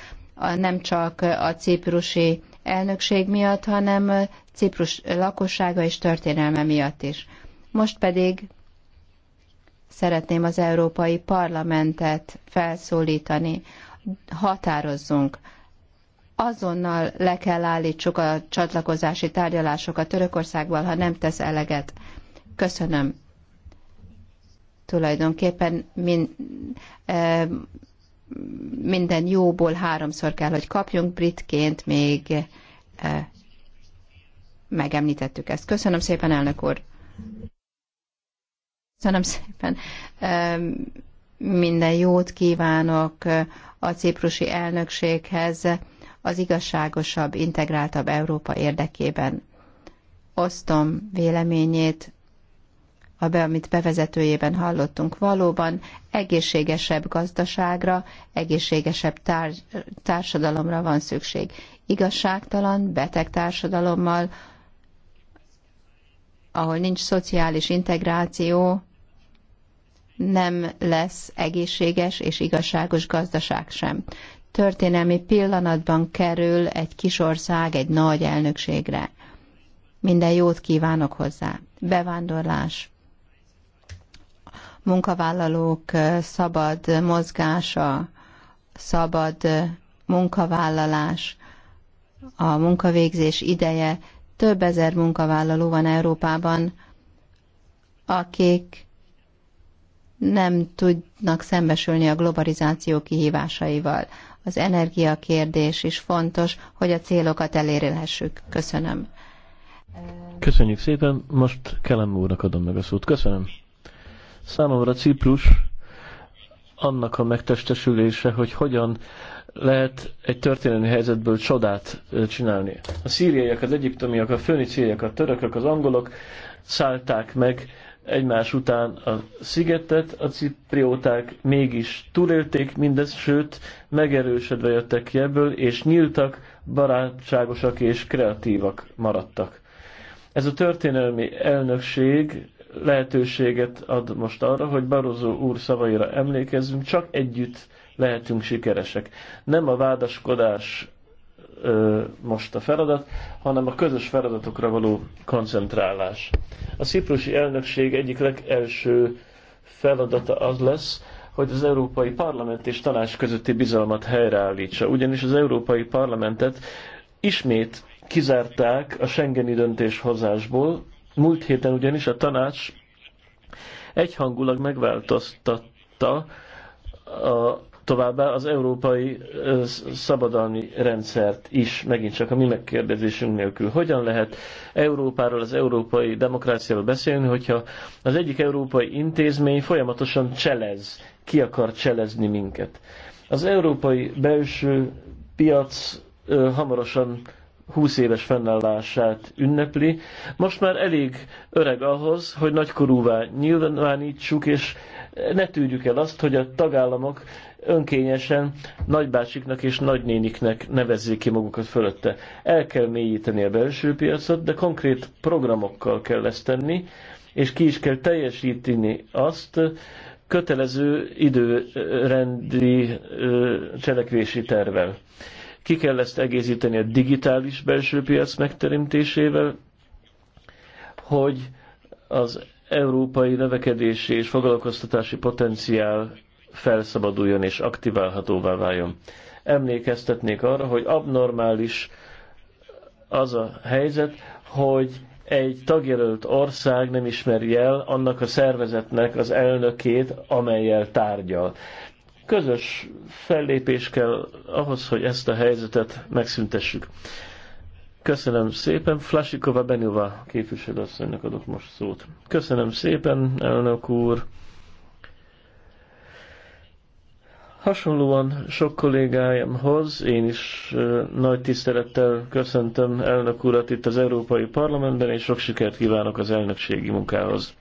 Nem csak a ciprusi elnökség miatt, hanem Ciprus lakossága és történelme miatt is. Most pedig szeretném az Európai Parlamentet felszólítani, határozzunk, azonnal le kell állítsuk a csatlakozási tárgyalásokat Törökországgal, ha nem tesz eleget. Köszönöm. Tulajdonképpen min, e, minden jóból háromszor kell, hogy kapjunk britként, még e, megemlítettük ezt. Köszönöm szépen, elnök úr. Köszönöm szépen. E, minden jót kívánok a ciprusi elnökséghez az igazságosabb, integráltabb Európa érdekében. Osztom véleményét, amit bevezetőjében hallottunk, valóban egészségesebb gazdaságra, egészségesebb tár- társadalomra van szükség. Igazságtalan, beteg társadalommal, ahol nincs szociális integráció, nem lesz egészséges és igazságos gazdaság sem történelmi pillanatban kerül egy kis ország egy nagy elnökségre. Minden jót kívánok hozzá. Bevándorlás, munkavállalók szabad mozgása, szabad munkavállalás, a munkavégzés ideje. Több ezer munkavállaló van Európában, akik nem tudnak szembesülni a globalizáció kihívásaival az energiakérdés is fontos, hogy a célokat elérhessük. Köszönöm. Köszönjük szépen, most Kelem úrnak adom meg a szót. Köszönöm. Számomra Ciprus annak a megtestesülése, hogy hogyan lehet egy történelmi helyzetből csodát csinálni. A szíriaiak, az egyiptomiak, a föníciaiak, a törökök, az angolok szállták meg egymás után a szigetet, a ciprióták mégis túlélték mindez sőt, megerősödve jöttek ki ebből, és nyíltak, barátságosak és kreatívak maradtak. Ez a történelmi elnökség lehetőséget ad most arra, hogy Barozó úr szavaira emlékezzünk, csak együtt lehetünk sikeresek. Nem a vádaskodás ö, most a feladat, hanem a közös feladatokra való koncentrálás. A ciprusi elnökség egyik legelső feladata az lesz, hogy az Európai Parlament és Tanács közötti bizalmat helyreállítsa. Ugyanis az Európai Parlamentet ismét kizárták a Schengeni döntéshozásból. Múlt héten ugyanis a tanács egyhangulag megváltoztatta a Továbbá az európai szabadalmi rendszert is, megint csak a mi megkérdezésünk nélkül. Hogyan lehet Európáról, az európai demokráciáról beszélni, hogyha az egyik európai intézmény folyamatosan cselez, ki akar cselezni minket. Az európai belső piac ö, hamarosan 20 éves fennállását ünnepli. Most már elég öreg ahhoz, hogy nagykorúvá nyilvánítsuk, és ne tűrjük el azt, hogy a tagállamok önkényesen nagybácsiknak és nagynéniknek nevezzék ki magukat fölötte. El kell mélyíteni a belső piacot, de konkrét programokkal kell ezt tenni, és ki is kell teljesíteni azt kötelező időrendi cselekvési tervel. Ki kell ezt egészíteni a digitális belső piac megteremtésével, hogy az európai növekedési és foglalkoztatási potenciál felszabaduljon és aktiválhatóvá váljon. Emlékeztetnék arra, hogy abnormális az a helyzet, hogy egy tagjelölt ország nem ismeri el annak a szervezetnek az elnökét, amelyel tárgyal. Közös fellépés kell ahhoz, hogy ezt a helyzetet megszüntessük. Köszönöm szépen. Flasikova Benyova képviselőasszonynak adok most szót. Köszönöm szépen, elnök úr. Hasonlóan sok kollégáimhoz én is nagy tisztelettel köszöntöm elnök urat itt az Európai Parlamentben, és sok sikert kívánok az elnökségi munkához.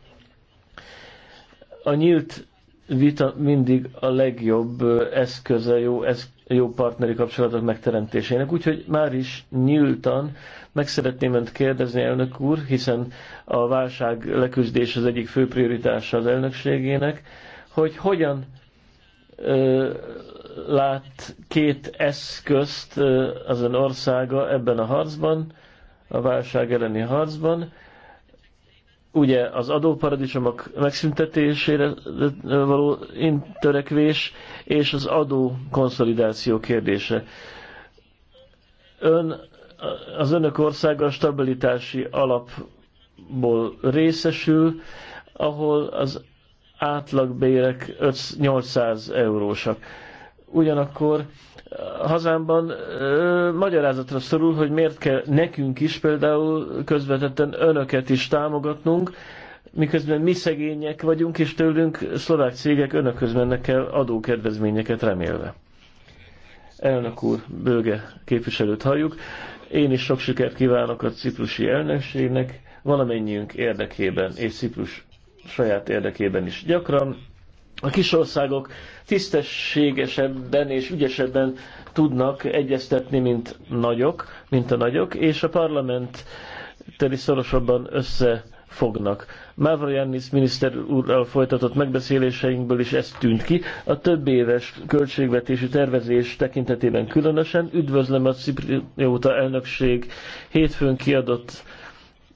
A nyílt vita mindig a legjobb eszköze, jó, esz, jó partneri kapcsolatok megteremtésének, úgyhogy már is nyíltan meg szeretném önt kérdezni, elnök úr, hiszen a válság leküzdés az egyik fő prioritása az elnökségének, hogy hogyan lát két eszközt az ön országa ebben a harcban, a válság elleni harcban. Ugye az adóparadicsomok megszüntetésére való törekvés és az adó konszolidáció kérdése. Ön, az önök országa a stabilitási alapból részesül, ahol az átlagbérek 800 eurósak. Ugyanakkor hazámban ö, magyarázatra szorul, hogy miért kell nekünk is például közvetetten önöket is támogatnunk, miközben mi szegények vagyunk, és tőlünk szlovák cégek önökhöz mennek el adókedvezményeket remélve. Elnök úr, bőge képviselőt halljuk. Én is sok sikert kívánok a ciprusi elnökségnek, valamennyiünk érdekében és Ciprus saját érdekében is. Gyakran a kis országok tisztességesebben és ügyesebben tudnak egyeztetni, mint nagyok, mint a nagyok, és a parlament teli szorosabban összefognak. Mavroyannis miniszter úrral folytatott megbeszéléseinkből is ez tűnt ki. A több éves költségvetési tervezés tekintetében különösen üdvözlöm a Cipriota elnökség hétfőn kiadott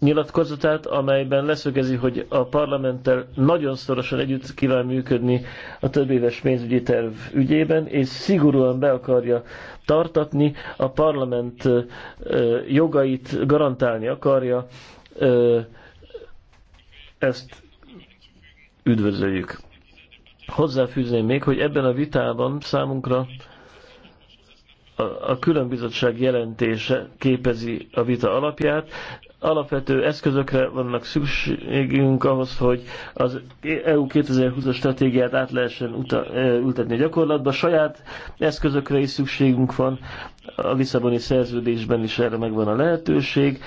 nyilatkozatát, amelyben leszögezi, hogy a parlamenttel nagyon szorosan együtt kíván működni a több éves pénzügyi terv ügyében, és szigorúan be akarja tartatni, a parlament jogait garantálni akarja, ezt üdvözöljük. Hozzáfűzném még, hogy ebben a vitában számunkra a, külön különbizottság jelentése képezi a vita alapját. Alapvető eszközökre vannak szükségünk ahhoz, hogy az EU 2020-as stratégiát át lehessen uta, ültetni a gyakorlatba. Saját eszközökre is szükségünk van, a Lisszaboni szerződésben is erre megvan a lehetőség,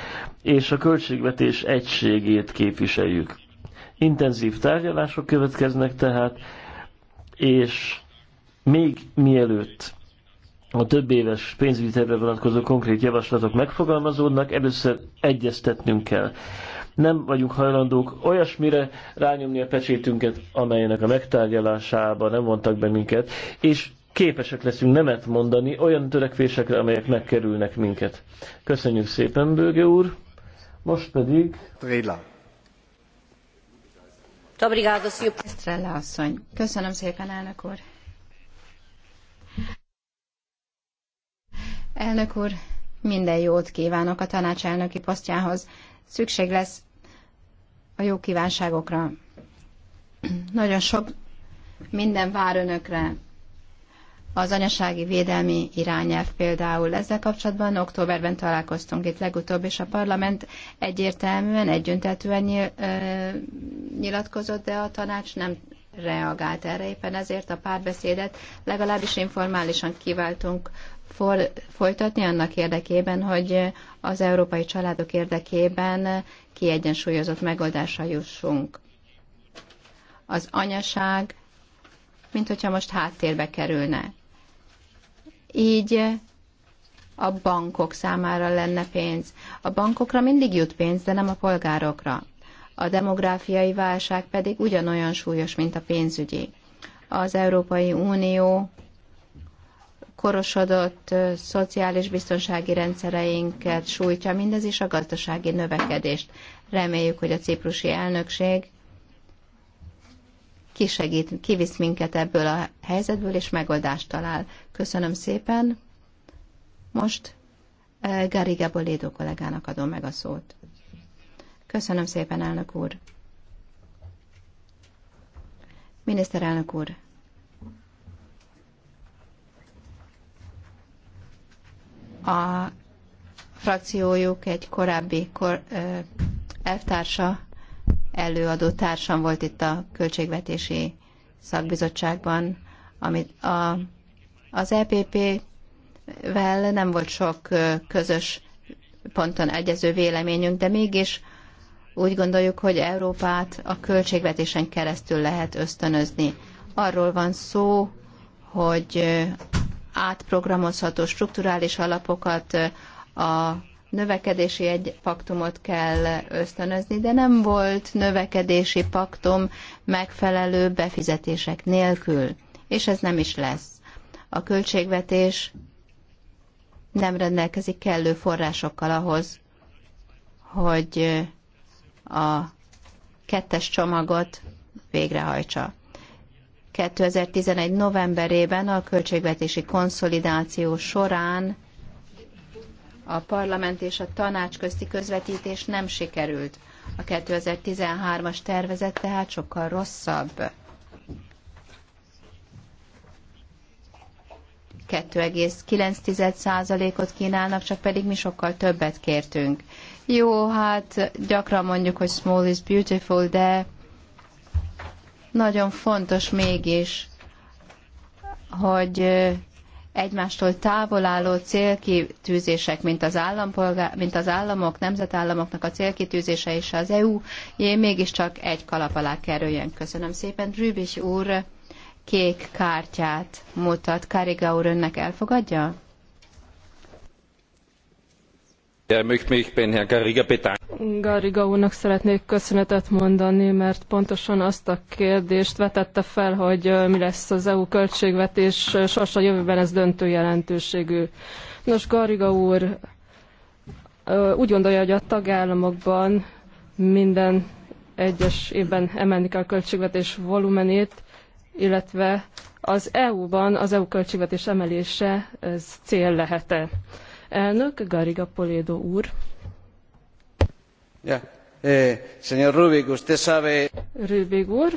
és a költségvetés egységét képviseljük. Intenzív tárgyalások következnek tehát, és még mielőtt a több éves pénzügyi tervre vonatkozó konkrét javaslatok megfogalmazódnak, először egyeztetnünk kell. Nem vagyunk hajlandók olyasmire rányomni a pecsétünket, amelynek a megtárgyalásába nem vontak be minket, és képesek leszünk nemet mondani olyan törekvésekre, amelyek megkerülnek minket. Köszönjük szépen, Bőge úr! Most pedig... Tréla. Köszönöm szépen, elnök úr! Elnök úr, minden jót kívánok a tanácselnöki posztjához. Szükség lesz a jó kívánságokra. Nagyon sok minden vár önökre. Az anyasági védelmi irányelv például ezzel kapcsolatban októberben találkoztunk itt legutóbb, és a parlament egyértelműen, egyöntetően nyil, ö, nyilatkozott, de a tanács nem reagált erre. Éppen ezért a párbeszédet legalábbis informálisan kiváltunk for, folytatni annak érdekében, hogy az európai családok érdekében kiegyensúlyozott megoldásra jussunk. Az anyaság, mint hogyha most háttérbe kerülne. Így a bankok számára lenne pénz. A bankokra mindig jut pénz, de nem a polgárokra. A demográfiai válság pedig ugyanolyan súlyos, mint a pénzügyi. Az Európai Unió korosodott szociális biztonsági rendszereinket sújtja mindez is a gazdasági növekedést. Reméljük, hogy a ciprusi elnökség kisegít, kivisz minket ebből a helyzetből, és megoldást talál. Köszönöm szépen. Most Gary Gabolédo kollégának adom meg a szót. Köszönöm szépen, elnök úr. Miniszterelnök úr, A frakciójuk egy korábbi kor, ö, elvtársa, előadó társam volt itt a költségvetési szakbizottságban, amit a, az EPP-vel nem volt sok közös ponton egyező véleményünk, de mégis úgy gondoljuk, hogy Európát a költségvetésen keresztül lehet ösztönözni. Arról van szó, hogy átprogramozható strukturális alapokat, a növekedési egy paktumot kell ösztönözni, de nem volt növekedési paktum megfelelő befizetések nélkül, és ez nem is lesz. A költségvetés nem rendelkezik kellő forrásokkal ahhoz, hogy a kettes csomagot végrehajtsa. 2011. novemberében a költségvetési konszolidáció során a parlament és a tanács közti közvetítés nem sikerült. A 2013-as tervezet tehát sokkal rosszabb. 2,9%-ot kínálnak, csak pedig mi sokkal többet kértünk. Jó, hát gyakran mondjuk, hogy small is beautiful, de nagyon fontos mégis, hogy egymástól távol álló célkitűzések, mint az, állampolgár, mint az államok, nemzetállamoknak a célkitűzése és az EU, én mégiscsak egy kalap alá kerüljön. Köszönöm szépen. Rübis úr kék kártyát mutat. Kariga úr önnek elfogadja? Garriga úrnak szeretnék köszönetet mondani, mert pontosan azt a kérdést vetette fel, hogy mi lesz az EU költségvetés, sorsa jövőben ez döntő jelentőségű. Nos, Garriga úr úgy gondolja, hogy a tagállamokban minden egyes évben emelni kell a költségvetés volumenét, illetve az EU-ban az EU költségvetés emelése ez cél lehet-e. Elnök Gariga Polédo úr. Ja. Eh, señor Rubik, usted sabe... Rubik úr,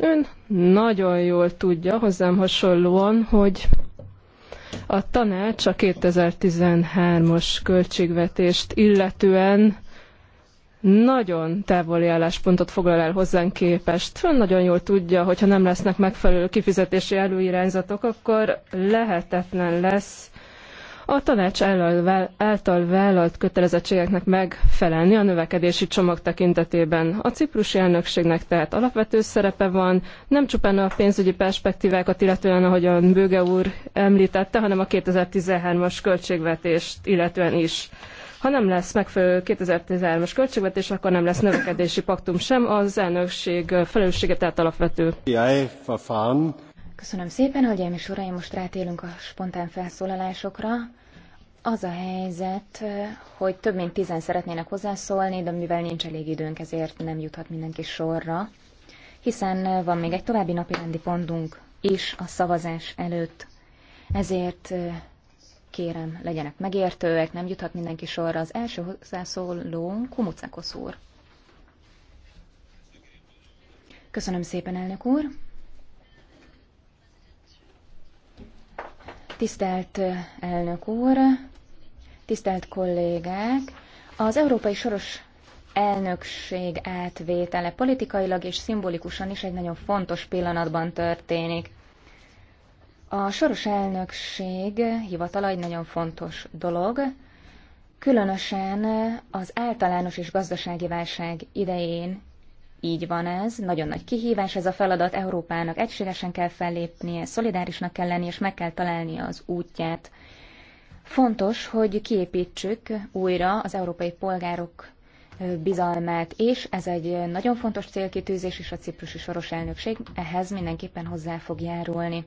ön nagyon jól tudja hozzám hasonlóan, hogy a tanács a 2013-as költségvetést illetően nagyon távoli álláspontot foglal el hozzánk képest. Ön nagyon jól tudja, hogyha nem lesznek megfelelő kifizetési előirányzatok, akkor lehetetlen lesz a tanács által vállalt kötelezettségeknek megfelelni a növekedési csomag tekintetében. A ciprusi elnökségnek tehát alapvető szerepe van, nem csupán a pénzügyi perspektívákat, illetően ahogyan Bőge úr említette, hanem a 2013-as költségvetést illetően is. Ha nem lesz megfelelő 2013-as költségvetés, akkor nem lesz növekedési paktum sem, az elnökség felelőssége tehát alapvető. Köszönöm szépen, hölgyeim és uraim, most rátélünk a spontán felszólalásokra. Az a helyzet, hogy több mint tizen szeretnének hozzászólni, de mivel nincs elég időnk, ezért nem juthat mindenki sorra, hiszen van még egy további napirendi pontunk is a szavazás előtt. Ezért Kérem, legyenek megértőek, nem juthat mindenki sorra. Az első hozzászóló Kumucekos úr. Köszönöm szépen, elnök úr. Tisztelt elnök úr, tisztelt kollégák, az Európai Soros elnökség átvétele politikailag és szimbolikusan is egy nagyon fontos pillanatban történik. A soros elnökség hivatala egy nagyon fontos dolog, különösen az általános és gazdasági válság idején így van ez, nagyon nagy kihívás ez a feladat, Európának egységesen kell fellépnie, szolidárisnak kell lennie, és meg kell találnia az útját. Fontos, hogy kiépítsük újra az európai polgárok bizalmát, és ez egy nagyon fontos célkitűzés, és a ciprusi soros elnökség ehhez mindenképpen hozzá fog járulni.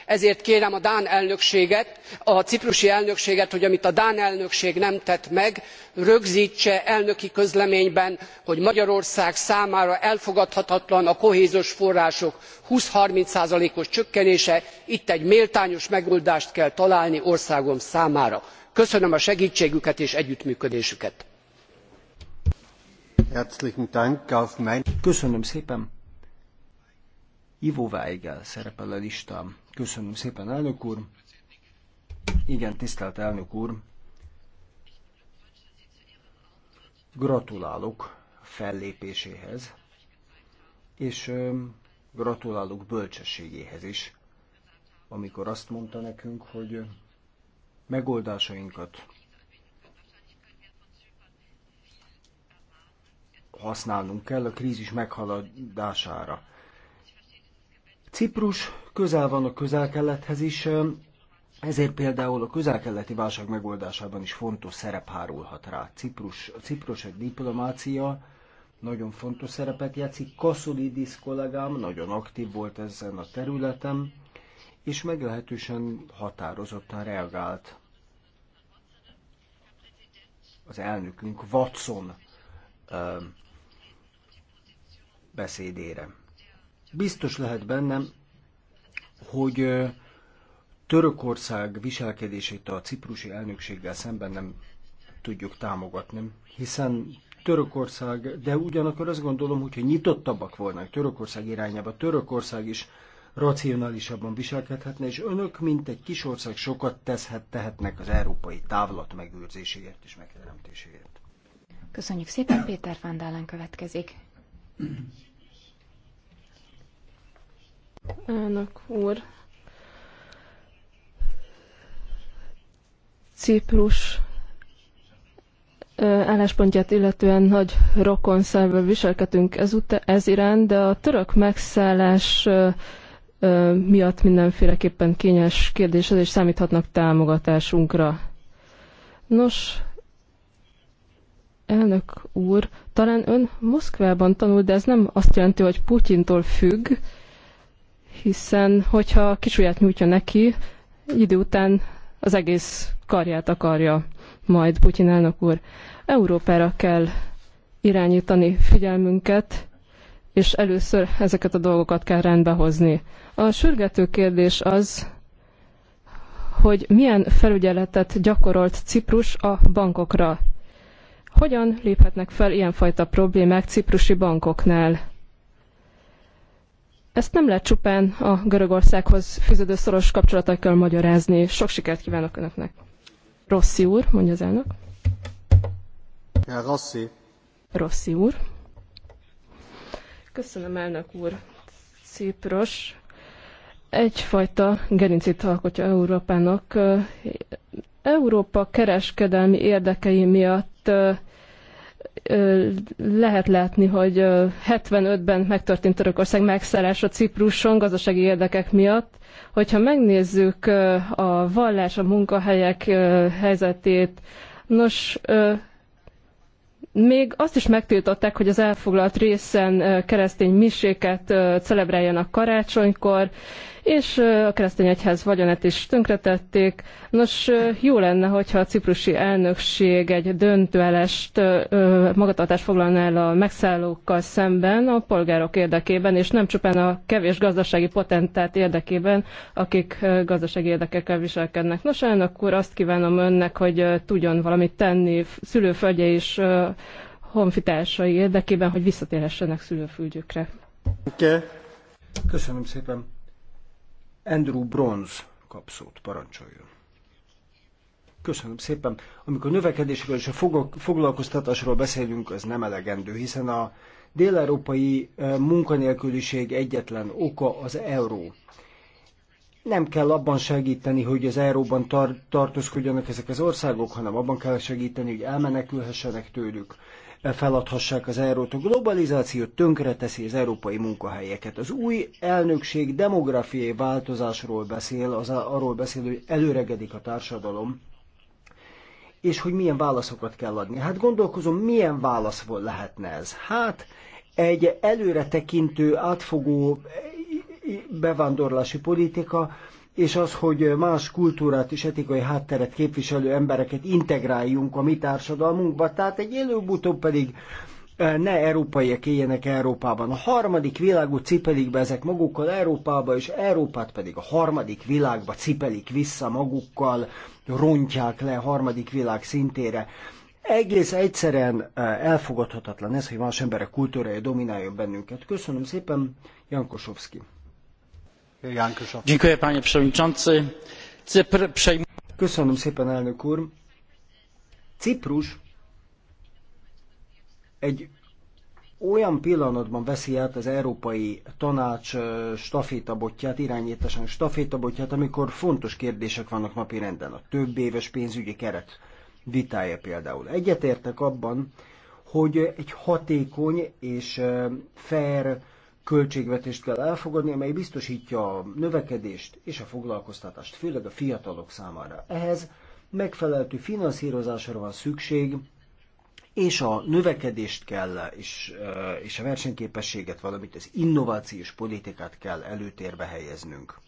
ezért kérem a dán elnökséget a ciprusi elnökséget hogy amit a dán elnökség nem tett meg rögztse elnöki közleményben hogy magyarország számára elfogadhatatlan a kohéziós források twenty thirty os csökkenése itt egy méltányos megoldást kell találni országom számára. köszönöm a segtségüket és együttműködésüket. Köszönöm szépen, elnök úr. Igen, tisztelt elnök úr. Gratulálok fellépéséhez, és gratulálok bölcsességéhez is, amikor azt mondta nekünk, hogy megoldásainkat használnunk kell a krízis meghaladására. Ciprus közel van a közelkelethez is, ezért például a közelkeleti válság megoldásában is fontos szerep hárulhat rá. Ciprus, a ciprusok diplomácia nagyon fontos szerepet játszik. Kasszolidis kollégám nagyon aktív volt ezen a területen, és meglehetősen határozottan reagált az elnökünk Watson beszédére. Biztos lehet bennem, hogy Törökország viselkedését a ciprusi elnökséggel szemben nem tudjuk támogatni, hiszen Törökország, de ugyanakkor azt gondolom, hogyha nyitottabbak volnak Törökország irányába, Törökország is racionálisabban viselkedhetne, és önök, mint egy kis ország, sokat teszhet, tehetnek az európai távlat megőrzéséért és megteremtéséért. Köszönjük szépen, Péter Fándálen következik. Elnök úr, Ciprus álláspontját illetően nagy rokon szervvel viselkedünk ezúte, ez irán, de a török megszállás miatt mindenféleképpen kényes kérdés, és számíthatnak támogatásunkra. Nos, elnök úr, talán ön Moszkvában tanul, de ez nem azt jelenti, hogy Putyintól függ, hiszen hogyha a kisujját nyújtja neki, idő után az egész karját akarja majd Putyin elnök úr. Európára kell irányítani figyelmünket, és először ezeket a dolgokat kell rendbehozni. A sürgető kérdés az, hogy milyen felügyeletet gyakorolt Ciprus a bankokra. Hogyan léphetnek fel ilyenfajta problémák ciprusi bankoknál? Ezt nem lehet csupán a Görögországhoz fűződő szoros kapcsolatokkal magyarázni. Sok sikert kívánok Önöknek. Rossi úr, mondja az elnök. Rosszi. Rossi úr. Köszönöm, elnök úr. Ciprus egyfajta gerincét alkotja Európának. Európa kereskedelmi érdekei miatt lehet látni, hogy 75-ben megtörtént Törökország megszállása Cipruson gazdasági érdekek miatt. Hogyha megnézzük a vallás, a munkahelyek helyzetét, nos, még azt is megtiltották, hogy az elfoglalt részen keresztény miséket celebráljanak karácsonykor, és a keresztény egyház vagyonát is tönkretették. Nos, jó lenne, hogyha a ciprusi elnökség egy döntőelest magatartást foglalna el a megszállókkal szemben a polgárok érdekében, és nem csupán a kevés gazdasági potentát érdekében, akik gazdasági érdekekkel viselkednek. Nos, elnök úr, azt kívánom önnek, hogy tudjon valamit tenni szülőföldje és honfitársai érdekében, hogy visszatérhessenek szülőföldjükre. Okay. Köszönöm szépen. Andrew Bronz kapszót parancsoljon. Köszönöm szépen. Amikor növekedésről és a foglalkoztatásról beszélünk, ez nem elegendő, hiszen a dél-európai munkanélküliség egyetlen oka az euró. Nem kell abban segíteni, hogy az euróban tar- tartózkodjanak ezek az országok, hanem abban kell segíteni, hogy elmenekülhessenek tőlük feladhassák az eurót. A globalizáció tönkreteszi az európai munkahelyeket. Az új elnökség demográfiai változásról beszél, az arról beszél, hogy előregedik a társadalom, és hogy milyen válaszokat kell adni. Hát gondolkozom, milyen válasz lehetne ez? Hát egy előre tekintő, átfogó eh, bevándorlási politika, és az, hogy más kultúrát és etikai hátteret képviselő embereket integráljunk a mi társadalmunkba, tehát egy előbb-utóbb pedig e, ne európaiak éljenek Európában. A harmadik világú cipelik be ezek magukkal Európába, és Európát pedig a harmadik világba cipelik vissza magukkal, rontják le a harmadik világ szintére. Egész egyszerűen e, elfogadhatatlan ez, hogy más emberek kultúrája dominálja bennünket. Köszönöm szépen, Jankosovszki panie przewodniczący! Köszönöm szépen, Ciprus egy olyan pillanatban veszi át az Európai Tanács stafétabotját, irányításának stafétabotját, amikor fontos kérdések vannak napirenden. A több éves pénzügyi keret vitája például. Egyetértek abban, hogy egy hatékony és fair költségvetést kell elfogadni, amely biztosítja a növekedést és a foglalkoztatást, főleg a fiatalok számára. Ehhez megfelelő finanszírozásra van szükség, és a növekedést kell, és, eh, és a versenyképességet, valamint az innovációs politikát kell előtérbe helyeznünk.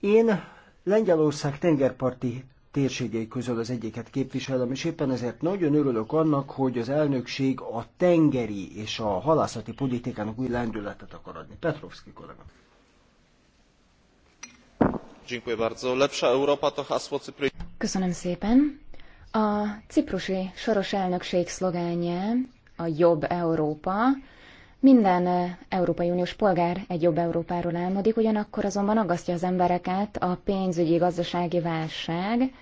Én Lengyelország tengerparti térségei közül az egyiket képviselem, és éppen ezért nagyon örülök annak, hogy az elnökség a tengeri és a halászati politikának új lendületet akar adni. Petrovski kollega. Köszönöm szépen. A ciprusi soros elnökség szlogánja a jobb Európa, minden Európai Uniós polgár egy jobb Európáról álmodik, ugyanakkor azonban aggasztja az embereket a pénzügyi gazdasági válság,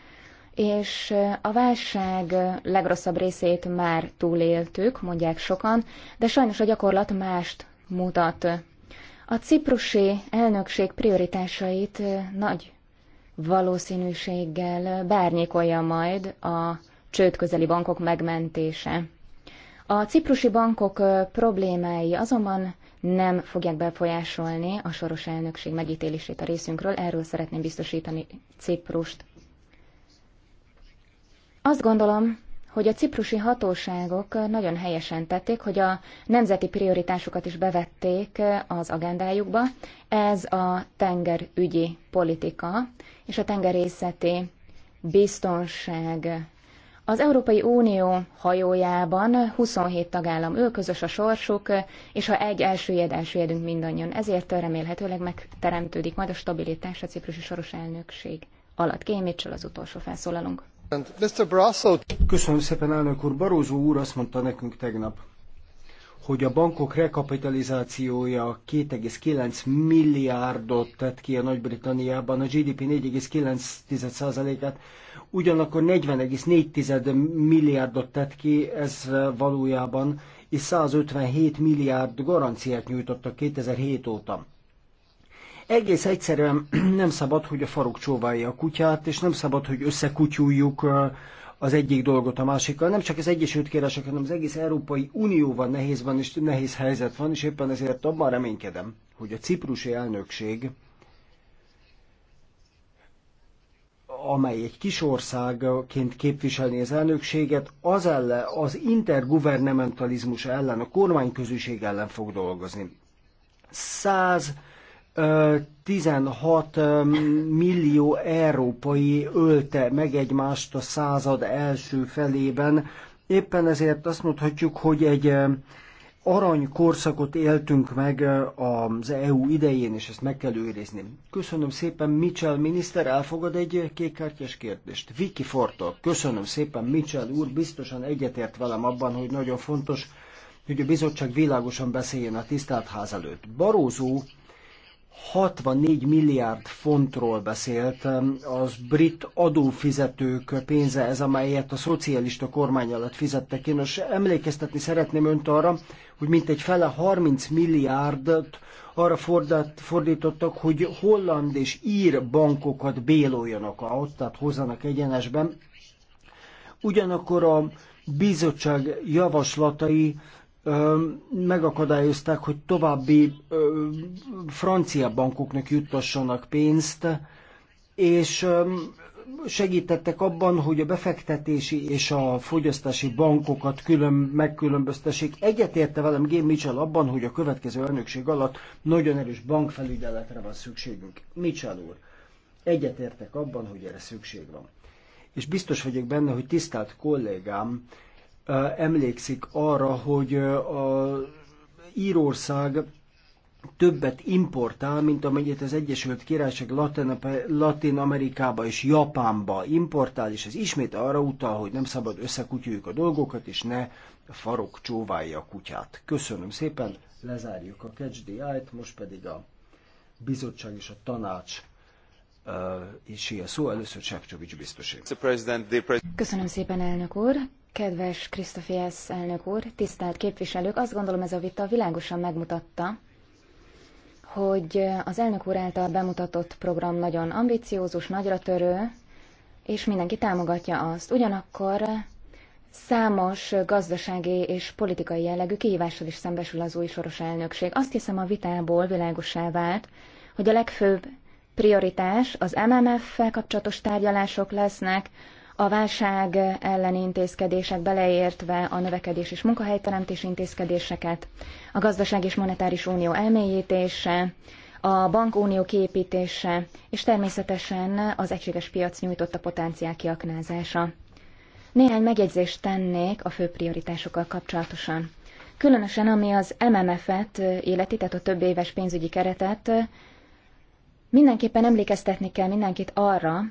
és a válság legrosszabb részét már túléltük, mondják sokan, de sajnos a gyakorlat mást mutat. A ciprusi elnökség prioritásait nagy valószínűséggel bárnyékolja majd a csődközeli bankok megmentése. A ciprusi bankok problémái azonban nem fogják befolyásolni a soros elnökség megítélését a részünkről, erről szeretném biztosítani Ciprust. Azt gondolom, hogy a ciprusi hatóságok nagyon helyesen tették, hogy a nemzeti prioritásokat is bevették az agendájukba. Ez a tengerügyi politika és a tengerészeti biztonság az Európai Unió hajójában 27 tagállam ül, közös a sorsuk, és ha egy első elsüllyedünk mindannyian. Ezért remélhetőleg megteremtődik majd a stabilitás a ciprusi soros elnökség alatt. Kémicsel az utolsó felszólalunk. Mr. Köszönöm szépen, elnök úr. Barózó úr azt mondta nekünk tegnap, hogy a bankok rekapitalizációja 2,9 milliárdot tett ki a Nagy-Britanniában, a GDP 4,9%-át, ugyanakkor 40,4 milliárdot tett ki, ez valójában, és 157 milliárd garanciát nyújtottak 2007 óta. Egész egyszerűen nem szabad, hogy a farok csóválja a kutyát, és nem szabad, hogy összekutyuljuk az egyik dolgot a másikkal. Nem csak az Egyesült Királyság, hanem az egész Európai Unióban nehéz van és nehéz helyzet van, és éppen ezért abban reménykedem, hogy a ciprusi elnökség, amely egy kis országként képviselni az elnökséget, az ellen, az intergovernmentalizmus ellen, a kormányközösség ellen fog dolgozni. Száz 16 millió európai ölte meg egymást a század első felében. Éppen ezért azt mondhatjuk, hogy egy arany korszakot éltünk meg az EU idején, és ezt meg kell őrizni. Köszönöm szépen, Mitchell miniszter, elfogad egy kékkártyás kérdést. Vicky Fortól, köszönöm szépen, Mitchell úr, biztosan egyetért velem abban, hogy nagyon fontos, hogy a bizottság világosan beszéljen a tisztelt ház előtt. Barózó 64 milliárd fontról beszélt, az brit adófizetők pénze ez, amelyet a szocialista kormány alatt fizettek. Én most emlékeztetni szeretném önt arra, hogy mintegy fele 30 milliárdot arra fordítottak, hogy holland és ír bankokat béloljanak ott, tehát hozzanak egyenesben. Ugyanakkor a bizottság javaslatai megakadályozták, hogy további francia bankoknak juttassanak pénzt, és segítettek abban, hogy a befektetési és a fogyasztási bankokat külön megkülönböztessék. Egyetérte velem G. Mitchell abban, hogy a következő elnökség alatt nagyon erős bankfelügyeletre van szükségünk. Mitchell úr, egyetértek abban, hogy erre szükség van. És biztos vagyok benne, hogy tisztelt kollégám, emlékszik arra, hogy a Írország többet importál, mint amennyit az Egyesült Királyság Latin, Amerikába és Japánba importál, és ez ismét arra utal, hogy nem szabad összekutyoljuk a dolgokat, és ne farok csóválja a kutyát. Köszönöm szépen, lezárjuk a Catch the Eye-t, most pedig a bizottság és a tanács is ilyen szó először Sefcsovics biztosé. Köszönöm szépen, elnök úr! Kedves Krisztofiász elnök úr, tisztelt képviselők, azt gondolom ez a vita világosan megmutatta, hogy az elnök úr által bemutatott program nagyon ambiciózus, nagyra törő, és mindenki támogatja azt. Ugyanakkor számos gazdasági és politikai jellegű kihívással is szembesül az új soros elnökség. Azt hiszem a vitából világosá vált, hogy a legfőbb prioritás az MMF-fel kapcsolatos tárgyalások lesznek, a válság elleni intézkedések beleértve a növekedés és munkahelyteremtés intézkedéseket, a gazdaság és monetáris unió elmélyítése, a bankunió kiépítése, és természetesen az egységes piac nyújtotta potenciál kiaknázása. Néhány megjegyzést tennék a fő prioritásokkal kapcsolatosan. Különösen ami az MMF-et életi, tehát a több éves pénzügyi keretet, mindenképpen emlékeztetni kell mindenkit arra,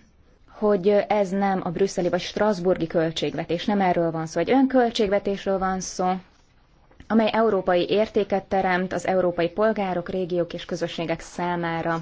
hogy ez nem a brüsszeli vagy strasburgi költségvetés, nem erről van szó. Egy önköltségvetésről van szó, amely európai értéket teremt az európai polgárok, régiók és közösségek számára.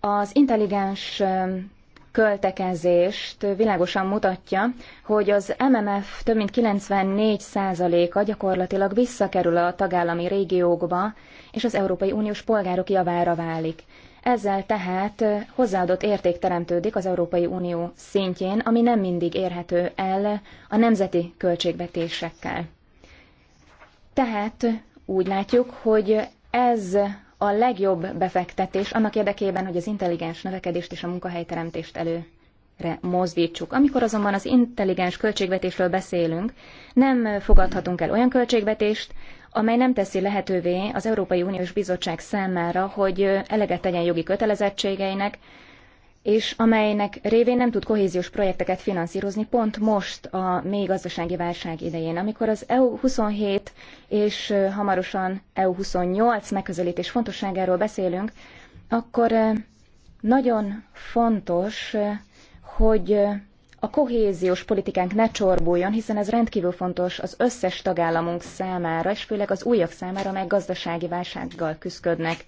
Az intelligens um, költekezést világosan mutatja, hogy az MMF több mint 94%-a gyakorlatilag visszakerül a tagállami régiókba, és az Európai Uniós polgárok javára válik. Ezzel tehát hozzáadott érték teremtődik az Európai Unió szintjén, ami nem mindig érhető el a nemzeti költségvetésekkel. Tehát úgy látjuk, hogy ez a legjobb befektetés annak érdekében, hogy az intelligens növekedést és a munkahelyteremtést elő mozdítsuk. Amikor azonban az intelligens költségvetésről beszélünk, nem fogadhatunk el olyan költségvetést, amely nem teszi lehetővé az Európai Uniós Bizottság számára, hogy eleget tegyen jogi kötelezettségeinek, és amelynek révén nem tud kohéziós projekteket finanszírozni pont most a mély gazdasági válság idején, amikor az EU27 és hamarosan EU28 megközelítés fontosságáról beszélünk, akkor nagyon fontos hogy a kohéziós politikánk ne csorbuljon, hiszen ez rendkívül fontos az összes tagállamunk számára, és főleg az újak számára, amelyek gazdasági válsággal küzdködnek.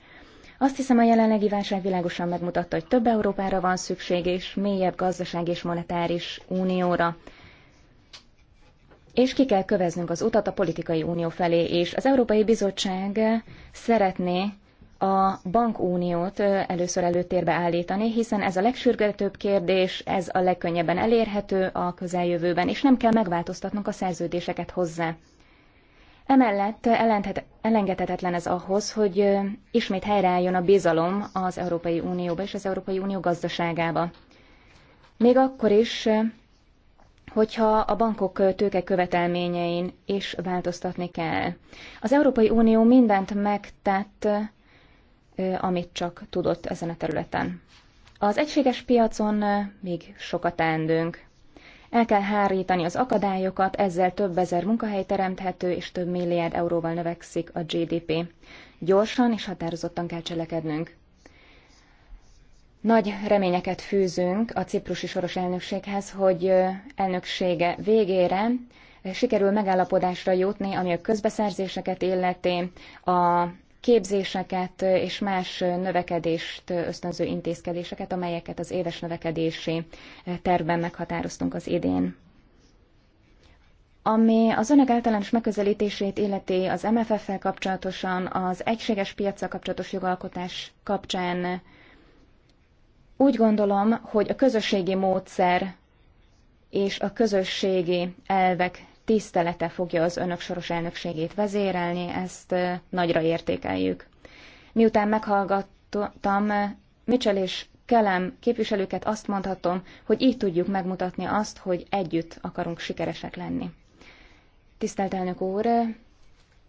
Azt hiszem, a jelenlegi válság világosan megmutatta, hogy több Európára van szükség, és mélyebb gazdaság és monetáris unióra. És ki kell köveznünk az utat a politikai unió felé, és az Európai Bizottság szeretné a bankuniót először előtérbe állítani, hiszen ez a legsürgetőbb kérdés, ez a legkönnyebben elérhető a közeljövőben, és nem kell megváltoztatnunk a szerződéseket hozzá. Emellett elengedhetetlen ez ahhoz, hogy ismét helyreálljon a bizalom az Európai Unióba és az Európai Unió gazdaságába. Még akkor is, hogyha a bankok tőke követelményein is változtatni kell. Az Európai Unió mindent megtett amit csak tudott ezen a területen. Az egységes piacon még sokat teendőnk. El kell hárítani az akadályokat, ezzel több ezer munkahely teremthető, és több milliárd euróval növekszik a GDP. Gyorsan és határozottan kell cselekednünk. Nagy reményeket fűzünk a ciprusi soros elnökséghez, hogy elnöksége végére sikerül megállapodásra jutni, ami a közbeszerzéseket illeti, a képzéseket és más növekedést ösztönző intézkedéseket, amelyeket az éves növekedési tervben meghatároztunk az idén. Ami az önök általános megközelítését illeti az MFF-fel kapcsolatosan, az egységes piacsal kapcsolatos jogalkotás kapcsán úgy gondolom, hogy a közösségi módszer és a közösségi elvek tisztelete fogja az önök soros elnökségét vezérelni, ezt nagyra értékeljük. Miután meghallgattam Mitchell és Kelem képviselőket, azt mondhatom, hogy így tudjuk megmutatni azt, hogy együtt akarunk sikeresek lenni. Tisztelt elnök úr,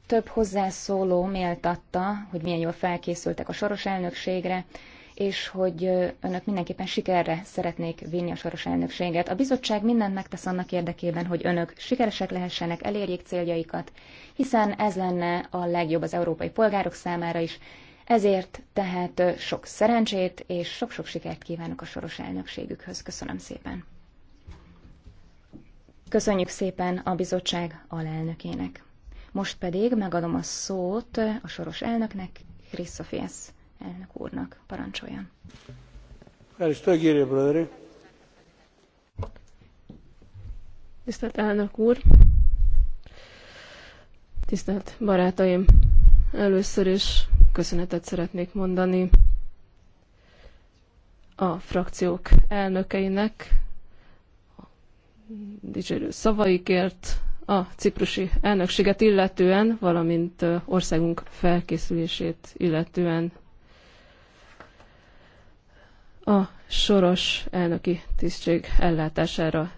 több hozzászóló méltatta, hogy milyen jól felkészültek a soros elnökségre, és hogy önök mindenképpen sikerre szeretnék vinni a soros elnökséget. A bizottság mindent megtesz annak érdekében, hogy önök sikeresek lehessenek, elérjék céljaikat, hiszen ez lenne a legjobb az európai polgárok számára is. Ezért tehát sok szerencsét és sok-sok sikert kívánok a soros elnökségükhöz. Köszönöm szépen. Köszönjük szépen a bizottság alelnökének. Most pedig megadom a szót a soros elnöknek, Krisztofiesz elnök úrnak. Parancsoljon. Tisztelt elnök úr, tisztelt barátaim, először is köszönetet szeretnék mondani a frakciók elnökeinek dicsérő szavaikért, a ciprusi elnökséget illetően, valamint országunk felkészülését illetően a soros elnöki tisztség ellátására.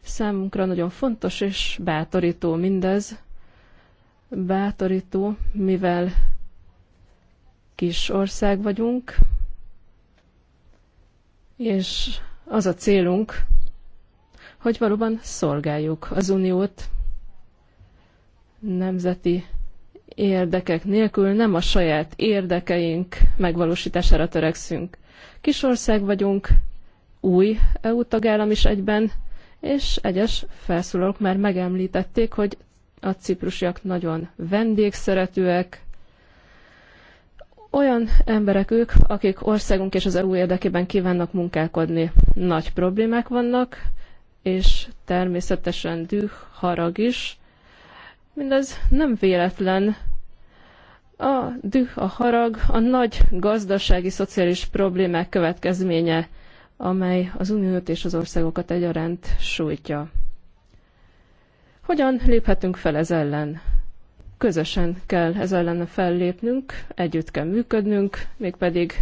Számunkra nagyon fontos és bátorító mindez, bátorító, mivel kis ország vagyunk, és az a célunk, hogy valóban szolgáljuk az uniót nemzeti érdekek nélkül, nem a saját érdekeink megvalósítására törekszünk. Kis ország vagyunk, új EU tagállam is egyben, és egyes felszólalók már megemlítették, hogy a ciprusiak nagyon vendégszeretőek, olyan emberek ők, akik országunk és az EU érdekében kívánnak munkálkodni. Nagy problémák vannak, és természetesen düh, harag is. Mindez nem véletlen, a düh, a harag a nagy gazdasági, szociális problémák következménye, amely az uniót és az országokat egyaránt sújtja. Hogyan léphetünk fel ez ellen? Közösen kell ez ellen fellépnünk, együtt kell működnünk, mégpedig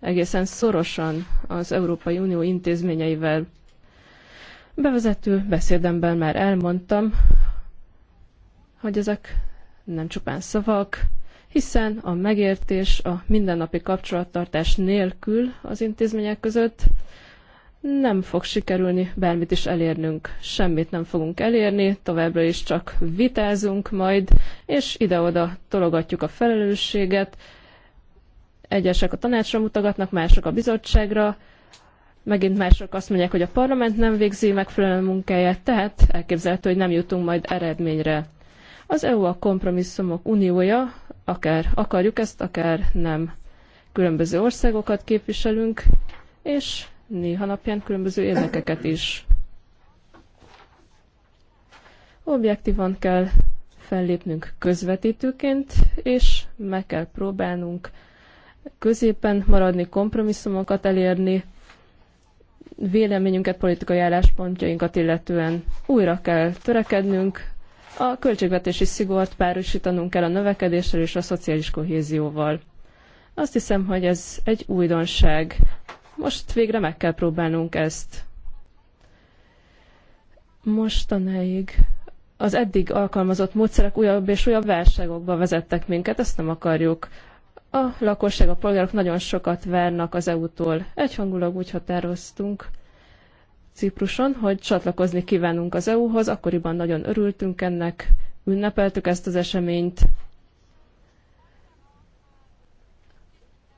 egészen szorosan az Európai Unió intézményeivel. Bevezető beszédemben már elmondtam, hogy ezek nem csupán szavak, hiszen a megértés a mindennapi kapcsolattartás nélkül az intézmények között nem fog sikerülni bármit is elérnünk. Semmit nem fogunk elérni, továbbra is csak vitázunk majd, és ide-oda tologatjuk a felelősséget. Egyesek a tanácsra mutogatnak, mások a bizottságra, megint mások azt mondják, hogy a parlament nem végzi megfelelően munkáját, tehát elképzelhető, hogy nem jutunk majd eredményre. Az EU a kompromisszumok uniója, akár akarjuk ezt, akár nem. Különböző országokat képviselünk, és néha napján különböző érdekeket is. Objektívan kell fellépnünk közvetítőként, és meg kell próbálnunk középen maradni, kompromisszumokat elérni, véleményünket, politikai álláspontjainkat illetően újra kell törekednünk, a költségvetési szigort párosítanunk kell a növekedéssel és a szociális kohézióval. Azt hiszem, hogy ez egy újdonság. Most végre meg kell próbálnunk ezt. Mostanáig az eddig alkalmazott módszerek újabb és újabb válságokba vezettek minket, ezt nem akarjuk. A lakosság, a polgárok nagyon sokat várnak az EU-tól. Egyhangulag úgy határoztunk, Cipruson, hogy csatlakozni kívánunk az EU-hoz. Akkoriban nagyon örültünk ennek, ünnepeltük ezt az eseményt.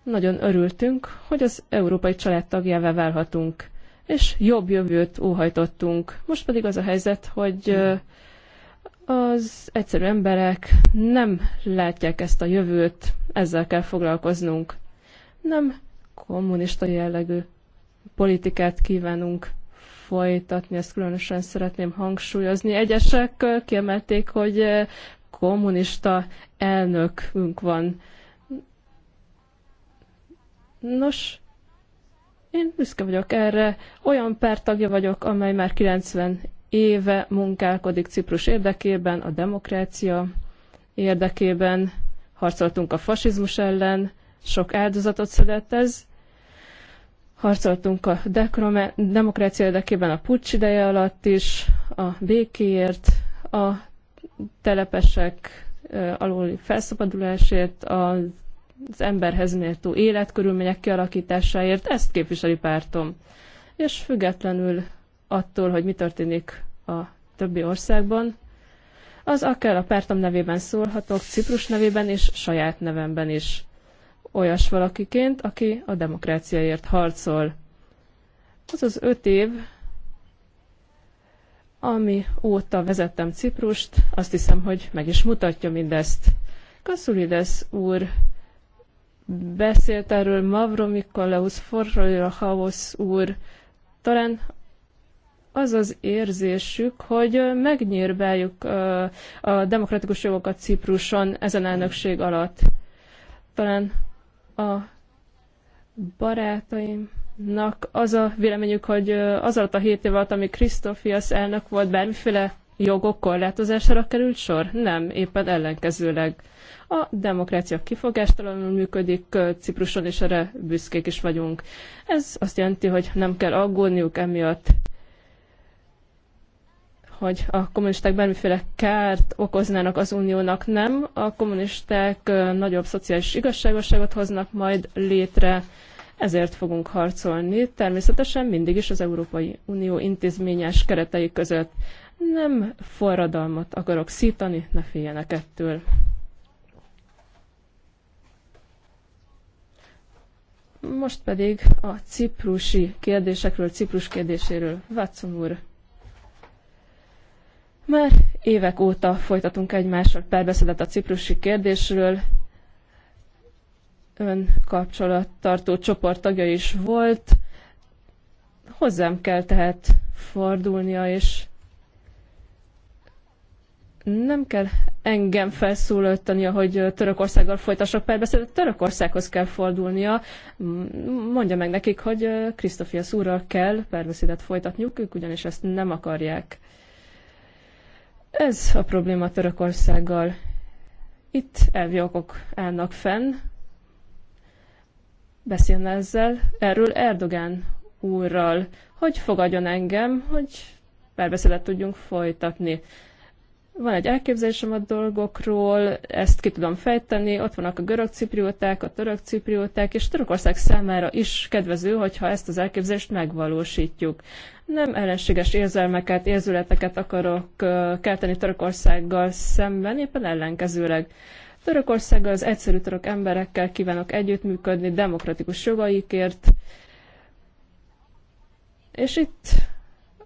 Nagyon örültünk, hogy az európai tagjává válhatunk, és jobb jövőt óhajtottunk. Most pedig az a helyzet, hogy az egyszerű emberek nem látják ezt a jövőt, ezzel kell foglalkoznunk. Nem kommunista jellegű politikát kívánunk folytatni, ezt különösen szeretném hangsúlyozni. Egyesek kiemelték, hogy kommunista elnökünk van. Nos, én büszke vagyok erre. Olyan pártagja vagyok, amely már 90 éve munkálkodik Ciprus érdekében, a demokrácia érdekében. Harcoltunk a fasizmus ellen, sok áldozatot szedett ez, harcoltunk a demokrácia érdekében a pucs ideje alatt is, a békéért, a telepesek alóli felszabadulásért, az emberhez méltó életkörülmények kialakításáért, ezt képviseli pártom. És függetlenül attól, hogy mi történik a többi országban, az akár a pártom nevében szólhatok, Ciprus nevében és saját nevemben is olyas valakiként, aki a demokráciáért harcol. Az az öt év, ami óta vezettem Ciprust, azt hiszem, hogy meg is mutatja mindezt. Kasulides úr beszélt erről Mavromikolaus Forrojrahaus úr. Talán az az érzésük, hogy megnyírbáljuk a demokratikus jogokat Cipruson ezen elnökség alatt. Talán a barátaimnak az a véleményük, hogy az alatt a hét év alatt, ami Krisztofiasz elnök volt, bármiféle jogok korlátozására került sor? Nem, éppen ellenkezőleg. A demokrácia kifogástalanul működik Cipruson, és erre büszkék is vagyunk. Ez azt jelenti, hogy nem kell aggódniuk emiatt hogy a kommunisták bármiféle kárt okoznának az uniónak, nem. A kommunisták nagyobb szociális igazságosságot hoznak majd létre, ezért fogunk harcolni, természetesen mindig is az Európai Unió intézményes keretei között. Nem forradalmat akarok szítani, ne féljenek ettől. Most pedig a ciprusi kérdésekről, ciprus kérdéséről. Vácon úr, már évek óta folytatunk egymással párbeszédet a ciprusi kérdésről. Ön kapcsolattartó csoport tagja is volt. Hozzám kell tehát fordulnia, és nem kell engem felszólítania, hogy Törökországgal folytassak párbeszédet, Törökországhoz kell fordulnia. Mondja meg nekik, hogy Krisztofiasz szúrral kell párbeszédet folytatniuk, ők ugyanis ezt nem akarják. Ez a probléma Törökországgal. Itt elvi okok állnak fenn. Beszélne ezzel erről Erdogán úrral, hogy fogadjon engem, hogy párbeszédet tudjunk folytatni. Van egy elképzelésem a dolgokról, ezt ki tudom fejteni, ott vannak a görög ciprióták, a török ciprióták, és Törökország számára is kedvező, hogyha ezt az elképzelést megvalósítjuk. Nem ellenséges érzelmeket, érzületeket akarok kelteni Törökországgal szemben, éppen ellenkezőleg. Törökországgal az egyszerű török emberekkel kívánok együttműködni demokratikus jogaikért, és itt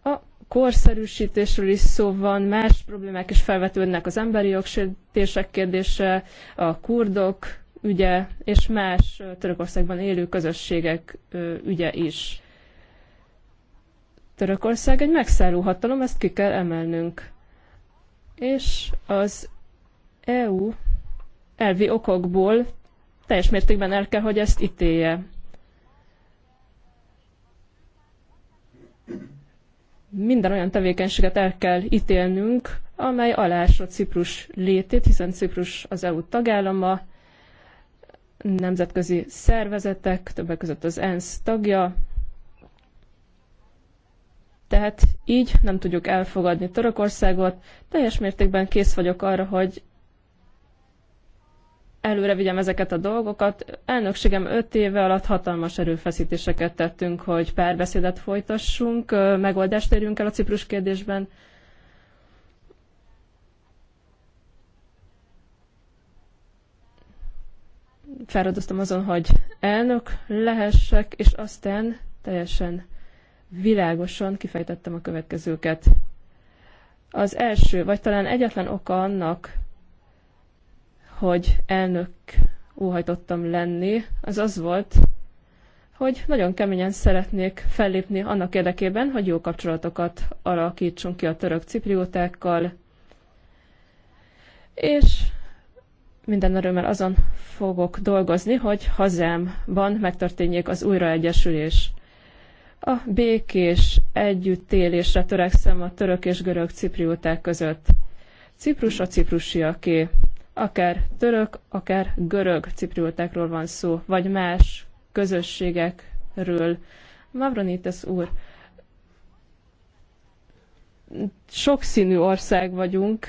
a korszerűsítésről is szó van, más problémák is felvetődnek az emberi jogsértések kérdése, a kurdok ügye és más Törökországban élő közösségek ügye is. Törökország egy megszálló hatalom, ezt ki kell emelnünk. És az EU elvi okokból teljes mértékben el kell, hogy ezt ítélje. Minden olyan tevékenységet el kell ítélnünk, amely alásra Ciprus létét, hiszen Ciprus az EU tagállama, nemzetközi szervezetek, többek között az ENSZ tagja, tehát így nem tudjuk elfogadni Törökországot. Teljes mértékben kész vagyok arra, hogy előre vigyem ezeket a dolgokat. Elnökségem öt éve alatt hatalmas erőfeszítéseket tettünk, hogy párbeszédet folytassunk, megoldást érjünk el a ciprus kérdésben. Feladoztam azon, hogy elnök lehessek, és aztán teljesen világosan kifejtettem a következőket. Az első, vagy talán egyetlen oka annak, hogy elnök óhajtottam lenni, az az volt, hogy nagyon keményen szeretnék fellépni annak érdekében, hogy jó kapcsolatokat alakítsunk ki a török cipriótákkal, és minden örömmel azon fogok dolgozni, hogy hazámban megtörténjék az újraegyesülés. A békés együttélésre törekszem a török és görög ciprióták között. Ciprus a ciprusiaké. Akár török, akár görög cipriótákról van szó, vagy más közösségekről. Mavronites úr, sokszínű ország vagyunk,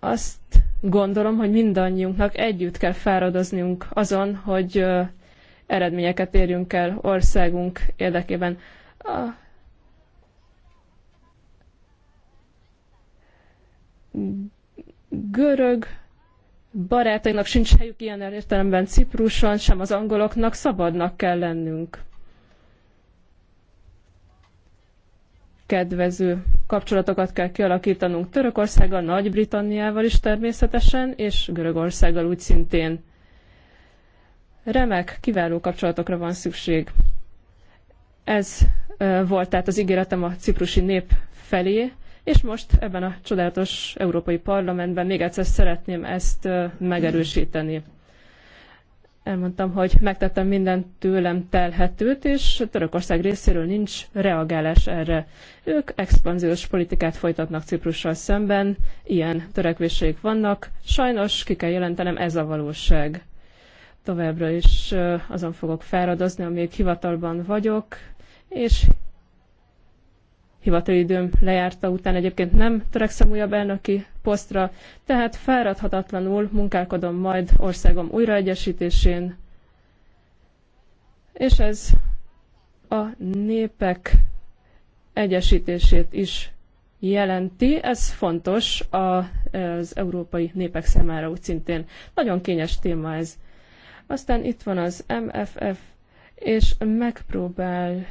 azt gondolom, hogy mindannyiunknak együtt kell fáradoznunk azon, hogy eredményeket érjünk el országunk érdekében. görög barátainak sincs helyük ilyen értelemben Cipruson, sem az angoloknak szabadnak kell lennünk. kedvező kapcsolatokat kell kialakítanunk Törökországgal, Nagy-Britanniával is természetesen, és Görögországgal úgy szintén. Remek, kiváló kapcsolatokra van szükség. Ez volt tehát az ígéretem a ciprusi nép felé, és most ebben a csodálatos Európai Parlamentben még egyszer szeretném ezt megerősíteni elmondtam, hogy megtettem minden tőlem telhetőt, és Törökország részéről nincs reagálás erre. Ők expanziós politikát folytatnak Ciprussal szemben, ilyen törekvéseik vannak, sajnos ki kell jelentenem, ez a valóság. Továbbra is azon fogok fáradozni, amíg hivatalban vagyok, és hivatalidőm lejárta után egyébként nem törekszem újabb elnöki posztra, tehát fáradhatatlanul munkálkodom majd országom újraegyesítésén, és ez a népek egyesítését is jelenti. Ez fontos az európai népek számára úgy szintén. Nagyon kényes téma ez. Aztán itt van az MFF, és megpróbál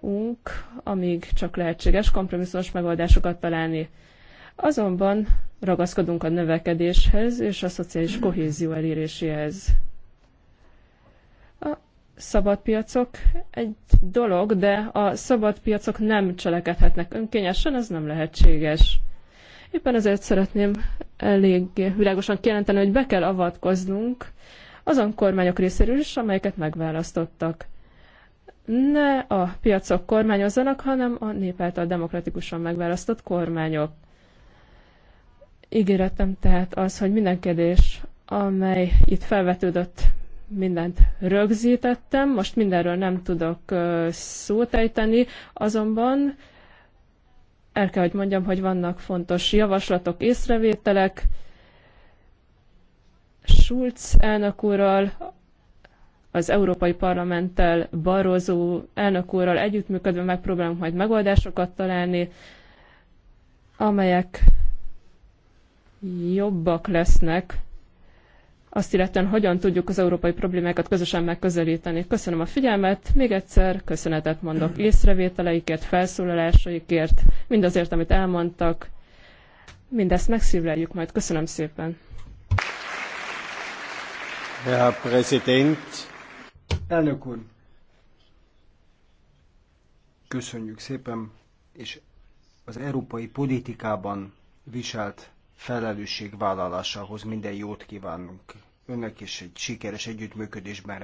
unk, amíg csak lehetséges kompromisszumos megoldásokat találni. Azonban ragaszkodunk a növekedéshez és a szociális kohézió eléréséhez. A szabadpiacok egy dolog, de a szabadpiacok nem cselekedhetnek önkényesen, ez nem lehetséges. Éppen ezért szeretném elég világosan kijelenteni, hogy be kell avatkoznunk azon kormányok részéről is, amelyeket megválasztottak ne a piacok kormányozzanak, hanem a nép által demokratikusan megválasztott kormányok. Ígéretem tehát az, hogy minden kérdés, amely itt felvetődött, mindent rögzítettem. Most mindenről nem tudok szót ejteni, azonban el kell, hogy mondjam, hogy vannak fontos javaslatok, észrevételek. Schulz elnök úrral, az Európai Parlamenttel, Barroso elnök úrral együttműködve megpróbálunk majd megoldásokat találni, amelyek jobbak lesznek, azt illetően hogyan tudjuk az európai problémákat közösen megközelíteni. Köszönöm a figyelmet, még egyszer köszönetet mondok észrevételeikért, felszólalásaikért, mindazért, amit elmondtak. Mindezt megszívleljük majd. Köszönöm szépen. Herr Präsident! Elnök úr, köszönjük szépen, és az európai politikában viselt felelősség vállalásához minden jót kívánunk önnek, és egy sikeres együttműködésben